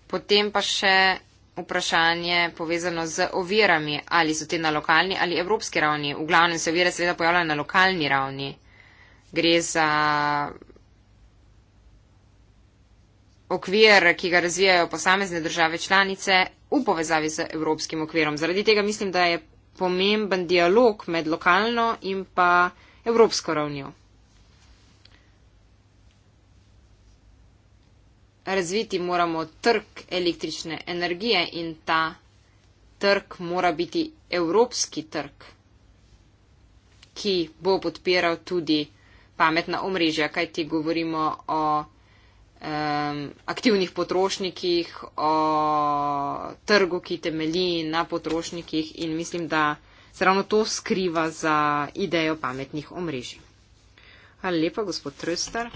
Potem pa še vprašanje povezano z ovirami, ali so te na lokalni ali evropski ravni. V glavnem se ovire seveda pojavljajo na lokalni ravni. Gre za okvir, ki ga razvijajo posamezne države članice v povezavi z evropskim okvirom. Zaradi tega mislim, da je pomemben dialog med lokalno in pa evropsko evropsko ravnjo. Razviti moramo trg električne energije in ta trg mora biti evropski trg, ki bo podpiral tudi pametna omrežja, kaj ti govorimo o um, aktivnih potrošnikih, o trgu, ki temelji na potrošnikih in mislim, da se ravno to skriva za idejo pametnih omrežij. Hvala lepa, gospod Tröster.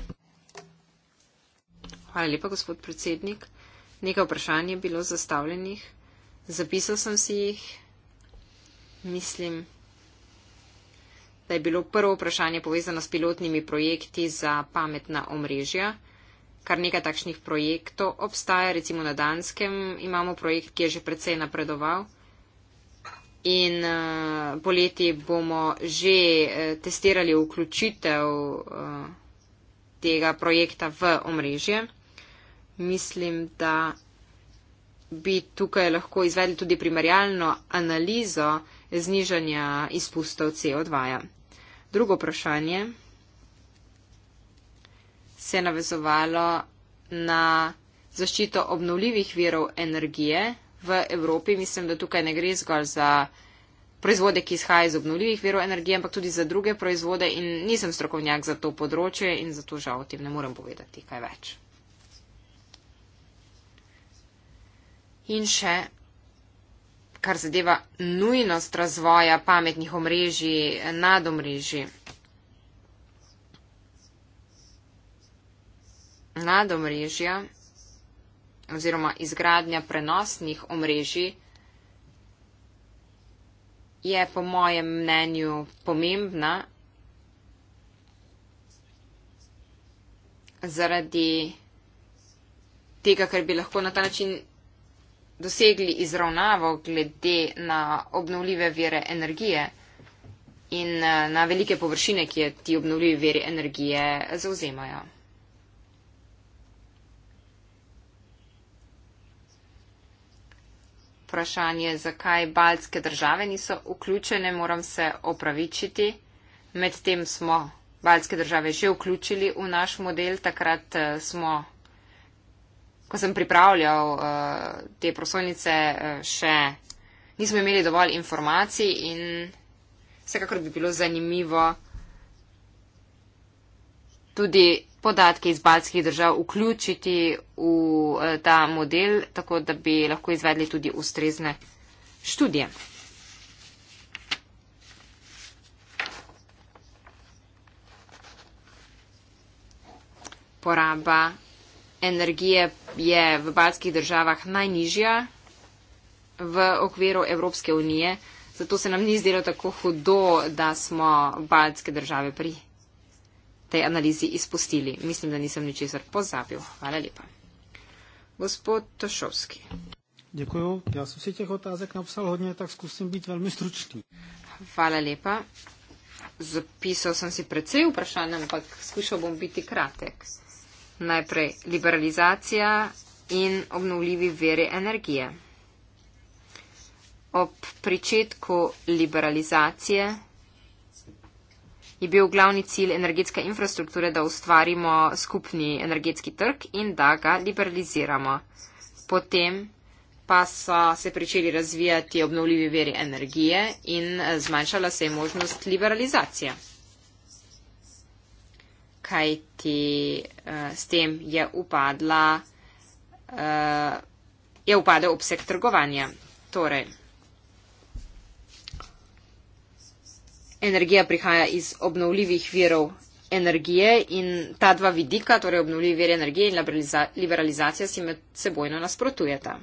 Hvala lepa, gospod predsednik. Nekaj vprašanj je bilo zastavljenih. Zapisal sem si jih. Mislim, da je bilo prvo vprašanje povezano s pilotnimi projekti za pametna omrežja. Kar nekaj takšnih projektov obstaja, recimo na Danskem imamo projekt, ki je že precej napredoval in uh, poleti bomo že uh, testirali vključitev uh, tega projekta v omrežje. Mislim, da bi tukaj lahko izvedli tudi primerjalno analizo znižanja izpustov CO2. -ja. Drugo vprašanje se je navezovalo na zaščito obnovljivih virov energije v Evropi. Mislim, da tukaj ne gre zgolj za proizvode, ki izhajajo iz obnovljivih verov energije, ampak tudi za druge proizvode in nisem strokovnjak za to področje in zato žal o tem ne morem povedati kaj več. In še, kar zadeva nujnost razvoja pametnih omrežij, nadomrežij. Nadomrežja oziroma izgradnja prenosnih omrežij je po mojem mnenju pomembna zaradi tega, ker bi lahko na ta način dosegli izravnavo glede na obnovljive vire energije in eh, na velike površine, ki jo ti obnovljivi viri energije zauzemajo. vprašanje, zakaj baltske države niso vključene, moram se opravičiti. Medtem smo baltske države že vključili v naš model, takrat eh, smo, ko sem pripravljal eh, te prosojnice, eh, še nismo imeli dovolj informacij in vsekakor bi bilo zanimivo tudi podatke iz balskih držav vključiti v eh, ta model, tako da bi lahko izvedli tudi ustrezne študije. Poraba energije je v balskih državah najnižja v okviru Evropske unije, zato se nam ni zdelo tako hudo, da smo balske države prijeli tej analizi izpustili. Mislim, da nisem ničesar pozabil. Hvala lepa. Gospod Tošovski. Dekuju. Ja sem si teh otazek napisal hodnje, tak skusim biti veľmi stručný. Hvala lepa. Zapisal sem si precej vprašanj, ampak skušal bom biti kratek. Najprej liberalizacija in obnovljivi veri energije. Ob pričetku liberalizacije je bil glavni cilj energetske infrastrukture, da ustvarimo skupni energetski trg in da ga liberaliziramo. Potem pa so se pričeli razvijati obnovljivi veri energije in eh, zmanjšala se je možnost liberalizacije. Kaj ti eh, s tem je upadla? Eh, je upadel obseg trgovanja. Torej, energija prihaja iz obnovljivih virov energije in ta dva vidika, torej obnovljivi viri energije in liberalizacija, si med sebojno nasprotujeta.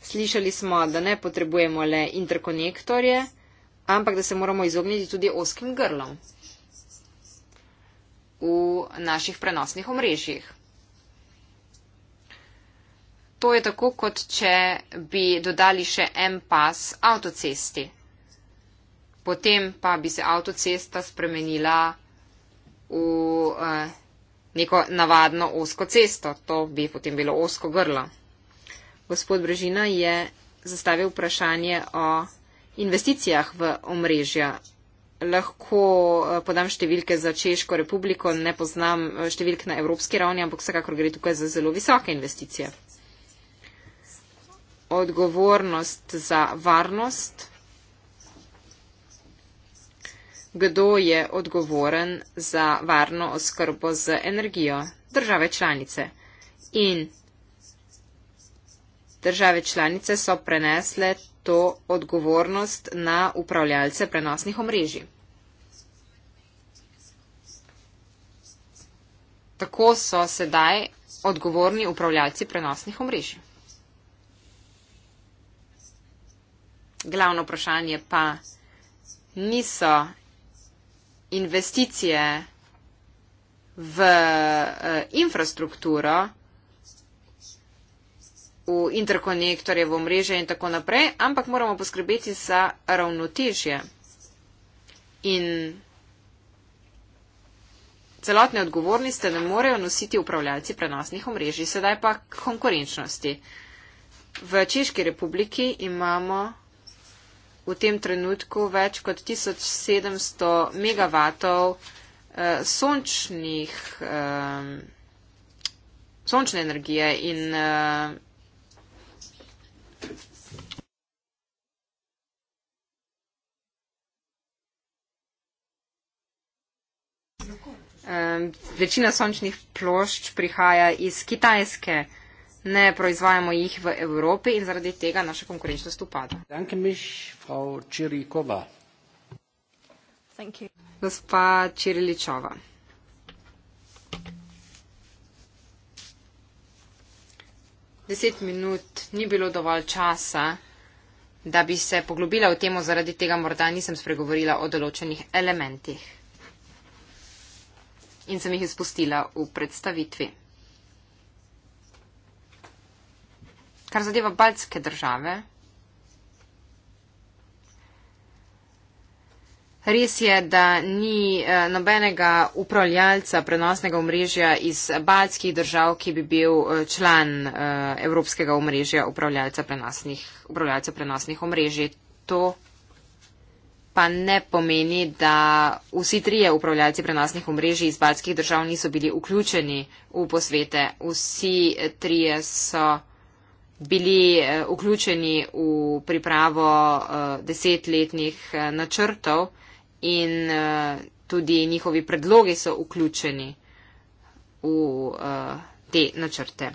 Slišali smo, da ne potrebujemo le interkonektorje, ampak da se moramo izogniti tudi oskim grlom v naših prenosnih omrežjih. To je tako, kot če bi dodali še en pas avtocesti. Potem pa bi se avtocesta spremenila v eh, neko navadno osko cesto. To bi potem bilo osko grlo. Gospod Brežina je zastavil vprašanje o investicijah v omrežja. Lahko eh, podam številke za Češko republiko, ne poznam eh, številk na evropski ravni, ampak vsekakor gre tukaj za zelo visoke investicije odgovornost za varnost? Kdo je odgovoren za varno oskrbo z energijo? Države članice. In države članice so prenesle to odgovornost na upravljalce prenosnih omrežij. Tako so sedaj odgovorni upravljalci prenosnih omrežij. glavno vprašanje pa niso investicije v eh, infrastrukturo, v interkonektorje, v omrežje in tako naprej, ampak moramo poskrbeti za ravnotežje in celotne odgovornosti ne morejo nositi upravljalci prenosnih omrežij, sedaj pa konkurenčnosti. V Češki republiki imamo v tem trenutku več kot 1700 megavatov eh, sončnih, eh, sončne energije in eh, Večina sončnih plošč prihaja iz Kitajske ne proizvajamo jih v Evropi in zaradi tega naša konkurenčnost upada. Gospa Čiriličova. Deset minut ni bilo dovolj časa, da bi se poglobila v temo, zaradi tega morda nisem spregovorila o določenih elementih. In sem jih izpustila v predstavitvi. kar zadeva baltske države. Res je, da ni eh, nobenega upravljalca prenosnega omrežja iz baltskih držav, ki bi bil eh, član eh, evropskega omrežja prenosnih, upravljalca prenosnih omrežij. To pa ne pomeni, da vsi trije upravljalci prenosnih omrežij iz baltskih držav niso bili vključeni v posvete. Vsi trije so bili eh, vključeni v pripravo eh, desetletnih eh, načrtov in tudi njihovi predlogi so vključeni v te načrte.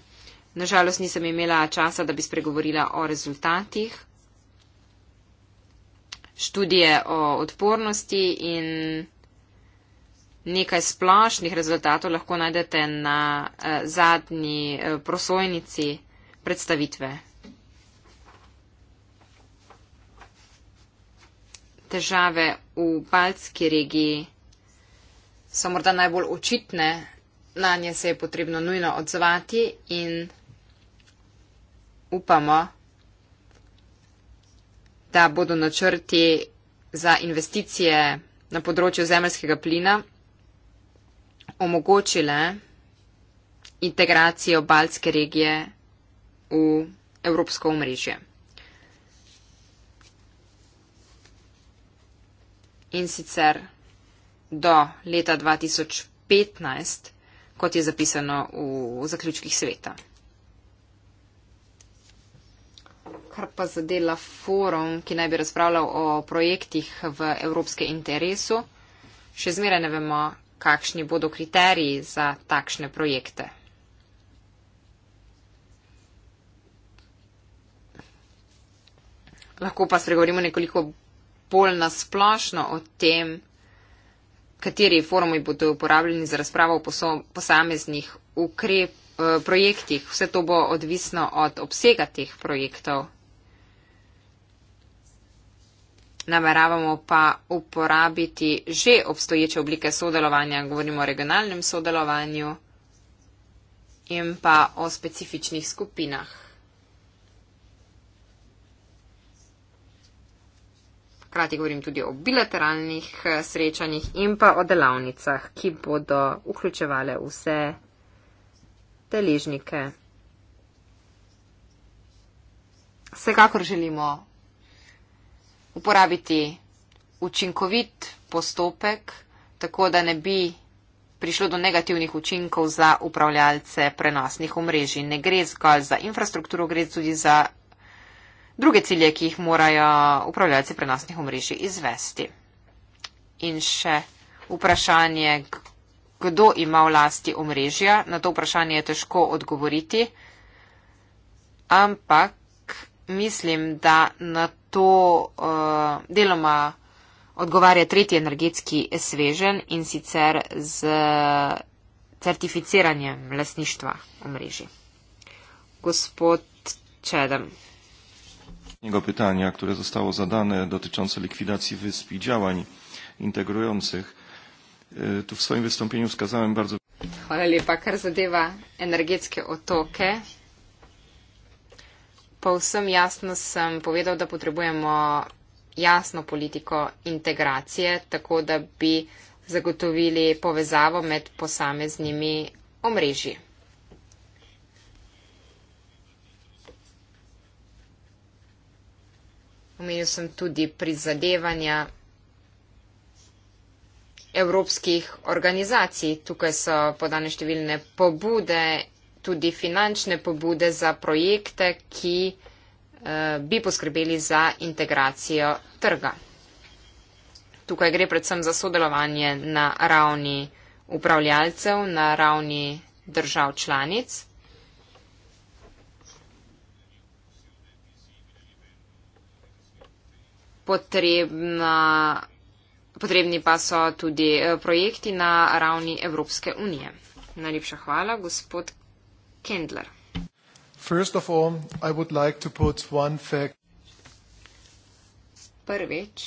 Nažalost nisem imela časa, da bi spregovorila o rezultatih študije o odpornosti in nekaj splošnih rezultatov lahko najdete na zadnji prosojnici predstavitve. Težave v Baltski regiji so morda najbolj očitne, na nje se je potrebno nujno odzvati in upamo, da bodo načrti za investicije na področju zemljskega plina omogočile integracijo Baltske regije v evropsko omrežje. In sicer do leta 2015, kot je zapisano v zaključkih sveta. Kar pa zadela forum, ki naj bi razpravljal o projektih v evropske interesu, še zmeraj ne vemo, kakšni bodo kriteriji za takšne projekte. lahko pa spregovorimo nekoliko bolj nasplošno o tem, kateri forumi bodo uporabljeni za razpravo o posameznih ukrep, eh, projektih. Vse to bo odvisno od obsega teh projektov. Nameravamo pa uporabiti že obstoječe oblike sodelovanja, govorimo o regionalnem sodelovanju in pa o specifičnih skupinah. Hkrati govorim tudi o bilateralnih eh, srečanjih in pa o delavnicah, ki bodo vključevale vse deležnike. Vsekakor želimo uporabiti učinkovit postopek, tako da ne bi prišlo do negativnih učinkov za upravljalce prenosnih omrežij. Ne gre zgolj za infrastrukturo, gre tudi za druge cilje, ki jih morajo upravljalci prenosnih omrežij izvesti. In še vprašanje, kdo ima v lasti omrežja. Na to vprašanje je težko odgovoriti, ampak mislim, da na to uh, deloma odgovarja tretji energetski svežen in sicer z certificiranjem lasništva omrežij. Gospod Čedem poprzedniego pytania, które zostało zadane dotyczące likwidacji wysp i działań integrujących. E, tu w swoim wystąpieniu wskazałem bardzo. Hvala kar zadeva energetske otoke. Povsem jasno sem povedal, da potrebujemo jasno politiko integracije, tako da bi zagotovili povezavo med posameznimi omrežji. omenil sem tudi prizadevanja evropskih organizacij. Tukaj so podane številne pobude, tudi finančne pobude za projekte, ki eh, bi poskrbeli za integracijo trga. Tukaj gre predvsem za sodelovanje na ravni upravljalcev, na ravni držav članic. potrebna, potrebni pa so tudi eh, projekti na ravni Evropske unije. Najlepša hvala, gospod Kendler. Prvič,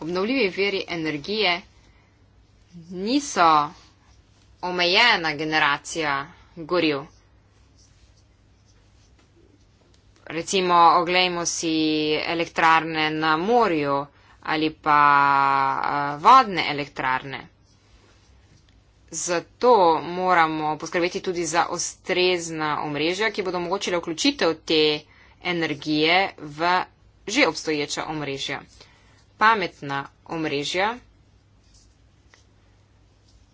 obnovljivi veri energije niso omejena generacija goril. Recimo, oglejmo si elektrarne na morju ali pa uh, vodne elektrarne. Zato moramo poskrbeti tudi za ustrezna omrežja, ki bodo omogočila vključitev te energije v že obstoječa omrežja. Pametna omrežja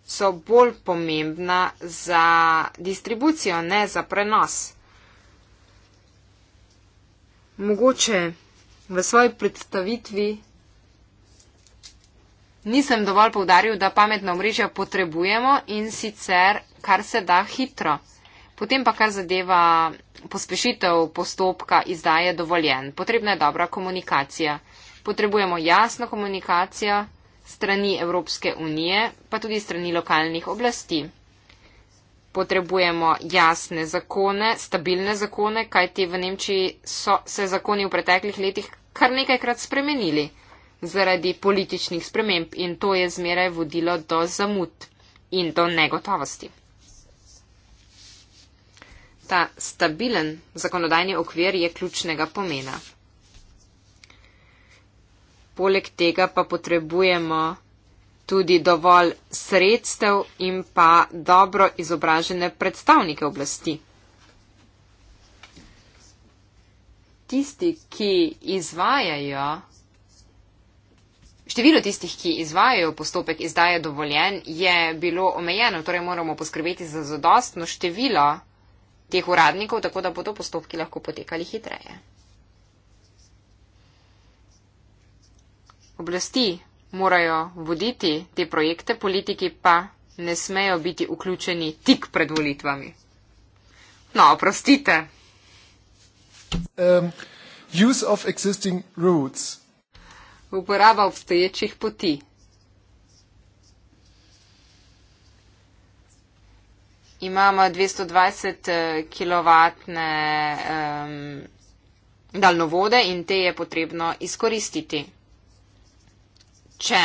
so bolj pomembna za distribucijo, ne za prenos mogoče v svoji predstavitvi nisem dovolj povdaril, da pametna omrežja potrebujemo in sicer kar se da hitro. Potem pa kar zadeva pospešitev postopka izdaje dovoljen. Potrebna je dobra komunikacija. Potrebujemo jasno komunikacijo strani Evropske unije, pa tudi strani lokalnih oblasti potrebujemo jasne zakone, stabilne zakone, kajti v Nemčiji so se zakoni v preteklih letih kar nekajkrat spremenili zaradi političnih sprememb in to je zmeraj vodilo do zamud in do negotovosti. Ta stabilen zakonodajni okvir je ključnega pomena. Poleg tega pa potrebujemo tudi dovolj sredstev in pa dobro izobražene predstavnike oblasti. Tisti, ki izvajajo, število tistih, ki izvajajo postopek izdaje dovoljen, je bilo omejeno, torej moramo poskrbeti za zadostno število teh uradnikov, tako da bodo postopki lahko potekali hitreje. Oblasti morajo voditi te projekte, politiki pa ne smejo biti vključeni tik pred volitvami. No, oprostite. Um, use of existing routes. Uporaba obstoječih poti. Imamo 220 kW um, daljnovode in te je potrebno izkoristiti če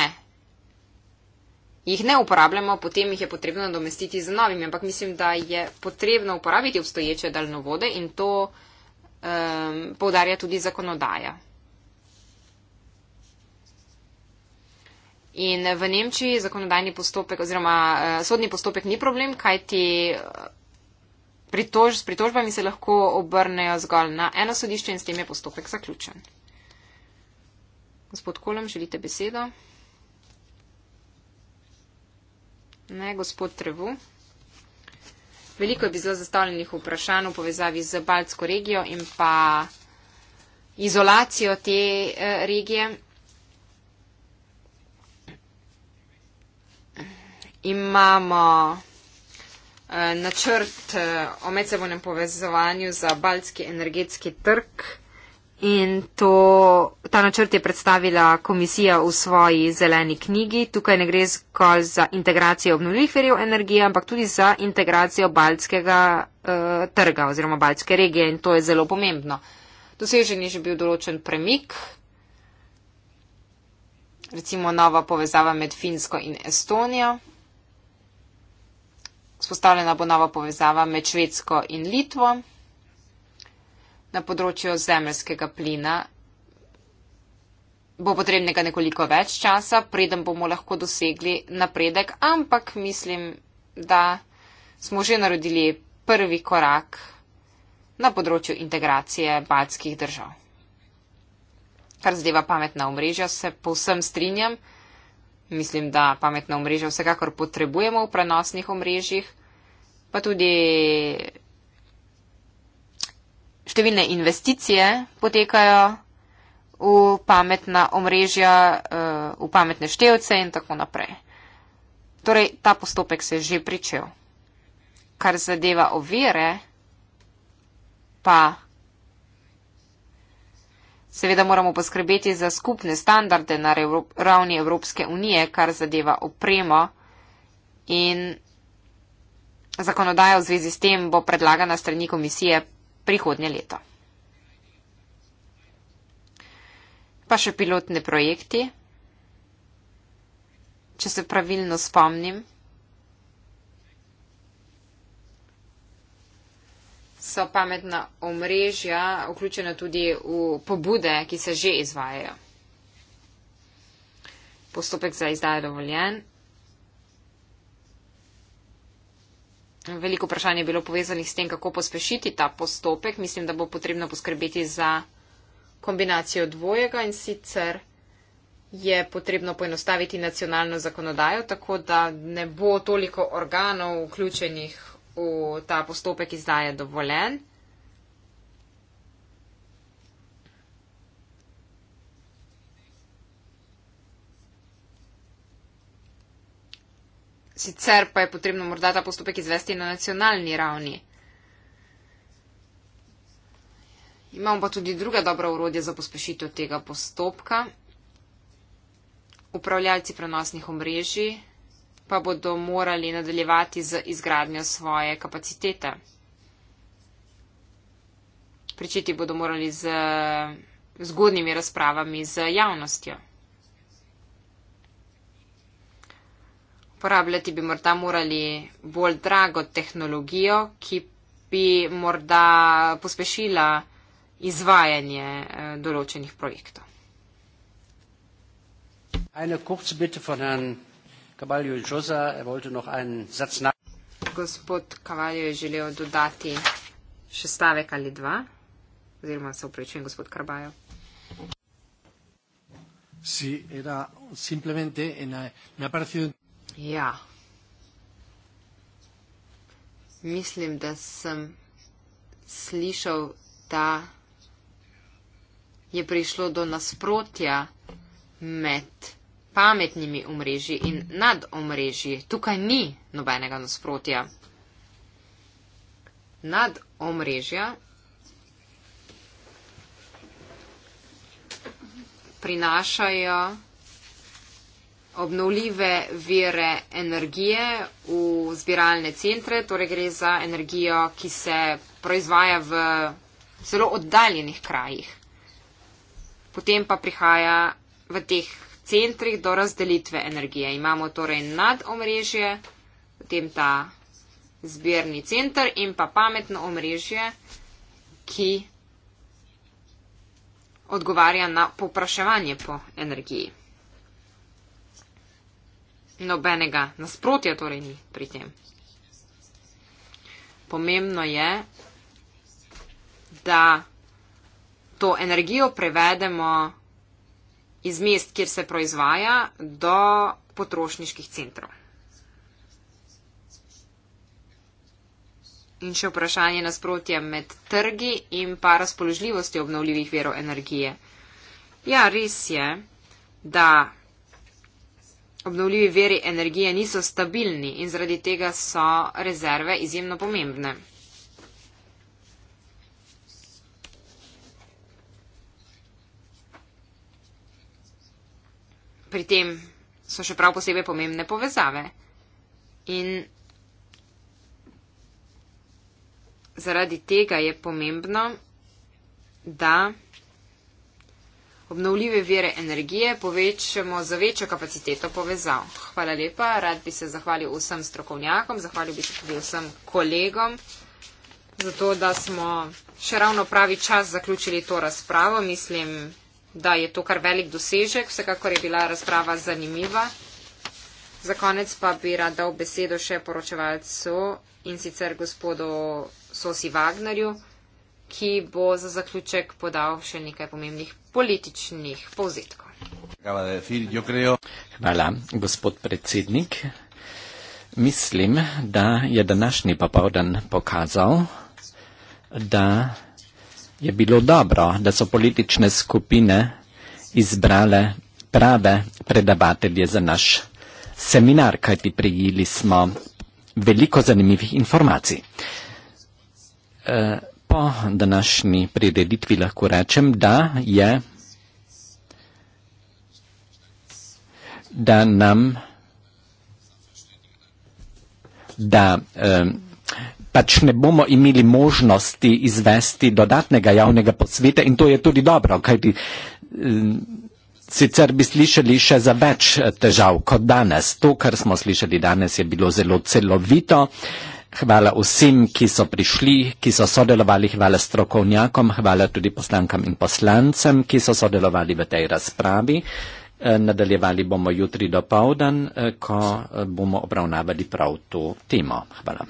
jih ne uporabljamo, potem jih je potrebno domestiti z novimi. Ampak mislim, da je potrebno uporabiti obstoječe daljnovode in to um, ehm, povdarja tudi zakonodaja. In v Nemčiji zakonodajni postopek oziroma uh, sodni postopek ni problem, kaj ti. Eh, pritož, s pritožbami se lahko obrnejo zgolj na eno sodišče in s tem je postopek zaključen. Gospod Kolem, želite besedo? Ne, gospod Trevu. Veliko je bilo zastavljenih vprašanj v povezavi z Baltsko regijo in pa izolacijo te eh, regije. Imamo eh, načrt eh, o medsebojnem povezovanju za Baltski energetski trg. In to, ta načrt je predstavila komisija v svoji zeleni knjigi. Tukaj ne gre zgolj za integracijo obnovljivih verjev energije, ampak tudi za integracijo baltskega uh, trga oziroma baltske regije in to je zelo pomembno. Dosežen je že bil določen premik, recimo nova povezava med Finsko in Estonijo. Spostavljena bo nova povezava med Švedsko in Litvo na področju zemljskega plina bo potrebnega nekoliko več časa, preden bomo lahko dosegli napredek, ampak mislim, da smo že naredili prvi korak na področju integracije baltskih držav. Kar zadeva pametna omrežja, se povsem strinjam. Mislim, da pametna omrežja vsekakor potrebujemo v prenosnih omrežjih, pa tudi številne investicije potekajo v pametna omrežja, eh, v pametne števce in tako naprej. Torej, ta postopek se je že pričel. Kar zadeva ovire, pa seveda moramo poskrbeti za skupne standarde na ravni Evropske unije, kar zadeva opremo in zakonodaja v zvezi s tem bo predlagana strani komisije prihodnje leto. Pa še pilotni projekti, če se pravilno spomnim. So pametna omrežja vključena tudi v pobude, ki se že izvajajo. Postopek za izdajo dovoljen, Veliko vprašanj je bilo povezanih s tem, kako pospešiti ta postopek. Mislim, da bo potrebno poskrbeti za kombinacijo dvojega in sicer je potrebno poenostaviti nacionalno zakonodajo, tako da ne bo toliko organov vključenih v ta postopek izdaje dovoljen. sicer pa je potrebno morda ta postopek izvesti na nacionalni ravni. Imamo pa tudi druga dobra urodja za pospešitev tega postopka. Upravljalci prenosnih omrežij pa bodo morali nadaljevati z izgradnjo svoje kapacitete. Pričeti bodo morali z zgodnimi razpravami z javnostjo. uporabljati bi morda morali bolj drago tehnologijo, ki bi morda pospešila izvajanje eh, določenih projektov. Er gospod Kavaljo je želel dodati še stavek ali dva, oziroma se upravičujem, gospod Karbajo. Sí, era simplemente en la, me ha parecido Ja. Mislim, da sem slišal, da je prišlo do nasprotja med pametnimi omrežji in nad omrežji. Tukaj ni nobenega nasprotja. Nad omrežja prinašajo obnovljive vire energije v zbiralne centre, torej gre za energijo, ki se proizvaja v zelo oddaljenih krajih. Potem pa prihaja v teh centrih do razdelitve energije. Imamo torej nadomrežje, potem ta zbirni center in pa pametno omrežje, ki odgovarja na popraševanje po energiji nobenega nasprotja torej ni pri tem. Pomembno je, da to energijo prevedemo iz mest, kjer se proizvaja, do potrošniških centrov. In še vprašanje nasprotja med trgi in pa razpoložljivosti obnovljivih verov energije. Ja, res je, da obnovljivi veri energije niso stabilni in zaradi tega so rezerve izjemno pomembne. Pri tem so še prav posebej pomembne povezave. In zaradi tega je pomembno, da obnovljive vire energije povečamo za večjo kapaciteto povezav. Hvala lepa, rad bi se zahvalil vsem strokovnjakom, zahvalil bi se tudi vsem kolegom za to, da smo še ravno pravi čas zaključili to razpravo. Mislim, da je to kar velik dosežek, vsekakor je bila razprava zanimiva. Za konec pa bi rad dal besedo še poročevalcu in sicer gospodu Sosi Wagnerju, ki bo za zaključek podal še nekaj pomembnih političnih povzetkov. Hvala, gospod predsednik. Mislim, da je današnji popovdan pokazal, da je bilo dobro, da so politične skupine izbrale prave predavatelje za naš seminar, kajti prijeli smo veliko zanimivih informacij. Uh, po današnji prireditvi lahko rečem, da je, da nam, da eh, pač ne bomo imeli možnosti izvesti dodatnega javnega posveta in to je tudi dobro, kajti eh, sicer bi slišali še za več eh, težav kot danes. To, kar smo slišali danes, je bilo zelo celovito. Hvala vsem, ki so prišli, ki so sodelovali, hvala strokovnjakom, hvala tudi poslankam in poslancem, ki so sodelovali v tej razpravi. Eh, nadaljevali bomo jutri do povdan, eh, ko eh, bomo obravnavali prav to temo. Hvala.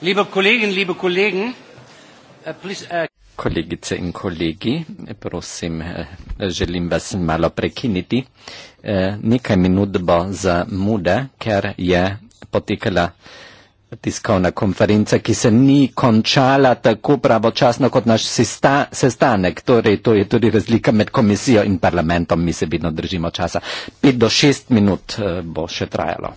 Liebe Kolleginnen, liebe Kollegen, äh, äh, Kolegice in kolegi, prosim, äh, želim vas malo prekiniti. Nekaj minut bo za mude, ker je potekala tiskovna konferenca, ki se ni končala tako pravočasno kot naš sista, sestanek. Torej, to je tudi razlika med komisijo in parlamentom. Mi se vedno držimo časa. Pet do šest minut bo še trajalo.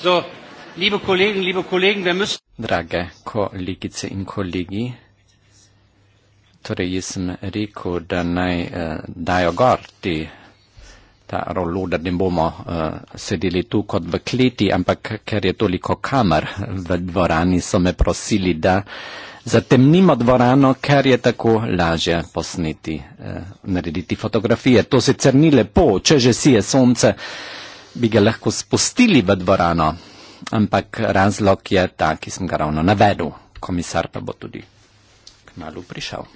So, liebe Kollegen, liebe Kollegen, wir müssen. Drage kolegice in kolegi, torej jaz sem rekel, da naj eh, dajo gor ti, ta rolo, da ne bomo eh, sedeli tu kot v kleti, ampak ker je toliko kamer v dvorani, so me prosili, da zatemnimo dvorano, ker je tako lažje posneti, eh, narediti fotografije. To sicer ni lepo, če že sije sonce. Eh, bi ga lahko spustili v dvorano, ampak razlog je ta, ki sem ga ravno navedel. Komisar pa bo tudi k malu prišel.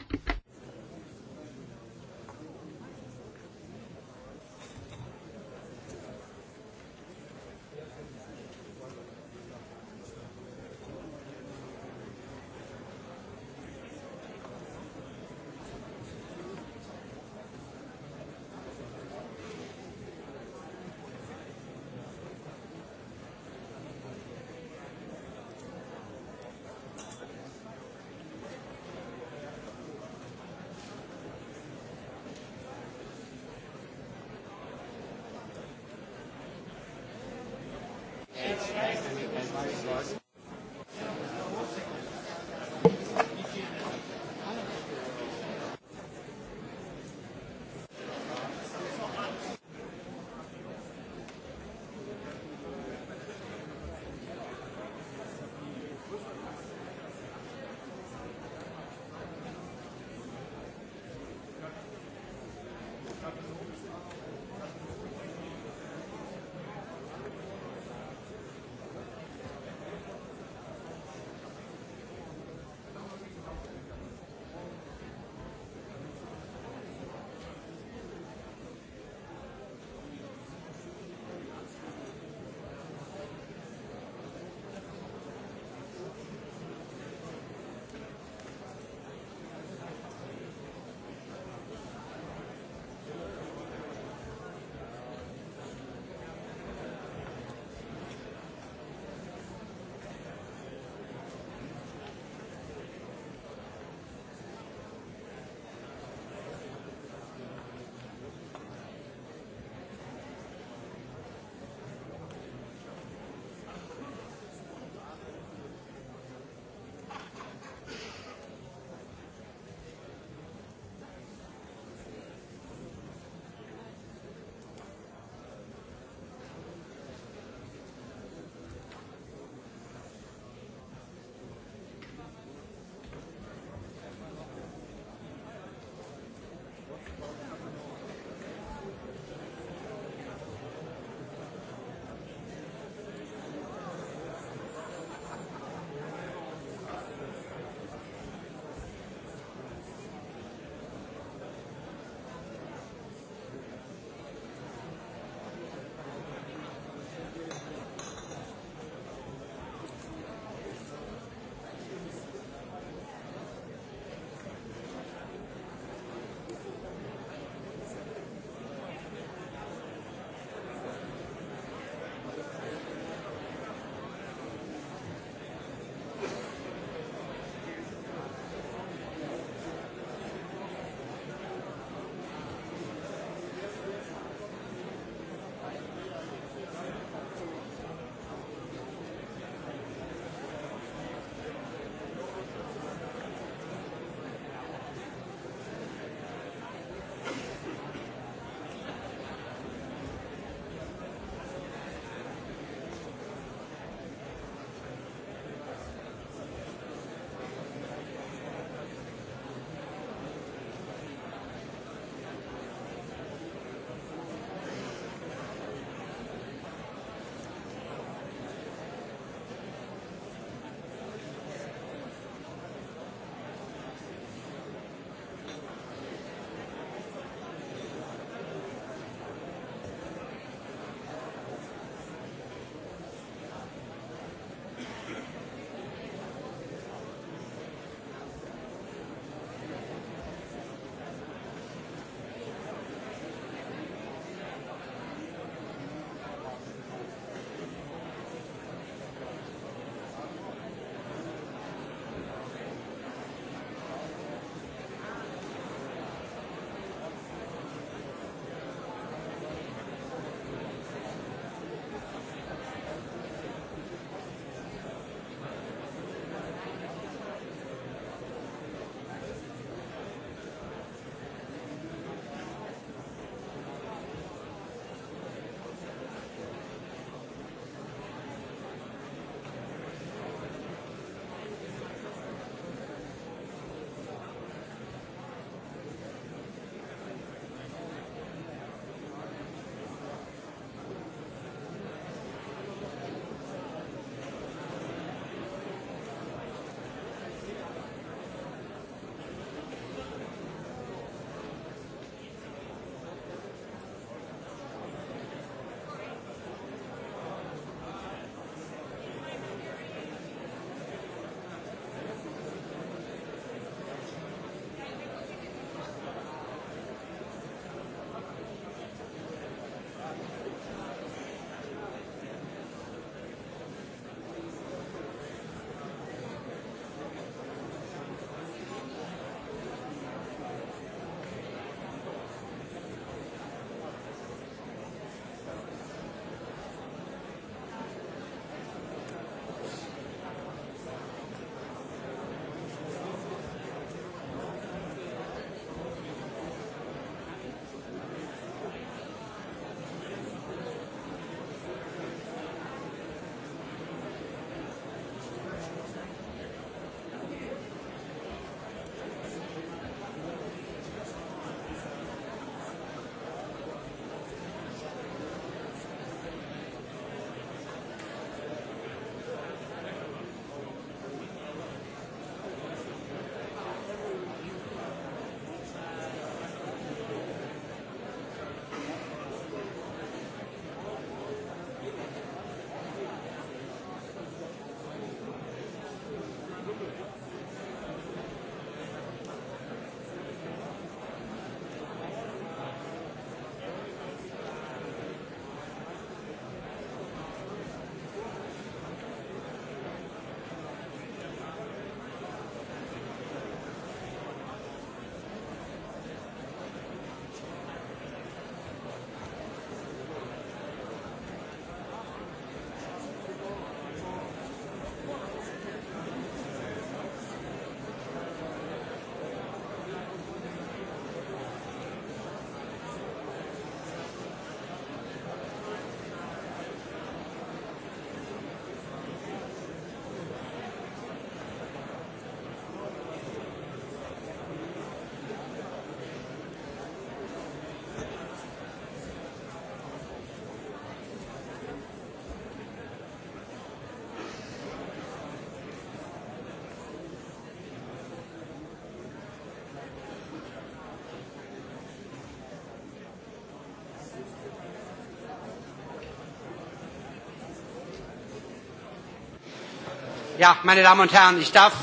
Ja, meine Damen und Herren, ich darf.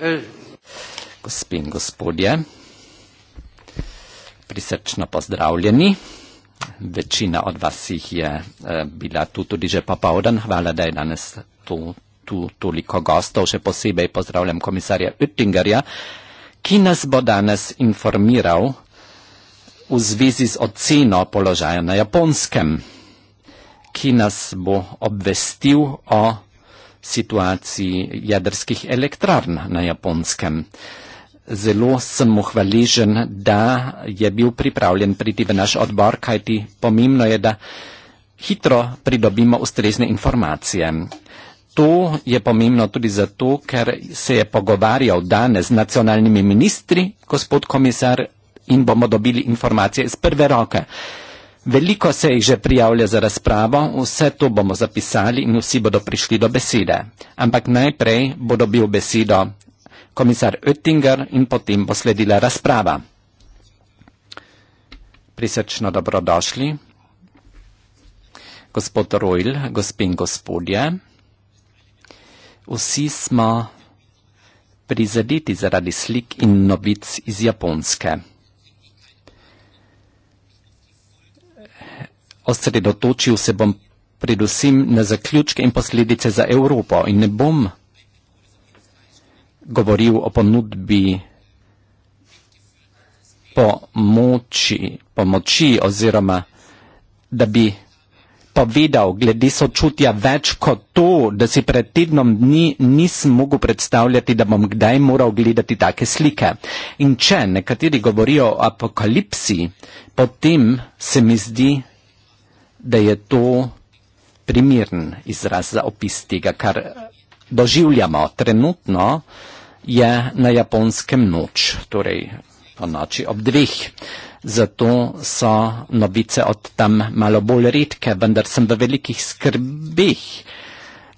Äh, Gospe in gospodje, prisrčno pozdravljeni. Večina od vas jih je eh, bila tu tudi že popovdan. Hvala, da je danes tu, tu toliko gostov. Še posebej pozdravljam komisarja Oettingerja, ki nas bo danes informiral v zvezi z oceno položaja na japonskem, ki nas bo obvestil o situaciji jedrskih elektrarn na Japonskem. Zelo sem mu hvaležen, da je bil pripravljen priti v naš odbor, kajti pomembno je, da hitro pridobimo ustrezne informacije. To je pomembno tudi zato, ker se je pogovarjal danes z nacionalnimi ministri, gospod komisar, in bomo dobili informacije iz prve roke. Veliko se jih že prijavlja za razpravo, vse to bomo zapisali in vsi bodo prišli do besede. Ampak najprej bo dobil besedo komisar Oettinger in potem bo sledila razprava. Prisrčno dobrodošli, gospod Rojl, gospe in gospodje. Vsi smo prizaditi zaradi slik in novic iz Japonske. osredotočil se bom predvsem na zaključke in posledice za Evropo in ne bom govoril o ponudbi pomoči, pomoči oziroma da bi povedal glede sočutja več kot to, da si pred tednom dni nisem mogel predstavljati, da bom kdaj moral gledati take slike. In če nekateri govorijo o apokalipsi, potem se mi zdi, da je to primern izraz za opis tega, kar doživljamo. Trenutno je na japonskem noč, torej po noči ob dveh. Zato so novice od tam malo bolj redke, vendar sem v velikih skrbih.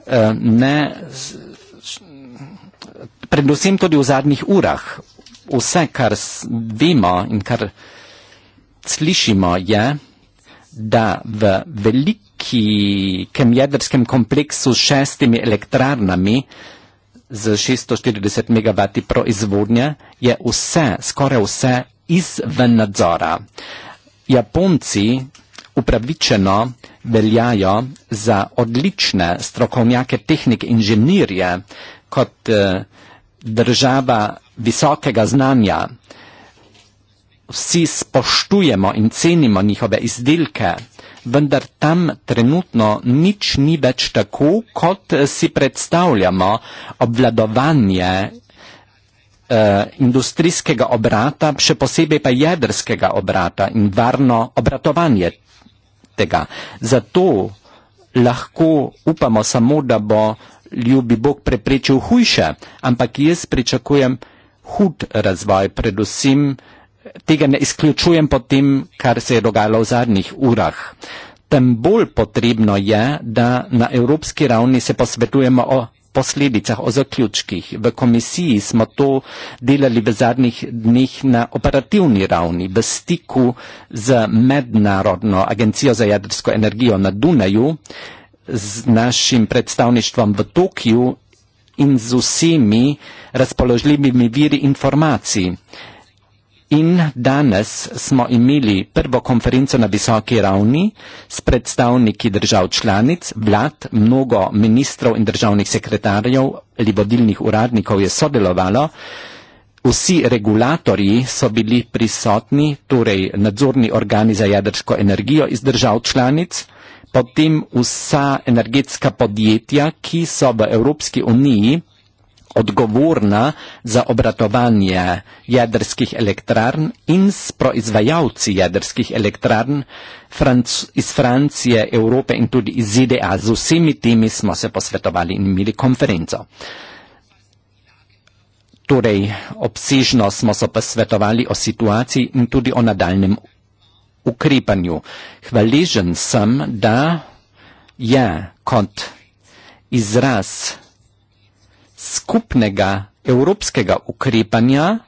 E, ne, predvsem tudi v zadnjih urah. Vse, kar vemo in kar slišimo, je, da v velikem jedrskem kompleksu s šestimi elektrarnami z 640 megavati proizvodnje je vse, skoraj vse izven nadzora. Japonci upravičeno veljajo za odlične strokovnjake, tehnike, inženirje kot eh, država visokega znanja vsi spoštujemo in cenimo njihove izdelke, vendar tam trenutno nič ni več tako, kot si predstavljamo obvladovanje eh, industrijskega obrata, še posebej pa jedrskega obrata in varno obratovanje tega. Zato lahko upamo samo, da bo ljubi Bog preprečil hujše, ampak jaz pričakujem hud razvoj, predvsem tega ne izključujem po tem, kar se je dogajalo v zadnjih urah. Tem bolj potrebno je, da na evropski ravni se posvetujemo o posledicah, o zaključkih. V komisiji smo to delali v zadnjih dneh na operativni ravni, v stiku z Mednarodno agencijo za jadrsko energijo na Dunaju, z našim predstavništvom v Tokiu in z vsemi razpoložljivimi viri informacij. In danes smo imeli prvo konferenco na visoki ravni s predstavniki držav članic, vlad, mnogo ministrov in državnih sekretarjev ali vodilnih uradnikov je sodelovalo. Vsi regulatorji so bili prisotni, torej nadzorni organi za jedrsko energijo iz držav članic, potem vsa energetska podjetja, ki so v Evropski uniji odgovorna za obratovanje jedrskih elektrarn in s proizvajalci jedrskih elektrarn Franc iz Francije, Evrope in tudi iz ZDA. Z vsemi temi smo se posvetovali in imeli konferenco. Torej, obsežno smo se posvetovali o situaciji in tudi o nadaljem ukrepanju. Hvaležen sem, da je kot izraz skupnega evropskega ukrepanja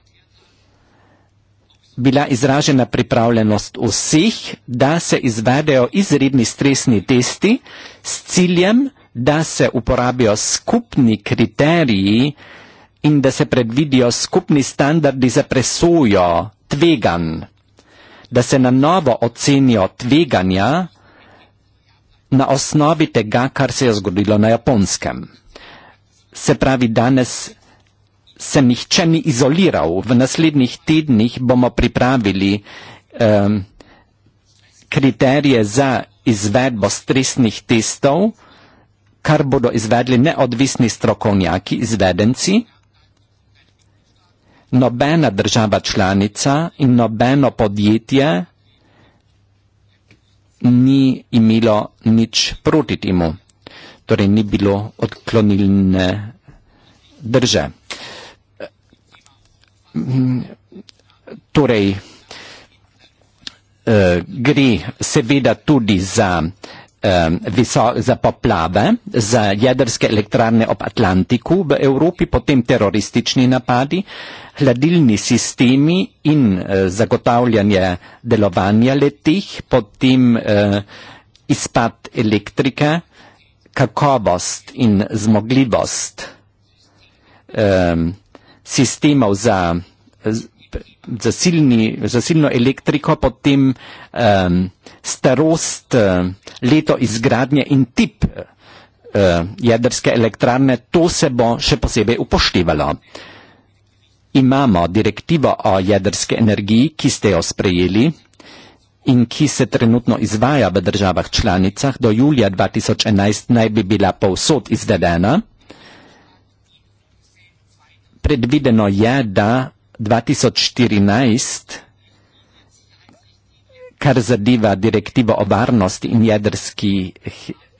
bila izražena pripravljenost vseh, da se izvedejo izredni stresni testi s ciljem, da se uporabijo skupni kriteriji in da se predvidijo skupni standardi za presojo tvegan, da se na novo ocenijo tveganja na osnovi tega, kar se je zgodilo na japonskem. Se pravi, danes se nihče ni izoliral, v naslednjih tednih bomo pripravili um, kriterije za izvedbo stresnih testov, kar bodo izvedli neodvisni strokovnjaki, izvedenci. Nobena država članica in nobeno podjetje ni imelo nič proti temu torej ni bilo odklonilne drže. Torej, eh, gre seveda tudi za, eh, za poplave, za jedrske elektrarne ob Atlantiku v Evropi, potem teroristični napadi, hladilni sistemi in eh, zagotavljanje delovanja letih, potem izpad elektrike kakovost in zmogljivost um, sistemov za, za, silni, za silno elektriko, potem um, starost, eh, leto izgradnje in tip uh, jedrske elektrarne, to se bo še posebej upoštevalo. Imamo direktivo o jedrski energiji, ki ste jo sprejeli in ki se trenutno izvaja v državah članicah, do julija 2011 naj bi bila povsod izvedena. Predvideno je, da 2014, kar zadeva direktivo o varnosti in jedrski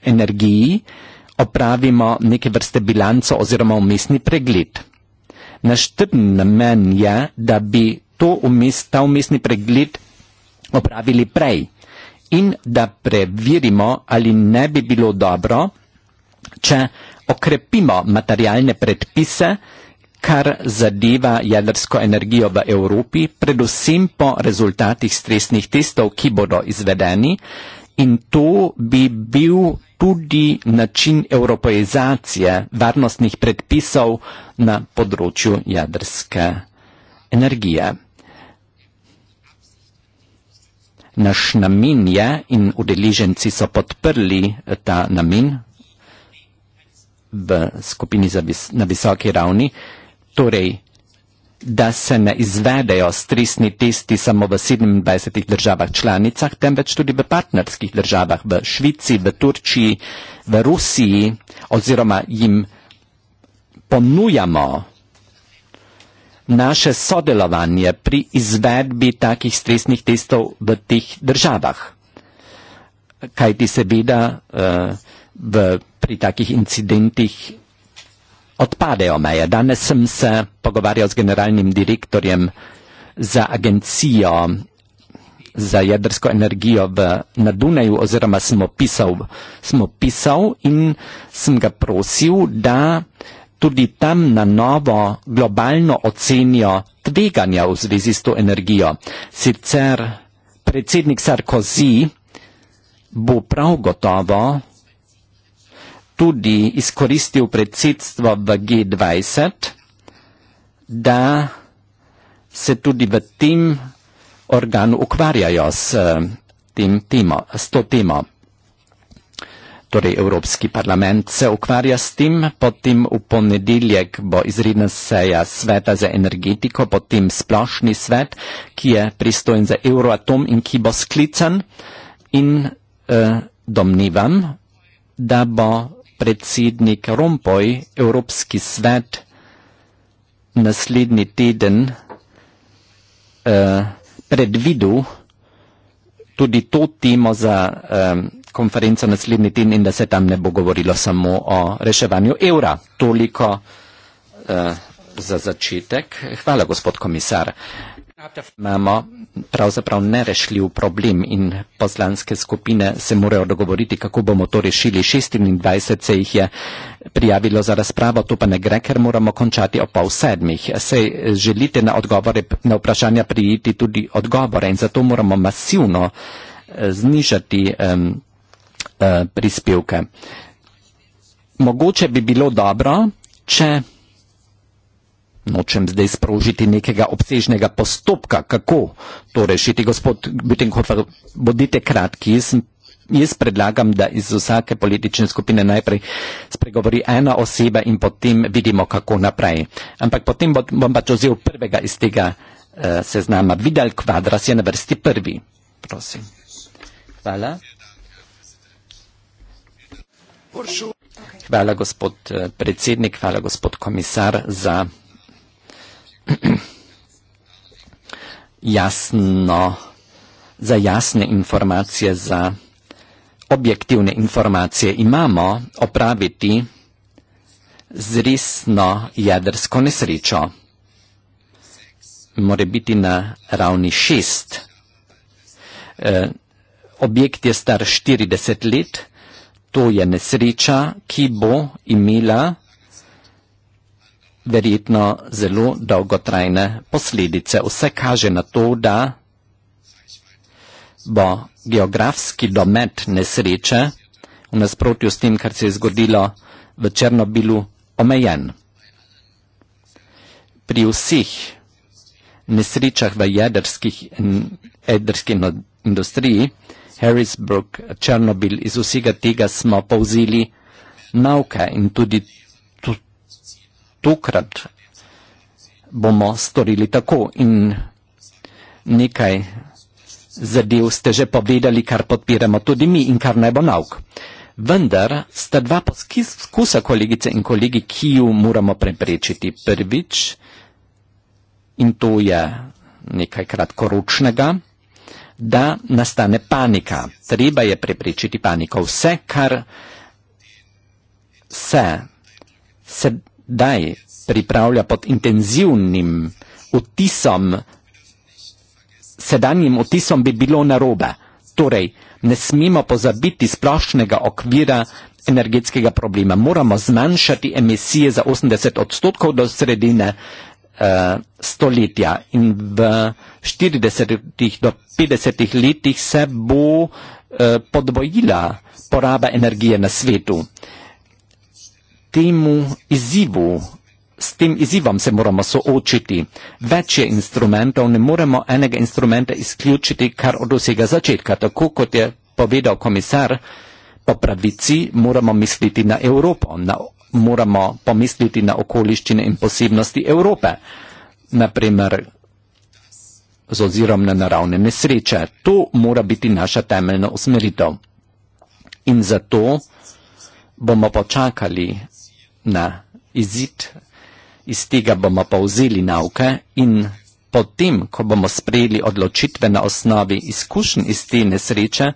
energiji, opravimo neke vrste bilanco oziroma umestni pregled. Naš trden namen je, da bi umest, ta umestni pregled opravili prej in da preverimo, ali ne bi bilo dobro, če okrepimo materialne predpise, kar zadeva jedrsko energijo v Evropi, predvsem po rezultatih stresnih testov, ki bodo izvedeni in to bi bil tudi način evropeizacije varnostnih predpisov na področju jedrske energije. naš namen je in udeleženci so podprli eh, ta namen v skupini vis na visoki ravni, torej, da se ne izvedejo stresni testi samo v 27 državah članicah, temveč tudi v partnerskih državah, v Švici, v Turčiji, v Rusiji oziroma jim ponujamo naše sodelovanje pri izvedbi takih stresnih testov v teh državah. Kaj ti se vida uh, eh, v, pri takih incidentih odpadejo meje. Danes sem se pogovarjal z generalnim direktorjem za agencijo za jedrsko energijo v, na Dunaju oziroma smo pisal, smo pisal in sem ga prosil, da uh, tudi tam na novo globalno ocenijo tveganja v zvezi s to energijo. Sicer predsednik Sarkozy bo prav gotovo tudi izkoristil predsedstvo v G20, da se tudi v tem organu ukvarjajo s, eh, tem temo, s to temo. Torej, Evropski parlament se ukvarja s tem, potem v ponedeljek bo izredna seja sveta za energetiko, potem splošni svet, ki je pristojen za Euroatom in ki bo sklican in eh, domnevam, da bo predsednik Rompoj Evropski svet naslednji teden eh, predvidel tudi to temo za. Eh, konferenca naslednji teden in da se tam ne bo govorilo samo o reševanju evra. Toliko eh, za začetek. Hvala, gospod komisar. Imamo pravzaprav nerešljiv problem in poslanske skupine se morajo dogovoriti, kako bomo to rešili. 26 se jih je prijavilo za razpravo, to pa ne gre, ker moramo končati o pol sedmih. Se eh, želite na, odgovore, na vprašanja prijeti tudi odgovore in zato moramo masivno eh, znižati. Um, Eh, prispevke. Mogoče bi bilo dobro, če nočem zdaj sprožiti nekega obsežnega postopka, kako to rešiti. Gospod Butenhofer, bodite kratki. Jaz, jaz predlagam, da iz vsake politične skupine najprej spregovori ena oseba in potem vidimo, kako naprej. Ampak potem bom pač vzel prvega iz tega uh, seznama. Videl kvadras je na vrsti prvi. Prosim. Hvala. Hvala, gospod eh, predsednik, hvala, gospod komisar, za jasno, za jasne informacije, za objektivne informacije. Imamo opraviti z resno jedrsko nesrečo. More biti na ravni šest. Eh, objekt je star 40 let to je nesreča, ki bo imela verjetno zelo dolgotrajne posledice. Vse kaže na to, da bo geografski domet nesreče v nasprotju s tem, kar se je zgodilo v Černobilu, omejen. Pri vseh nesrečah v jedrski no-, industriji Harrisburg, Černobil, iz vsega tega smo povzeli nauke in tudi tokrat bomo storili tako in nekaj zadev ste že povedali, kar podpiramo tudi mi in kar naj bo nauk. Vendar sta dva poskusa, kolegice in kolegi, ki ju moramo preprečiti. Prvič, in to je nekaj kratkoročnega, da nastane panika. Treba je preprečiti paniko. Vse, kar se sedaj pripravlja pod intenzivnim vtisom, sedanjim vtisom bi bilo narobe. Torej, ne smemo pozabiti splošnega okvira energetskega problema. Moramo zmanjšati emisije za 80 odstotkov do sredine uh, stoletja in v 40 do 50 letih se bo uh, podvojila poraba energije na svetu. Temu izzivu, s tem izzivom se moramo soočiti. Več je instrumentov, ne moremo enega instrumenta izključiti, kar od vsega začetka. Tako kot je povedal komisar, po pravici moramo misliti na Evropo, na moramo pomisliti na okoliščine in posebnosti Evrope, naprimer z ozirom na naravne nesreče. To mora biti naša temeljna usmeritev. In zato bomo počakali na izid, iz tega bomo povzeli nauke in potem, ko bomo sprejeli odločitve na osnovi izkušenj iz te nesreče,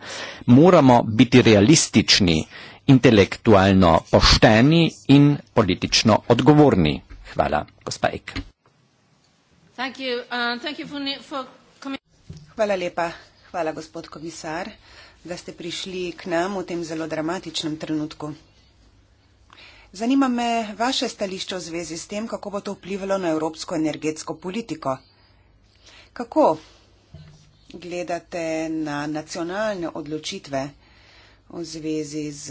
moramo biti realistični intelektualno pošteni in politično odgovorni. Hvala, gospa Ek. Uh, Hvala lepa. Hvala, gospod komisar, da ste prišli k nam v tem zelo dramatičnem trenutku. Zanima me vaše stališče v zvezi s tem, kako bo to vplivalo na evropsko energetsko politiko. Kako gledate na nacionalne odločitve? v zvezi z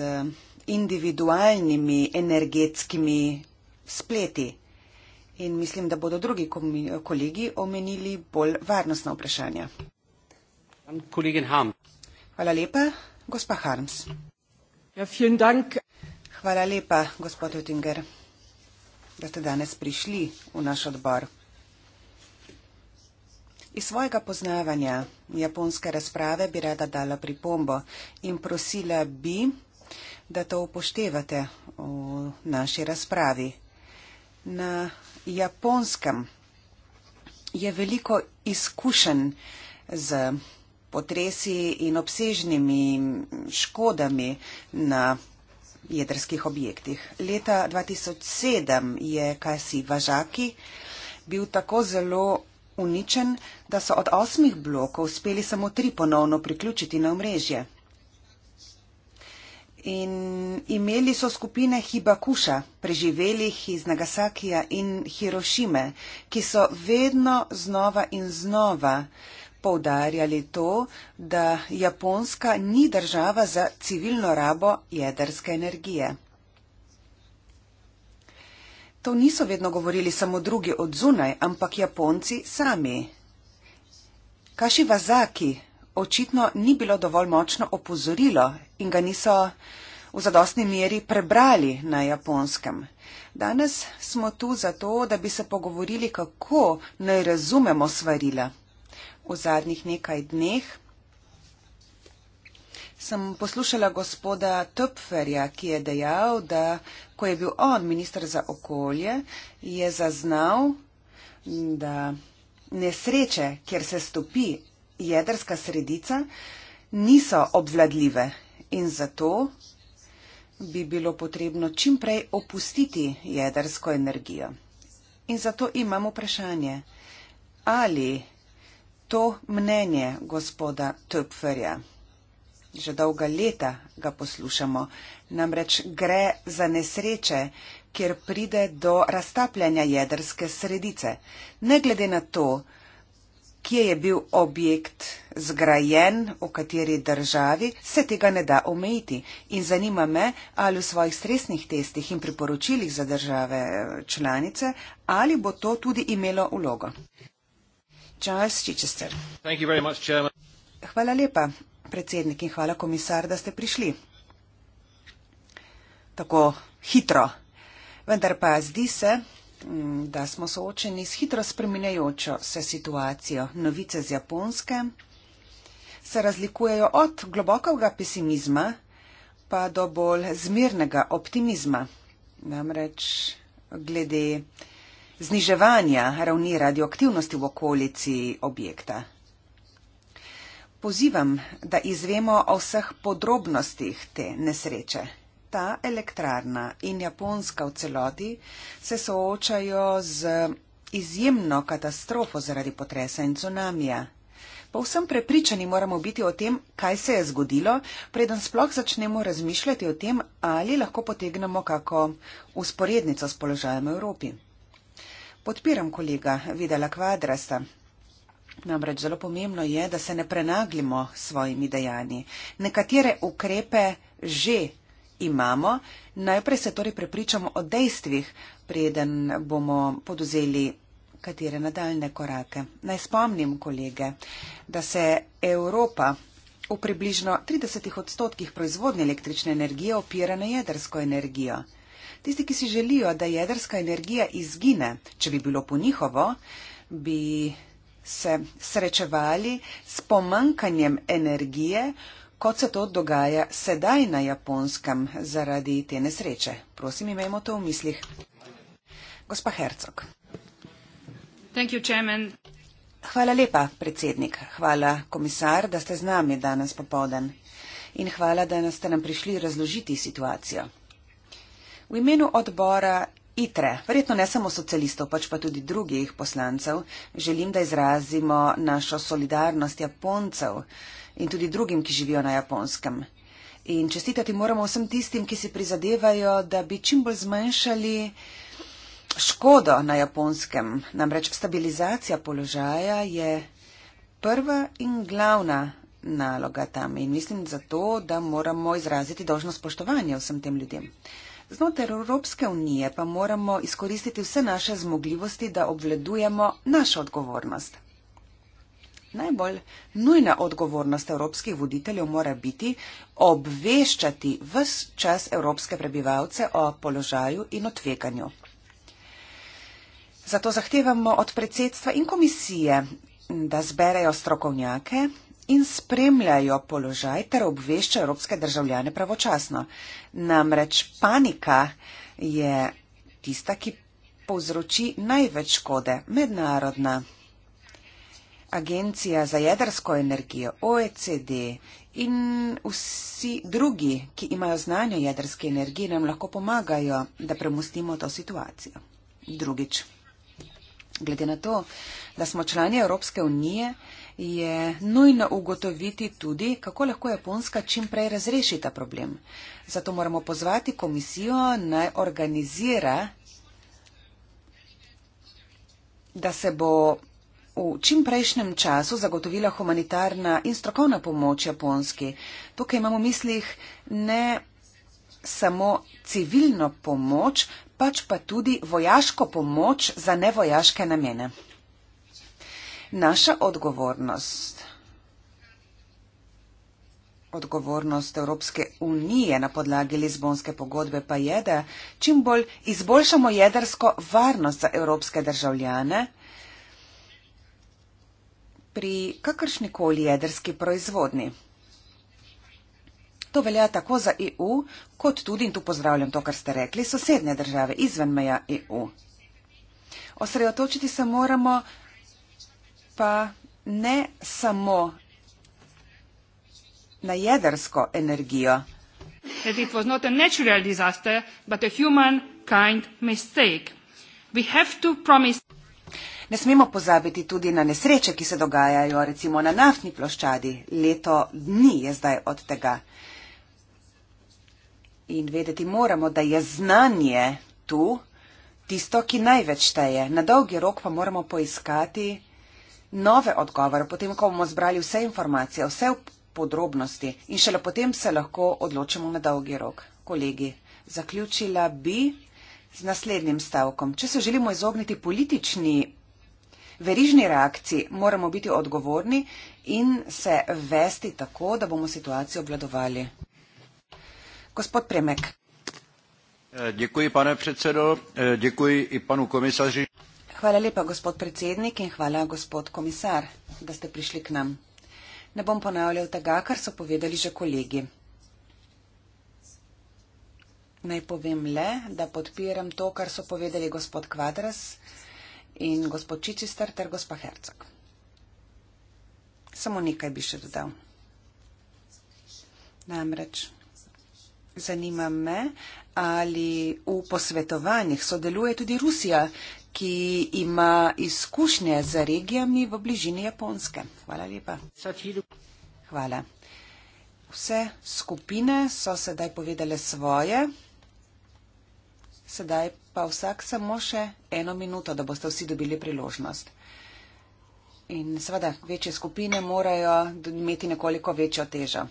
individualnimi energetskimi spleti. In mislim, da bodo drugi kolegi omenili bolj varnostna vprašanja. Hvala lepa, gospa Harms. Ja, Hvala lepa, gospod Oettinger, da ste danes prišli v naš odbor. Iz svojega poznavanja japonske razprave bi rada dala pripombo in prosila bi, da to upoštevate v naši razpravi. Na japonskem je veliko izkušenj z potresi in obsežnimi škodami na jedrskih objektih. Leta 2007 je Kasi Važaki bil tako zelo uničen, da so od osmih blokov uspeli samo tri ponovno priključiti na omrežje. In imeli so skupine Hibakuša, preživelih iz Nagasakija in Hirošime, ki so vedno znova in znova poudarjali to, da Japonska ni država za civilno rabo jedrske energije. To niso vedno govorili samo drugi od zunaj, ampak Japonci sami. Kaši Vazaki očitno ni bilo dovolj močno opozorilo in ga niso v zadostni meri prebrali na japonskem. Danes smo tu zato, da bi se pogovorili, kako naj razumemo svarila. V zadnjih nekaj dneh sem poslušala gospoda Töpferja, ki je dejal, da ko je bil on ministr za okolje, je zaznal, da nesreče, kjer se stopi jedrska sredica, niso obvladljive in zato bi bilo potrebno čimprej opustiti jedrsko energijo. In zato imam vprašanje, ali to mnenje gospoda Töpferja že dolga leta ga poslušamo. Namreč gre za nesreče, kjer pride do raztapljanja jedrske sredice. Ne glede na to, kje je bil objekt zgrajen, v kateri državi, se tega ne da omejiti. In zanima me, ali v svojih stresnih testih in priporočilih za države eh, članice, ali bo to tudi imelo vlogo. Charles Chichester. Hvala lepa, predsednik in hvala komisar, da ste prišli. Tako hitro. Vendar pa zdi se, mm, da smo soočeni s hitro spreminjajočo se situacijo. Novice z Japonske se razlikujejo od globokega pesimizma pa do bolj zmirnega optimizma. Namreč glede zniževanja ravni radioaktivnosti v okolici objekta pozivam, da izvemo o vseh podrobnostih te nesreče. Ta elektrarna in japonska v celoti se soočajo z izjemno katastrofo zaradi potresa in cunamija. Povsem prepričani moramo biti o tem, kaj se je zgodilo, preden sploh začnemo razmišljati o tem, ali lahko potegnemo kako usporednico s položajem v Evropi. Podpiram kolega Videla Kvadrasa, Namreč zelo pomembno je, da se ne prenaglimo svojimi dejanji. Nekatere ukrepe že imamo, najprej se torej prepričamo o dejstvih, preden bomo poduzeli katere nadaljne korake. Naj spomnim, kolege, da se Evropa v približno 30 odstotkih proizvodnje električne energije opira na jedrsko energijo. Tisti, ki si želijo, da jedrska energija izgine, če bi bilo po njihovo, bi se srečevali s pomankanjem energije, kot se to dogaja sedaj na japonskem zaradi te nesreče. Prosim, imejmo to v mislih. Gospa Hercog. You, hvala lepa, predsednik. Hvala, komisar, da ste z nami danes popovden. In hvala, da ste nam prišli razložiti situacijo. V imenu odbora ITRE, verjetno ne samo socialistov, pač pa tudi drugih poslancev, želim, da izrazimo našo solidarnost Japoncev in tudi drugim, ki živijo na Japonskem. In čestitati moramo vsem tistim, ki si prizadevajo, da bi čim bolj zmanjšali škodo na Japonskem. Namreč stabilizacija položaja je prva in glavna naloga tam. In mislim zato, da moramo izraziti dožno spoštovanje vsem tem ljudem. Znotraj Evropske unije pa moramo izkoristiti vse naše zmogljivosti, da obvladujemo našo odgovornost. Najbolj nujna odgovornost evropskih voditeljev mora biti obveščati vse čas evropske prebivalce o položaju in o tveganju. Zato zahtevamo od predsedstva in komisije, da zberejo strokovnjake in spremljajo položaj ter obveščajo evropske državljane pravočasno. Namreč panika je tista, ki povzroči največ škode. Mednarodna agencija za jedrsko energijo, OECD in vsi drugi, ki imajo znanje jedrske energije, nam lahko pomagajo, da premustimo to situacijo. Drugič, glede na to, da smo člani Evropske unije, je nujno ugotoviti tudi, kako lahko Japonska čim prej razreši ta problem. Zato moramo pozvati komisijo naj organizira, da se bo v čim prejšnjem času zagotovila humanitarna in strokovna pomoč Japonski. Tukaj imamo v mislih ne samo civilno pomoč, pač pa tudi vojaško pomoč za nevojaške namene naša odgovornost, odgovornost Evropske unije na podlagi Lizbonske pogodbe pa je, da čim bolj izboljšamo jedrsko varnost za evropske državljane pri kakršnikoli jedrski proizvodni. To velja tako za EU, kot tudi, in tu pozdravljam to, kar ste rekli, sosednje države izven meja EU. Osredotočiti se moramo pa ne samo na jedrsko energijo. As it was not a natural disaster, but a humankind mistake. We have to promise. Ne smemo pozabiti tudi na nesreče, ki se dogajajo, recimo na naftni ploščadi. Leto dni je zdaj od tega. In vedeti moramo, da je znanje tu tisto, ki največ šteje. Na dolgi rok pa moramo poiskati nove odgovore, potem, ko bomo zbrali vse informacije, vse podrobnosti in šele potem se lahko odločimo na dolgi rok. Kolegi, zaključila bi z naslednjim stavkom. Če se želimo izogniti politični verižni reakciji, moramo biti odgovorni in se vesti tako, da bomo situacijo obvladovali. Gospod Premek. Eh, děkuji, pane předsedo, eh, děkuji i panu komisaři. Hvala lepa, gospod predsednik, in hvala, gospod komisar, da ste prišli k nam. Ne bom ponavljal tega, kar so povedali že kolegi. Naj povem le, da podpiram to, kar so povedali gospod Kvadras in gospod Čičister ter gospa Hercog. Samo nekaj bi še dodal. Namreč zanima me, ali v posvetovanjih sodeluje tudi Rusija, ki ima izkušnje z regijami v bližini Japonske. Hvala lepa. Hvala. Vse skupine so sedaj povedale svoje. Sedaj pa vsak samo še eno minuto, da boste vsi dobili priložnost. In seveda, večje skupine morajo imeti nekoliko večjo težo.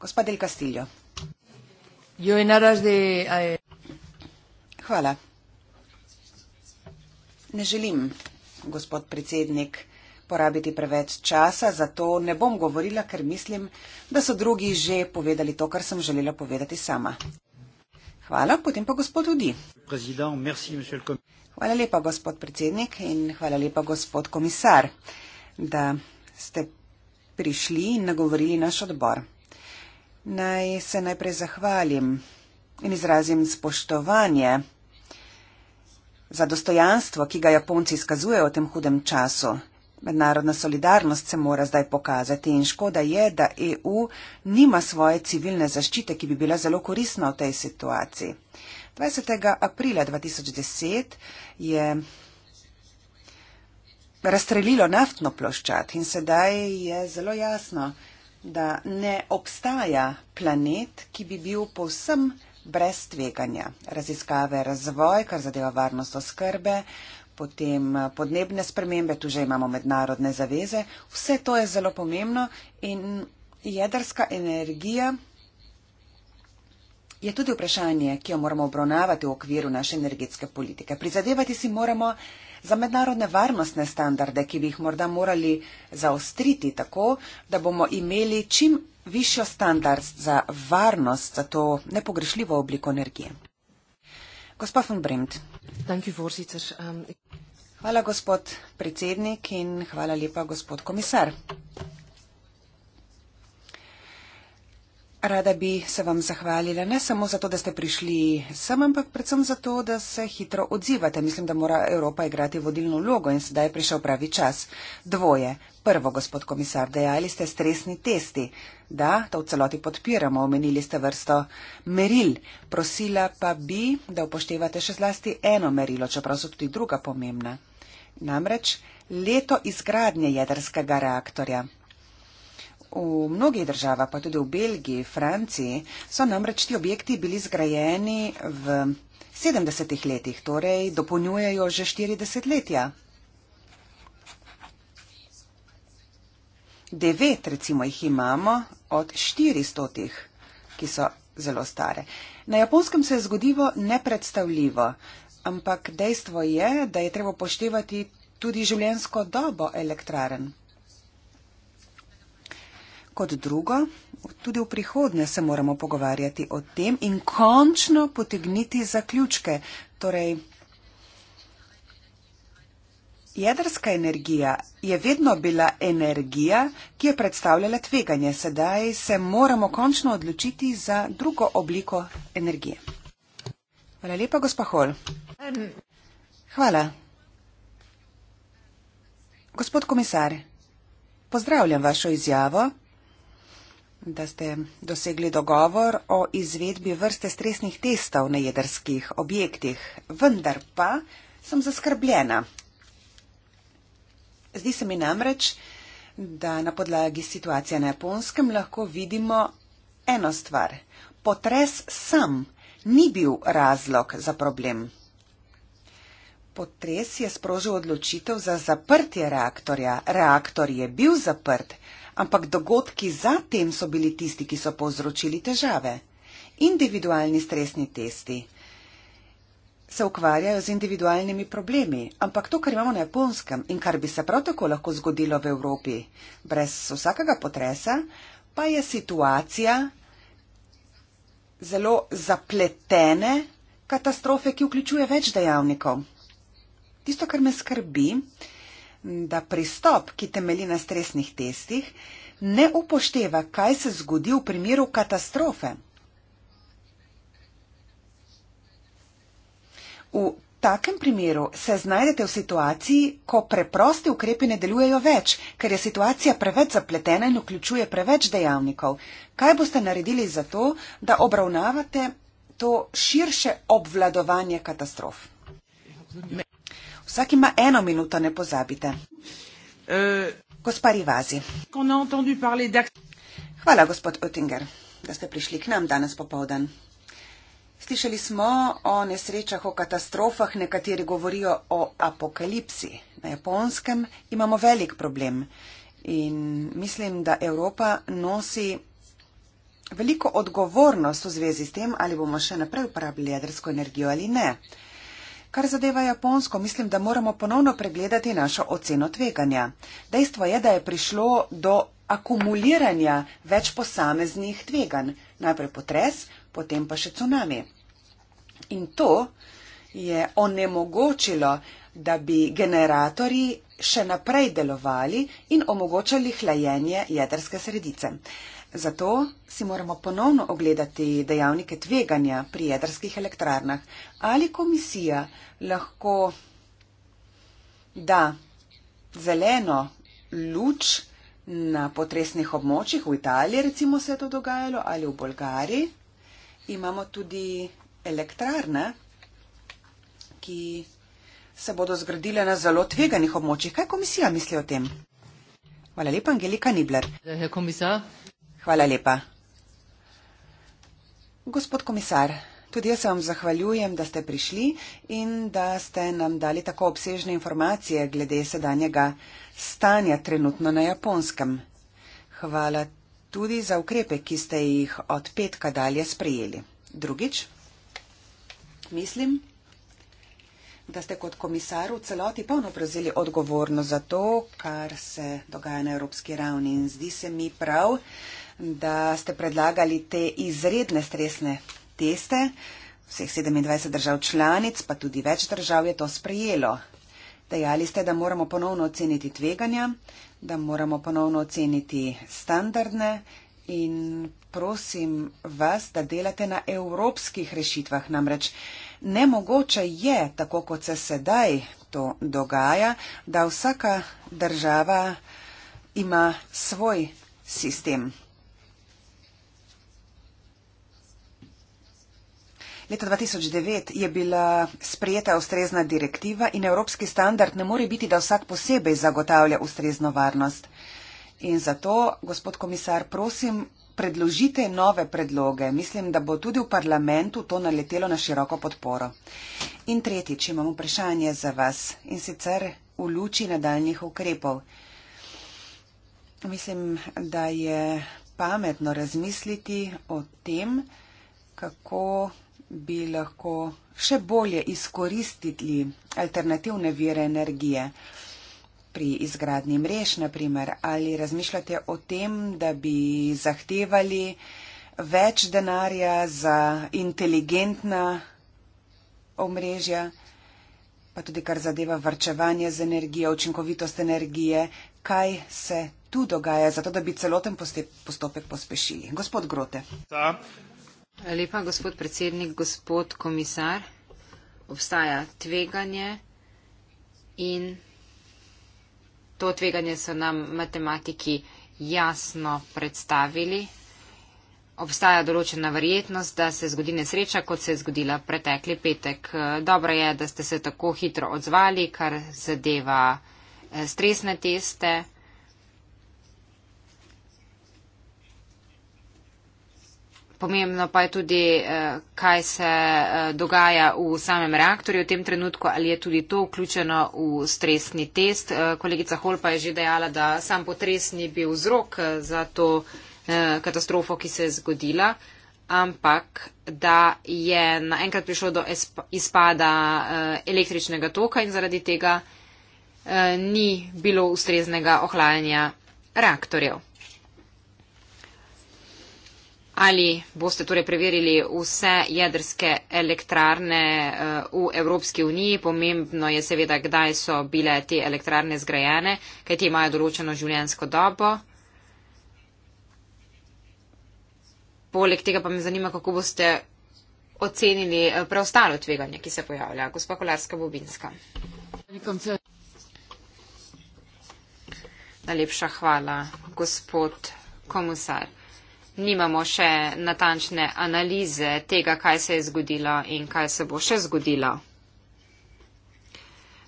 Gospa Del Castillo. Hvala ne želim, gospod predsednik, porabiti preveč časa, zato ne bom govorila, ker mislim, da so drugi že povedali to, kar sem želela povedati sama. Hvala, potem pa gospod Udi. Hvala lepa, gospod predsednik, in hvala lepa, gospod komisar, da ste prišli in nagovorili naš odbor. Naj se najprej zahvalim in izrazim spoštovanje za dostojanstvo, ki ga Japonci izkazujejo v tem hudem času. Mednarodna solidarnost se mora zdaj pokazati in škoda je, da EU nima svoje civilne zaščite, ki bi bila zelo korisna v tej situaciji. 20. aprila 2010 je razstrelilo naftno ploščat in sedaj je zelo jasno, da ne obstaja planet, ki bi bil povsem brez tveganja. Raziskave, razvoj, kar zadeva varnost oskrbe, potem eh, podnebne spremembe, tu že imamo mednarodne zaveze. Vse to je zelo pomembno in jedrska energija je tudi vprašanje, ki jo moramo obravnavati v okviru naše energetske politike. Prizadevati si moramo za mednarodne varnostne standarde, ki bi jih morda morali zaostriti tako, da bomo imeli čim višjo standard za varnost za to nepogrešljivo obliko energije. Gospa von Bremt. Ehm, hvala, gospod predsednik in hvala lepa, gospod komisar. Rada bi se vam zahvalila ne samo zato, da ste prišli sem, ampak predvsem zato, da se hitro odzivate. Mislim, da mora Evropa igrati vodilno vlogo in sedaj je prišel pravi čas. Dvoje. Prvo, gospod komisar, dejali ste stresni testi. Da, to v celoti podpiramo, omenili ste vrsto meril. Prosila pa bi, da upoštevate še zlasti eno merilo, čeprav so tudi druga pomembna. Namreč leto izgradnje jedrskega reaktorja. V mnogih državah, pa tudi v Belgiji, Franciji, so namreč ti objekti bili zgrajeni v 70-ih letih, torej dopolnjujejo že 40 letja. Devet recimo jih imamo od 400, ki so zelo stare. Na japonskem se je zgodilo nepredstavljivo, ampak dejstvo je, da je treba poštevati tudi življensko dobo elektraren. Kot drugo, tudi v prihodnje se moramo pogovarjati o tem in končno potegniti zaključke. Torej, jedrska energija je vedno bila energija, ki je predstavljala tveganje. Sedaj se moramo končno odločiti za drugo obliko energije. Hvala lepa, gospa Hol. Hvala. Gospod komisar, pozdravljam vašo izjavo da ste dosegli dogovor o izvedbi vrste stresnih testov na jedrskih objektih. Vendar pa sem zaskrbljena. Zdi se mi namreč, da na podlagi situacije na japonskem lahko vidimo eno stvar. Potres sam ni bil razlog za problem. Potres je sprožil odločitev za zaprtje reaktorja. Reaktor je bil zaprt, ampak dogodki zatem so bili tisti, ki so povzročili težave. Individualni stresni testi se ukvarjajo z individualnimi problemi, ampak to, kar imamo na japonskem in kar bi se prav tako lahko zgodilo v Evropi brez vsakega potresa, pa je situacija zelo zapletene katastrofe, ki vključuje več dejavnikov. Tisto, kar me skrbi, da pristop, ki temeli na stresnih testih, ne upošteva, kaj se zgodi v primeru katastrofe. V takem primeru se znajdete v situaciji, ko preprosti ukrepi ne delujejo več, ker je situacija preveč zapletena in vključuje preveč dejavnikov. Kaj boste naredili za to, da obravnavate to širše obvladovanje katastrof? Ne. Vsak ima eno minuto, ne pozabite. Uh, Gospar Ivazi. Hvala, gospod Oettinger, da ste prišli k nam danes popovdan. Slišali smo o nesrečah, o katastrofah, nekateri govorijo o apokalipsi. Na japonskem imamo velik problem in mislim, da Evropa nosi veliko odgovornost v zvezi s tem, ali bomo še naprej uporabljali jedrsko energijo ali ne. Kar zadeva Japonsko, mislim, da moramo ponovno pregledati našo oceno tveganja. Dejstvo je, da je prišlo do akumuliranja več posameznih tveganj. Najprej potres, potem pa še cunami. In to je onemogočilo, da bi generatori še naprej delovali in omogočali hlajenje jedrske sredice. Zato si moramo ponovno ogledati dejavnike tveganja pri jedrskih elektrarnah. Ali komisija lahko da zeleno luč na potresnih območjih, v Italiji recimo se je to dogajalo ali v Bolgariji. Imamo tudi elektrarne, ki se bodo zgradile na zelo tveganih območjih. Kaj komisija misli o tem? Hvala lepa, Angelika Nibler. Hvala lepa. Gospod komisar, tudi jaz se vam zahvaljujem, da ste prišli in da ste nam dali tako obsežne informacije glede sedanjega stanja trenutno na Japonskem. Hvala tudi za ukrepe, ki ste jih od petka dalje sprejeli. Drugič, mislim da ste kot komisar v celoti polno prevzeli odgovorno za to, kar se dogaja na evropski ravni. In zdi se mi prav, da ste predlagali te izredne stresne teste. Vseh 27 držav članic, pa tudi več držav je to sprejelo. Dejali ste, da moramo ponovno oceniti tveganja, da moramo ponovno oceniti standardne in prosim vas, da delate na evropskih rešitvah. Namreč nemogoče je, tako kot se sedaj to dogaja, da vsaka država ima svoj sistem. Leta 2009 je bila sprejeta ustrezna direktiva in evropski standard ne more biti, da vsak posebej zagotavlja ustrezno varnost. In zato, gospod komisar, prosim, predložite nove predloge. Mislim, da bo tudi v parlamentu to naletelo na široko podporo. In tretjič, imam vprašanje za vas in sicer v luči nadaljnih ukrepov. Mislim, da je pametno razmisliti o tem, kako bi lahko še bolje izkoristili alternativne vire energije pri izgradnji mrež, naprimer, ali razmišljate o tem, da bi zahtevali več denarja za inteligentna omrežja, pa tudi kar zadeva vrčevanje z energijo, učinkovitost energije, kaj se tu dogaja, zato da bi celoten postopek pospešili. Gospod Grote. Ta, uh, Lepa, gospod predsednik, gospod komisar. Obstaja tveganje in to tveganje so nam matematiki jasno predstavili. Obstaja določena verjetnost, da se zgodi nesreča, kot se je zgodila pretekli petek. Dobro je, da ste se tako hitro odzvali, kar zadeva eh, stresne teste. pomembno pa je tudi, eh, kaj se eh, dogaja v samem reaktorju v tem trenutku, ali je tudi to vključeno v stresni test. Eh, kolegica Holpa je že dejala, da sam potres ni bil vzrok za to katastrofo, ki se je zgodila, ampak da je naenkrat prišlo do izpada električnega toka in zaradi tega ni bilo ustreznega ohlajanja reaktorjev. Ali boste torej preverili vse jedrske elektrarne eh, v Evropski uniji? Pomembno je seveda, kdaj so bile te elektrarne zgrajene, kaj ti imajo določeno življenjsko dobo. Poleg tega pa me zanima, kako boste ocenili eh, preostalo tveganje, ki se pojavlja. Gospa Kolarska Bobinska. Najlepša hvala, gospod komusar nimamo še natančne analize tega, kaj se je zgodilo in kaj se bo še zgodilo.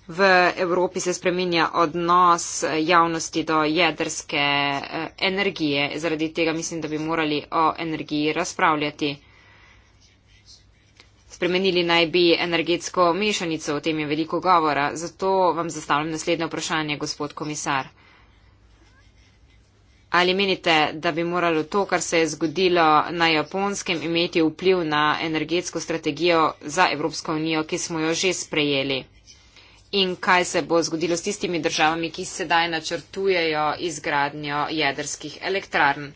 V Evropi se spreminja odnos javnosti do jedrske eh, energije. Zaradi tega mislim, da bi morali o energiji razpravljati. Spremenili naj bi energetsko mešanico, o tem je veliko govora. Zato vam zastavljam naslednje vprašanje, gospod komisar. Ali menite, da bi moralo to, kar se je zgodilo na japonskem, imeti vpliv na energetsko strategijo za Evropsko unijo, ki smo jo že sprejeli? In kaj se bo zgodilo s tistimi državami, ki sedaj načrtujejo izgradnjo jedrskih elektrarn?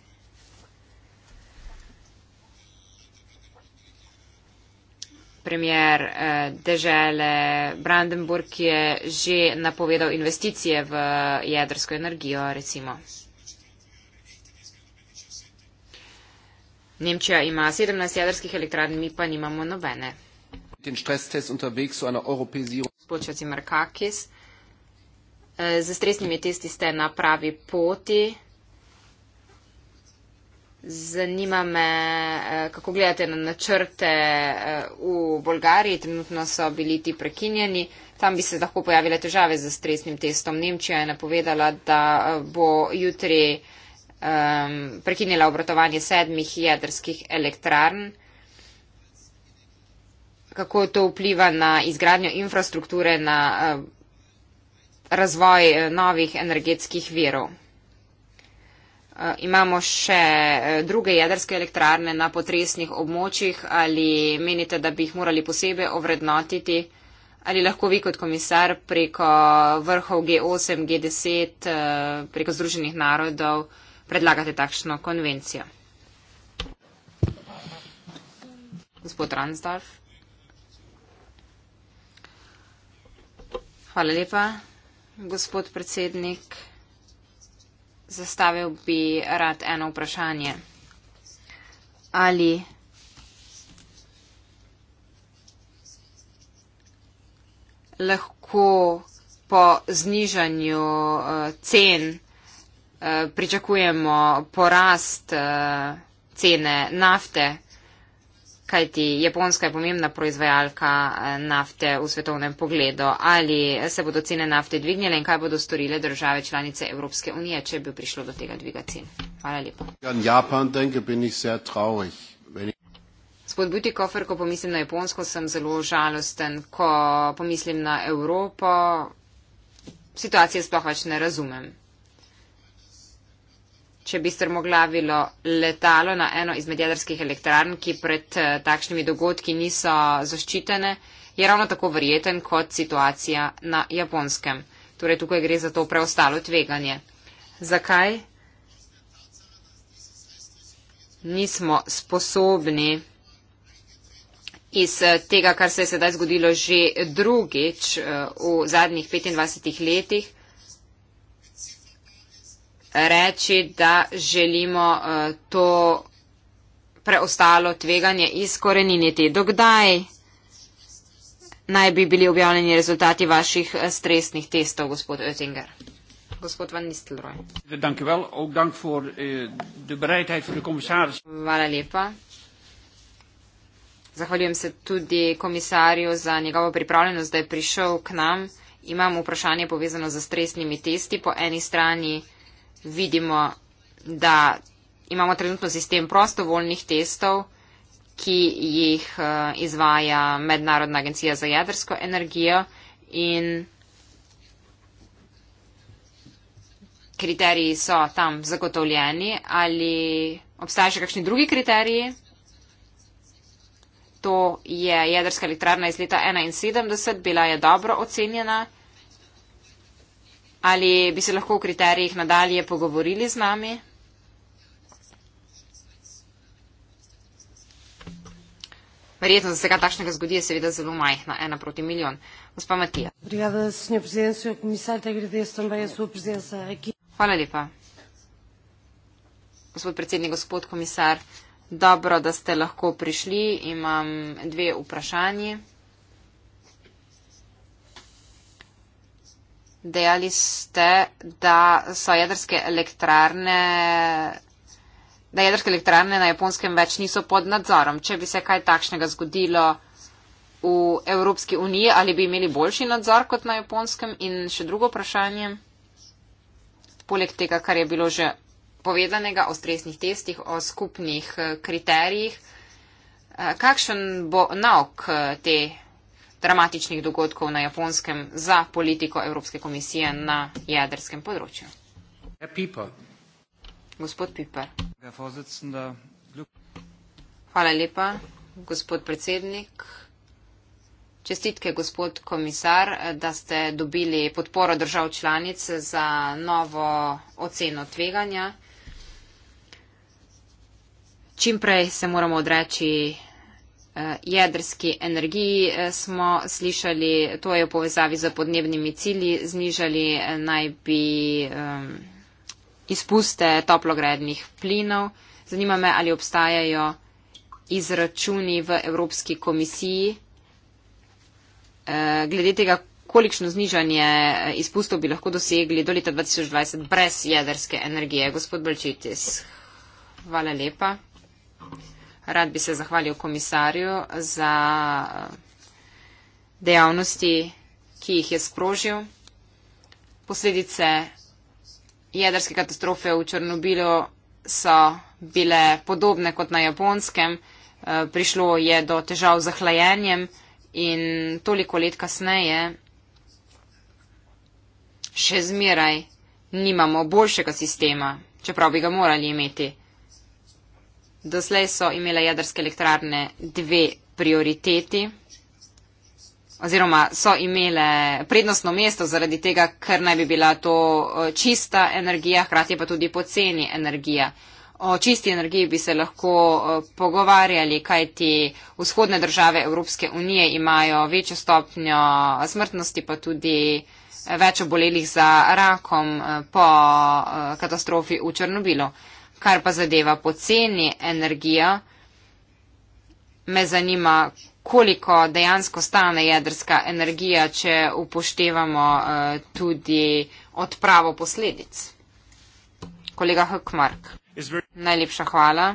Premijer eh, dežele Brandenburg je že napovedal investicije v jedrsko energijo, recimo. Nemčija ima 17 jedrskih elektrarn, mi pa nimamo nobene. Počasi Markakis, eh, z stresnimi testi ste na pravi poti. Zanima me, eh, kako gledate na načrte eh, v Bolgariji, trenutno so bili ti prekinjeni, tam bi se lahko pojavile težave z stresnim testom. Nemčija je napovedala, da bo jutri um, prekinila obratovanje sedmih jedrskih elektrarn. Kako to vpliva na izgradnjo infrastrukture, na uh, razvoj uh, novih energetskih virov? Uh, imamo še uh, druge jedrske elektrarne na potresnih območjih. Ali menite, da bi jih morali posebej ovrednotiti? Ali lahko vi kot komisar preko vrhov G8, G10, uh, preko Združenih narodov predlagate takšno konvencijo. Gospod Ransdorf. Hvala lepa, gospod predsednik. Zastavil bi rad eno vprašanje. Ali lahko po znižanju eh, cen Eh, pričakujemo porast eh, cene nafte, kajti Japonska je pomembna proizvajalka eh, nafte v svetovnem pogledu. Ali se bodo cene nafte dvignile in kaj bodo storile države članice Evropske unije, če bi prišlo do tega dviga cen? Hvala lepa. Gospod Butikofer, ko pomislim na Japonsko, sem zelo žalosten. Ko pomislim na Evropo, situacije sploh več ne razumem če bi strmoglavilo letalo na eno izmed jedrskih elektrarn, ki pred eh, takšnimi dogodki niso zaščitene, je ravno tako verjeten kot situacija na japonskem. Torej, tukaj gre za to preostalo tveganje. Zakaj nismo sposobni iz eh, tega, kar se je sedaj zgodilo že drugič eh, v zadnjih 25 letih, reči, da želimo uh, to preostalo tveganje izkoreniniti. Dokdaj naj bi bili objavljeni rezultati vaših eh, stresnih testov, gospod Oettinger? Gospod Van Nistelrooy. Dank u wel. Ook dank voor uh, de bereidheid van de commissaris. Hvala lepa. Zahvaljujem se tudi komisarju za njegovo pripravljenost, da je prišel k nam. Imam vprašanje povezano z stresnimi testi. Po eni strani vidimo, da imamo trenutno sistem prostovoljnih testov, ki jih eh, izvaja Mednarodna agencija za jedrsko energijo in kriteriji so tam zagotovljeni ali obstajajo še kakšni drugi kriteriji. To je jedrska elektrarna iz leta 1971, bila je dobro ocenjena. Ali bi se lahko v kriterijih nadalje pogovorili z nami? Verjetno, da se kaj takšnega zgodi, je seveda zelo majhna, ena proti milijon. Gospa Matija. Hvala lepa. Gospod predsednik, gospod komisar, dobro, da ste lahko prišli. Imam dve vprašanje. Dejali ste, da so jedrske elektrarne, da jedrske elektrarne na Japonskem več niso pod nadzorom. Če bi se kaj takšnega zgodilo v Evropski uniji, ali bi imeli boljši nadzor kot na Japonskem? In še drugo vprašanje, poleg tega, kar je bilo že povedanega o stresnih testih, o skupnih eh, kriterijih, eh, kakšen bo nauk eh, te dramatičnih dogodkov na japonskem za politiko Evropske komisije na jedrskem področju. Gospod Piper. Hvala lepa, gospod predsednik. Čestitke, gospod komisar, da ste dobili podporo držav članic za novo oceno tveganja. Čim prej se moramo odreči Eh, jedrski energiji eh, smo slišali, to je v povezavi z podnebnimi cilji, znižali eh, naj bi um, izpuste toplogrednih plinov. Zanima me, ali obstajajo izračuni v Evropski komisiji uh, glede tega, kolikšno znižanje izpustov bi lahko dosegli do leta 2020 brez jedrske energije. Gospod Balčitis, hvala lepa. Rad bi se zahvalil komisarju za eh, dejavnosti, ki jih je sprožil. Posledice jedrske katastrofe v Črnobilu so bile podobne kot na japonskem. Eh, prišlo je do težav z zahlajenjem in toliko let kasneje še zmeraj nimamo boljšega sistema, čeprav bi ga morali imeti. Doslej so imele jedrske elektrarne dve prioriteti oziroma so imele prednostno mesto zaradi tega, ker naj bi bila to eh, čista energija, hkrati pa tudi poceni energija. O čisti energiji bi se lahko eh, pogovarjali, kaj ti vzhodne države Evropske unije imajo večjo stopnjo smrtnosti, pa tudi eh, več obolelih za rakom po katastrofi v Črnobilu. Kar pa zadeva poceni energijo, me zanima, koliko dejansko stane jedrska energija, če upoštevamo uh, tudi odpravo posledic. Kolega Hkmark, najlepša hvala.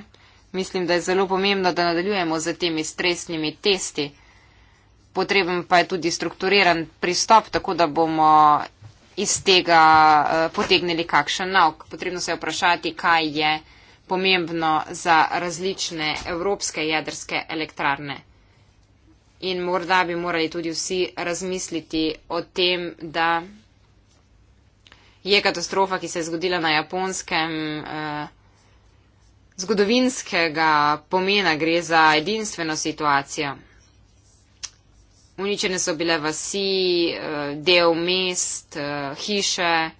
Mislim, da je zelo pomembno, da nadaljujemo z temi stresnimi testi. Potreben pa je tudi strukturiran pristop, tako da bomo iz tega uh, potegnili kakšen nauk. Potrebno se je vprašati, kaj je pomembno za različne evropske jedrske elektrarne. In morda bi morali tudi vsi razmisliti o tem, da je katastrofa, ki se je zgodila na japonskem, eh, zgodovinskega pomena, gre za edinstveno situacijo uničene so bile vasi, eh, del mest, eh, hiše.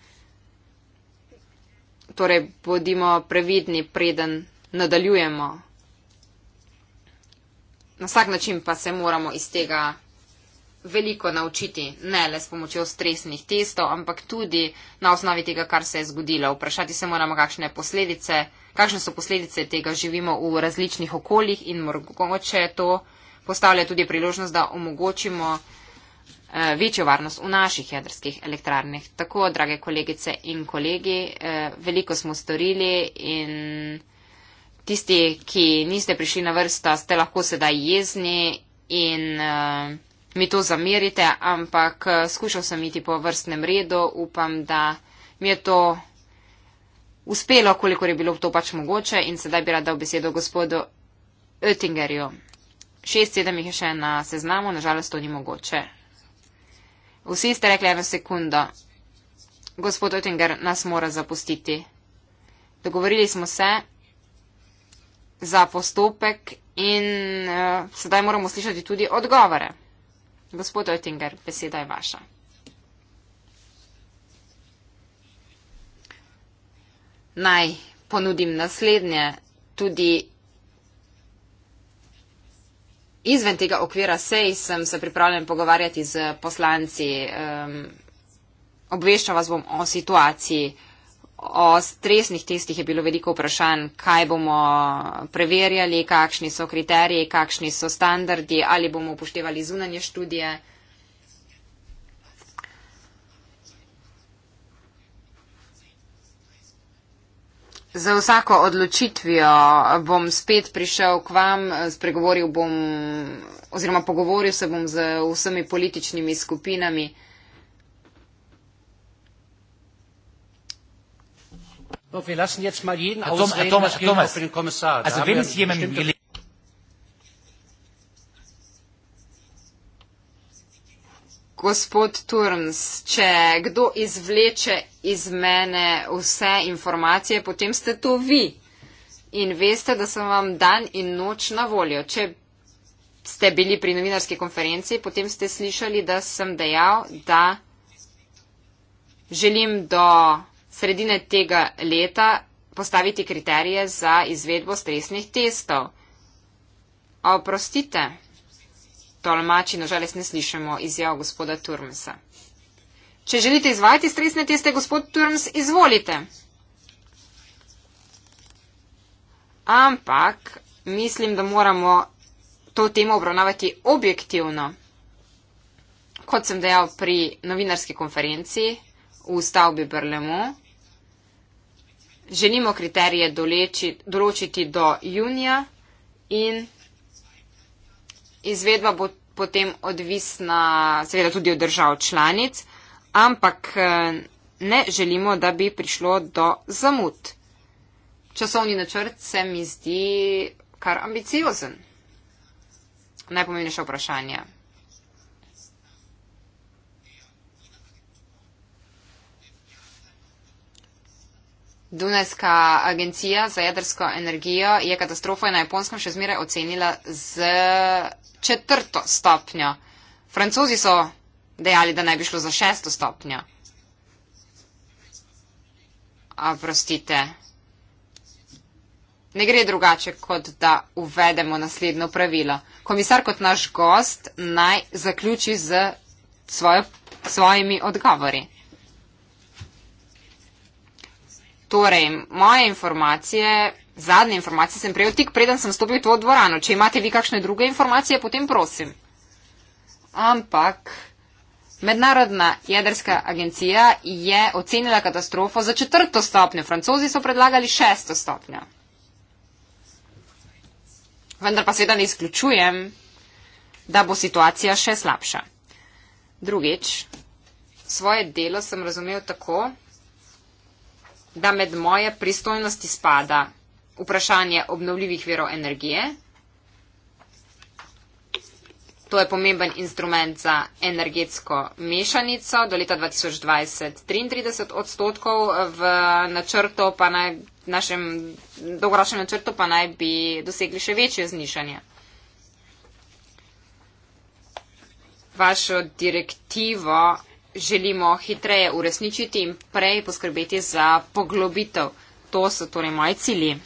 Torej, bodimo previdni, preden nadaljujemo. Na vsak način pa se moramo iz tega veliko naučiti, ne le s pomočjo stresnih testov, ampak tudi na osnovi tega, kar se je zgodilo. Vprašati se moramo, kakšne, posledice, kakšne so posledice tega, živimo v različnih okoljih in mogoče je to postavlja tudi priložnost, da omogočimo eh, večjo varnost v naših jedrskih elektrarnih. Tako, drage kolegice in kolegi, eh, veliko smo storili in tisti, ki niste prišli na vrsta, ste lahko sedaj jezni in eh, mi to zamerite, ampak skušal sem iti po vrstnem redu, upam, da mi je to uspelo, kolikor je bilo to pač mogoče in sedaj bi rada v besedo gospodu Oettingerju. Šest, sedem jih je še na seznamu, nažalost to ni mogoče. Vsi ste rekli eno sekundo. Gospod Oettinger nas mora zapustiti. Dogovorili smo se za postopek in uh, sedaj moramo slišati tudi odgovore. Gospod Oettinger, beseda je vaša. Naj ponudim naslednje tudi izven tega okvira sej sem se pripravljen pogovarjati z poslanci. Um, obveščam vas bom o situaciji. O stresnih testih je bilo veliko vprašanj, kaj bomo preverjali, kakšni so kriteriji, kakšni so standardi, ali bomo upoštevali zunanje študije. Za vsako odločitvijo bom spet prišel k vam, spregovoril bom oziroma pogovoril se bom z vsemi političnimi skupinami. Doch, wir lassen jetzt mal jeden Herr Thomas, Herr Thomas, Thomas. Also wenn es jemanden gelingt, gospod Turns, če kdo izvleče iz mene vse informacije, potem ste to vi. In veste, da sem vam dan in noč na voljo. Če ste bili pri novinarski konferenci, potem ste slišali, da sem dejal, da želim do sredine tega leta postaviti kriterije za izvedbo stresnih testov. Oprostite tolmači nažalost ne slišimo izjav gospoda Turmesa. Če želite izvajati stresne teste, gospod Turms, izvolite. Ampak mislim, da moramo to temo obravnavati objektivno. Kot sem dejal pri novinarski konferenci v stavbi Brlemu, želimo kriterije doleči, določiti do junija in izvedba bo potem odvisna seveda tudi od držav članic, ampak eh, ne želimo, da bi prišlo do zamud. Časovni načrt se mi zdi kar ambiciozen. Najpomembnejše vprašanje. Dunajska agencija za jedrsko energijo je katastrofo na japonskem še zmeraj ocenila z četrto stopnjo. Francozi so dejali, da naj bi šlo za šesto stopnjo. A prostite. Ne gre drugače, kot da uvedemo naslednjo pravilo. Komisar kot naš gost naj zaključi z svojo, svojimi odgovori. Torej, moje informacije, zadnje informacije sem prejel tik preden sem stopil v to dvorano. Če imate vi kakšne druge informacije, potem prosim. Ampak. Mednarodna jedrska agencija je ocenila katastrofo za četrto stopnjo. Francozi so predlagali šesto stopnjo. Vendar pa seveda ne izključujem, da bo situacija še slabša. Drugič, svoje delo sem razumel tako, da med moje pristojnosti spada vprašanje obnovljivih virov energije. To je pomemben instrument za energetsko mešanico do leta 2020 33 odstotkov, eh, v načrtu pa naj, našem dolgoročnem načrtu pa naj bi dosegli še večje znišanje. Vašo direktivo želimo hitreje uresničiti in prej poskrbeti za poglobitev. To so torej moji cilji,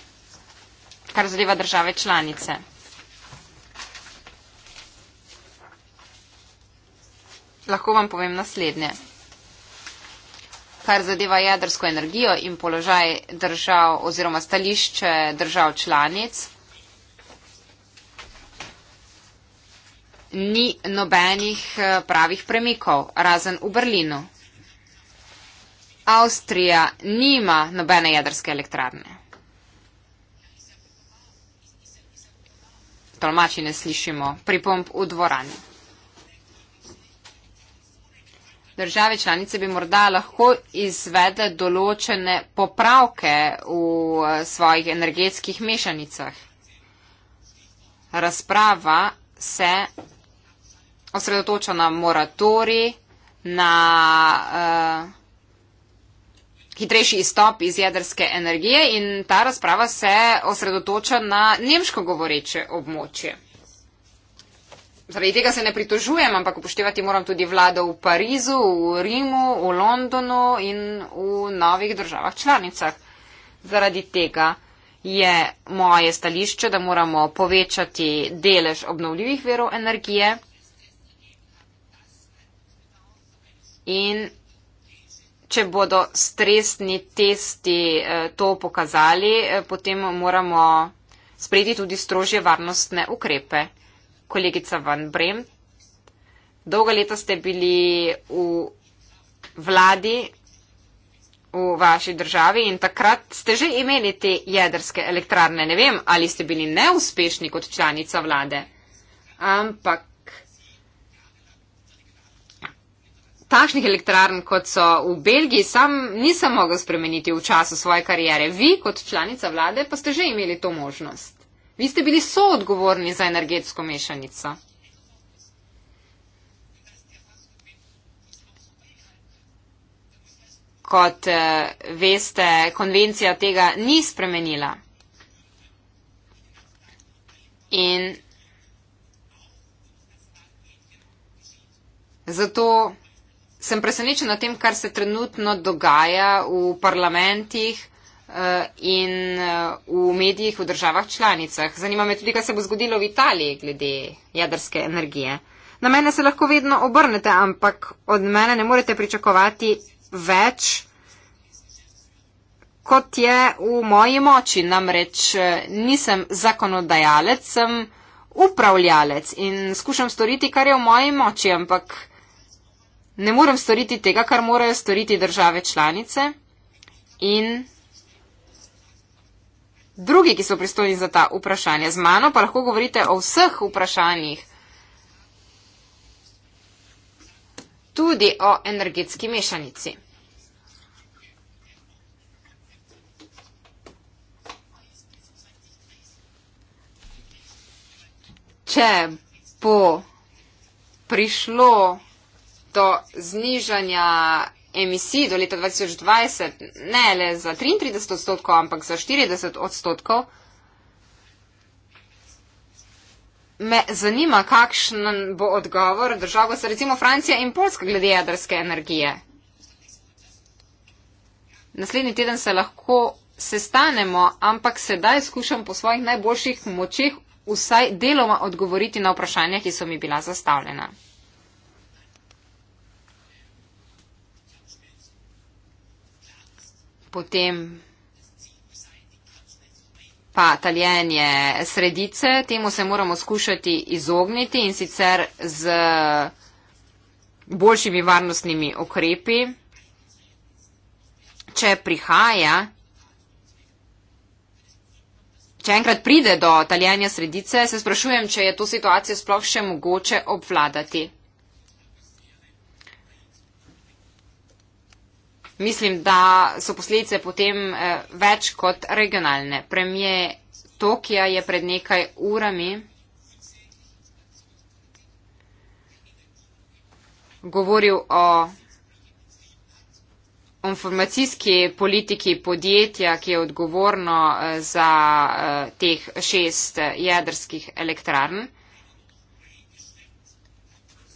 kar zadeva države članice. Lahko vam povem naslednje. Kar zadeva jedrsko energijo in položaj držav oziroma stališče držav članic, ni nobenih eh, pravih premikov, razen v Berlinu. Avstrija nima nobene jedrske elektrarne. Tolmači ne slišimo pripomp v dvorani. Države članice bi morda lahko izvede določene popravke v eh, svojih energetskih mešanicah. Razprava se osredotoča na moratori, na uh, hitrejši izstop iz jedrske energije in ta razprava se osredotoča na nemško govoreče območje. Zaradi tega se ne pritožujem, ampak upoštevati moram tudi vlado v Parizu, v Rimu, v Londonu in v novih državah članicah. Zaradi tega je moje stališče, da moramo povečati delež obnovljivih verov energije. in če bodo stresni testi eh, to pokazali, eh, potem moramo sprejeti tudi strožje varnostne ukrepe. Kolegica Van Brem, dolga leta ste bili v vladi v vaši državi in takrat ste že imeli te jedrske elektrarne. Ne vem, ali ste bili neuspešni kot članica vlade, ampak takšnih elektrarn, kot so v Belgiji, sam nisem mogel spremeniti v času svoje karijere. Vi, kot članica vlade, pa ste že imeli to možnost. Vi ste bili soodgovorni za energetsko mešanico. Kot eh, veste, konvencija tega ni spremenila. In zato sem presenečen na tem, kar se trenutno dogaja v parlamentih eh, in eh, v medijih v državah članicah. Zanima me tudi, kaj se bo zgodilo v Italiji glede jedrske energije. Na mene se lahko vedno obrnete, ampak od mene ne morete pričakovati več, kot je v moji moči. Namreč eh, nisem zakonodajalec, sem upravljalec in skušam storiti, kar je v moji moči, ampak ne morem storiti tega, kar morajo storiti države članice. In drugi, ki so pristojni za ta vprašanja, z mano pa lahko govorite o vseh vprašanjih, tudi o energetski mešanici. Če bo prišlo do znižanja emisij do leta 2020, ne le za 33 odstotkov, ampak za 40 odstotkov, me zanima, kakšen bo odgovor držav, kot so recimo Francija in Polska glede jedrske energije. Naslednji teden se lahko sestanemo, ampak sedaj skušam po svojih najboljših močeh vsaj deloma odgovoriti na vprašanja, ki so mi bila zastavljena. potem pa taljenje sredice. Temu se moramo skušati izogniti in sicer z boljšimi varnostnimi okrepi. Če prihaja, če enkrat pride do taljenja sredice, se sprašujem, če je to situacijo sploh še mogoče obvladati. mislim, da so posledice potem eh, več kot regionalne. Premije Tokija je pred nekaj urami govoril o informacijski politiki podjetja, ki je odgovorno eh, za eh, teh šest jedrskih elektrarn.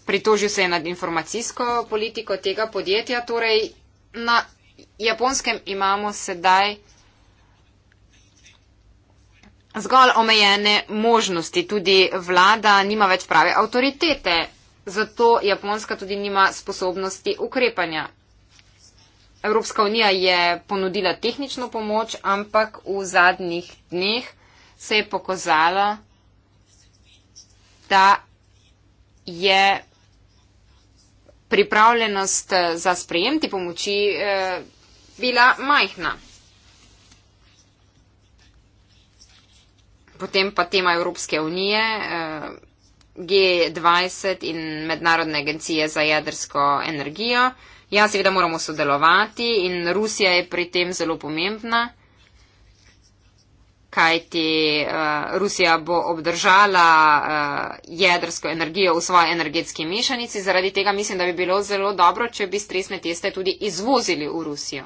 Pritožil se je nad informacijsko politiko tega podjetja, torej na japonskem imamo sedaj zgolj omejene možnosti. Tudi vlada nima več prave avtoritete, zato japonska tudi nima sposobnosti ukrepanja. Evropska unija je ponudila tehnično pomoč, ampak v zadnjih dneh se je pokazala, da je pripravljenost eh, za sprejem ti pomoči eh, bila majhna. Potem pa tema Evropske unije, eh, G20 in Mednarodne agencije za jedrsko energijo. Ja, seveda moramo sodelovati in Rusija je pri tem zelo pomembna kajti eh, Rusija bo obdržala eh, jedrsko energijo v svoji energetski mešanici. Zaradi tega mislim, da bi bilo zelo dobro, če bi stresne teste tudi izvozili v Rusijo.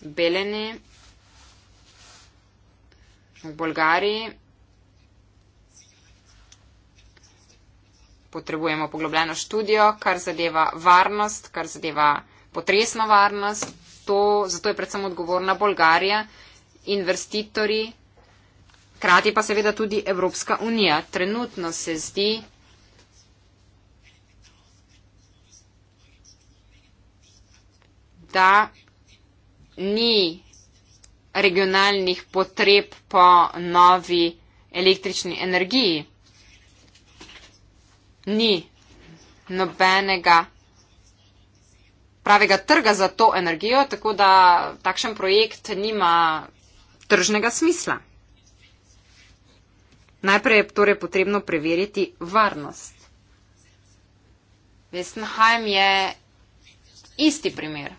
Beleni v Bolgariji. Potrebujemo poglobljeno študijo, kar zadeva varnost, kar zadeva potresna varnost, to, zato je predvsem odgovorna Bolgarija, investitorji, krati pa seveda tudi Evropska unija. Trenutno se zdi, da ni regionalnih potreb po novi električni energiji. Ni nobenega pravega trga za to energijo, tako da takšen projekt nima tržnega smisla. Najprej je torej potrebno preveriti varnost. Vestenheim je isti primer.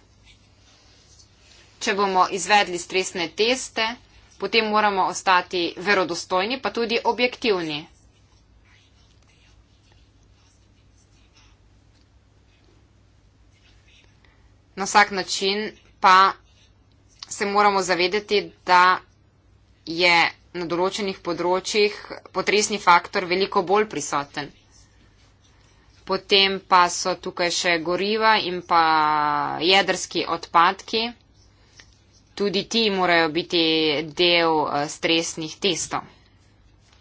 Če bomo izvedli stresne teste, potem moramo ostati verodostojni, pa tudi objektivni. na vsak način pa se moramo zavedati, da je na določenih področjih potresni faktor veliko bolj prisoten. Potem pa so tukaj še goriva in pa jedrski odpadki. Tudi ti morajo biti del eh, stresnih testov.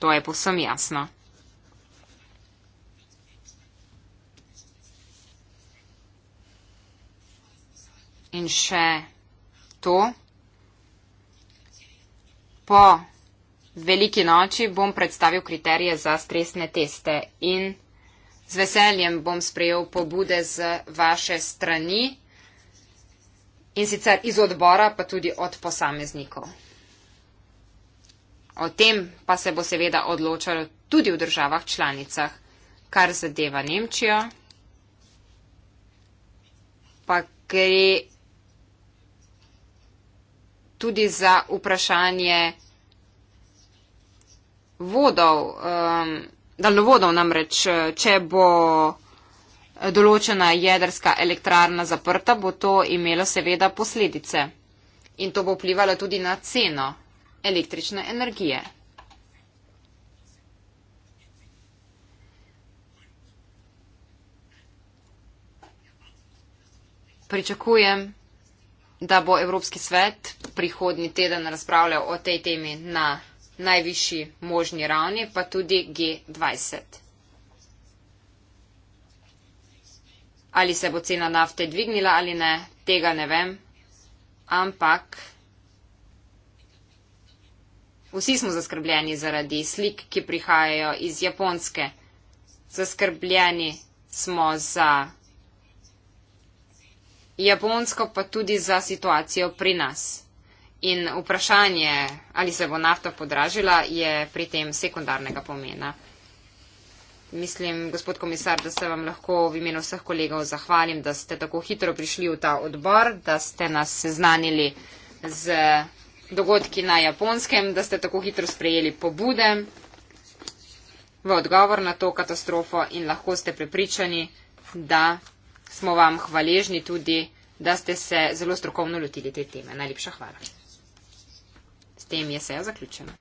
To je povsem jasno. in še to. Po veliki noči bom predstavil kriterije za stresne teste in z veseljem bom sprejel pobude z vaše strani in sicer iz odbora, pa tudi od posameznikov. O tem pa se bo seveda odločalo tudi v državah članicah, kar zadeva Nemčijo, pa gre tudi za vprašanje vodov, um, daljnovodov namreč, če bo določena jedrska elektrarna zaprta, bo to imelo seveda posledice in to bo vplivalo tudi na ceno električne energije. Pričakujem, da bo Evropski svet prihodni teden razpravljal o tej temi na najvišji možni ravni, pa tudi G20. Ali se bo cena nafte dvignila ali ne, tega ne vem, ampak vsi smo zaskrbljeni zaradi slik, ki prihajajo iz Japonske. Zaskrbljeni smo za. Japonsko pa tudi za situacijo pri nas. In vprašanje, ali se bo nafta podražila, je pri tem sekundarnega pomena. Mislim, gospod komisar, da se vam lahko v imenu vseh kolegov zahvalim, da ste tako hitro prišli v ta odbor, da ste nas seznanili z dogodki na japonskem, da ste tako hitro sprejeli pobude v odgovor na to katastrofo in lahko ste prepričani, da smo vam hvaležni tudi, da ste se zelo strokovno lotili te teme. Najlepša hvala. S tem je seja zaključena.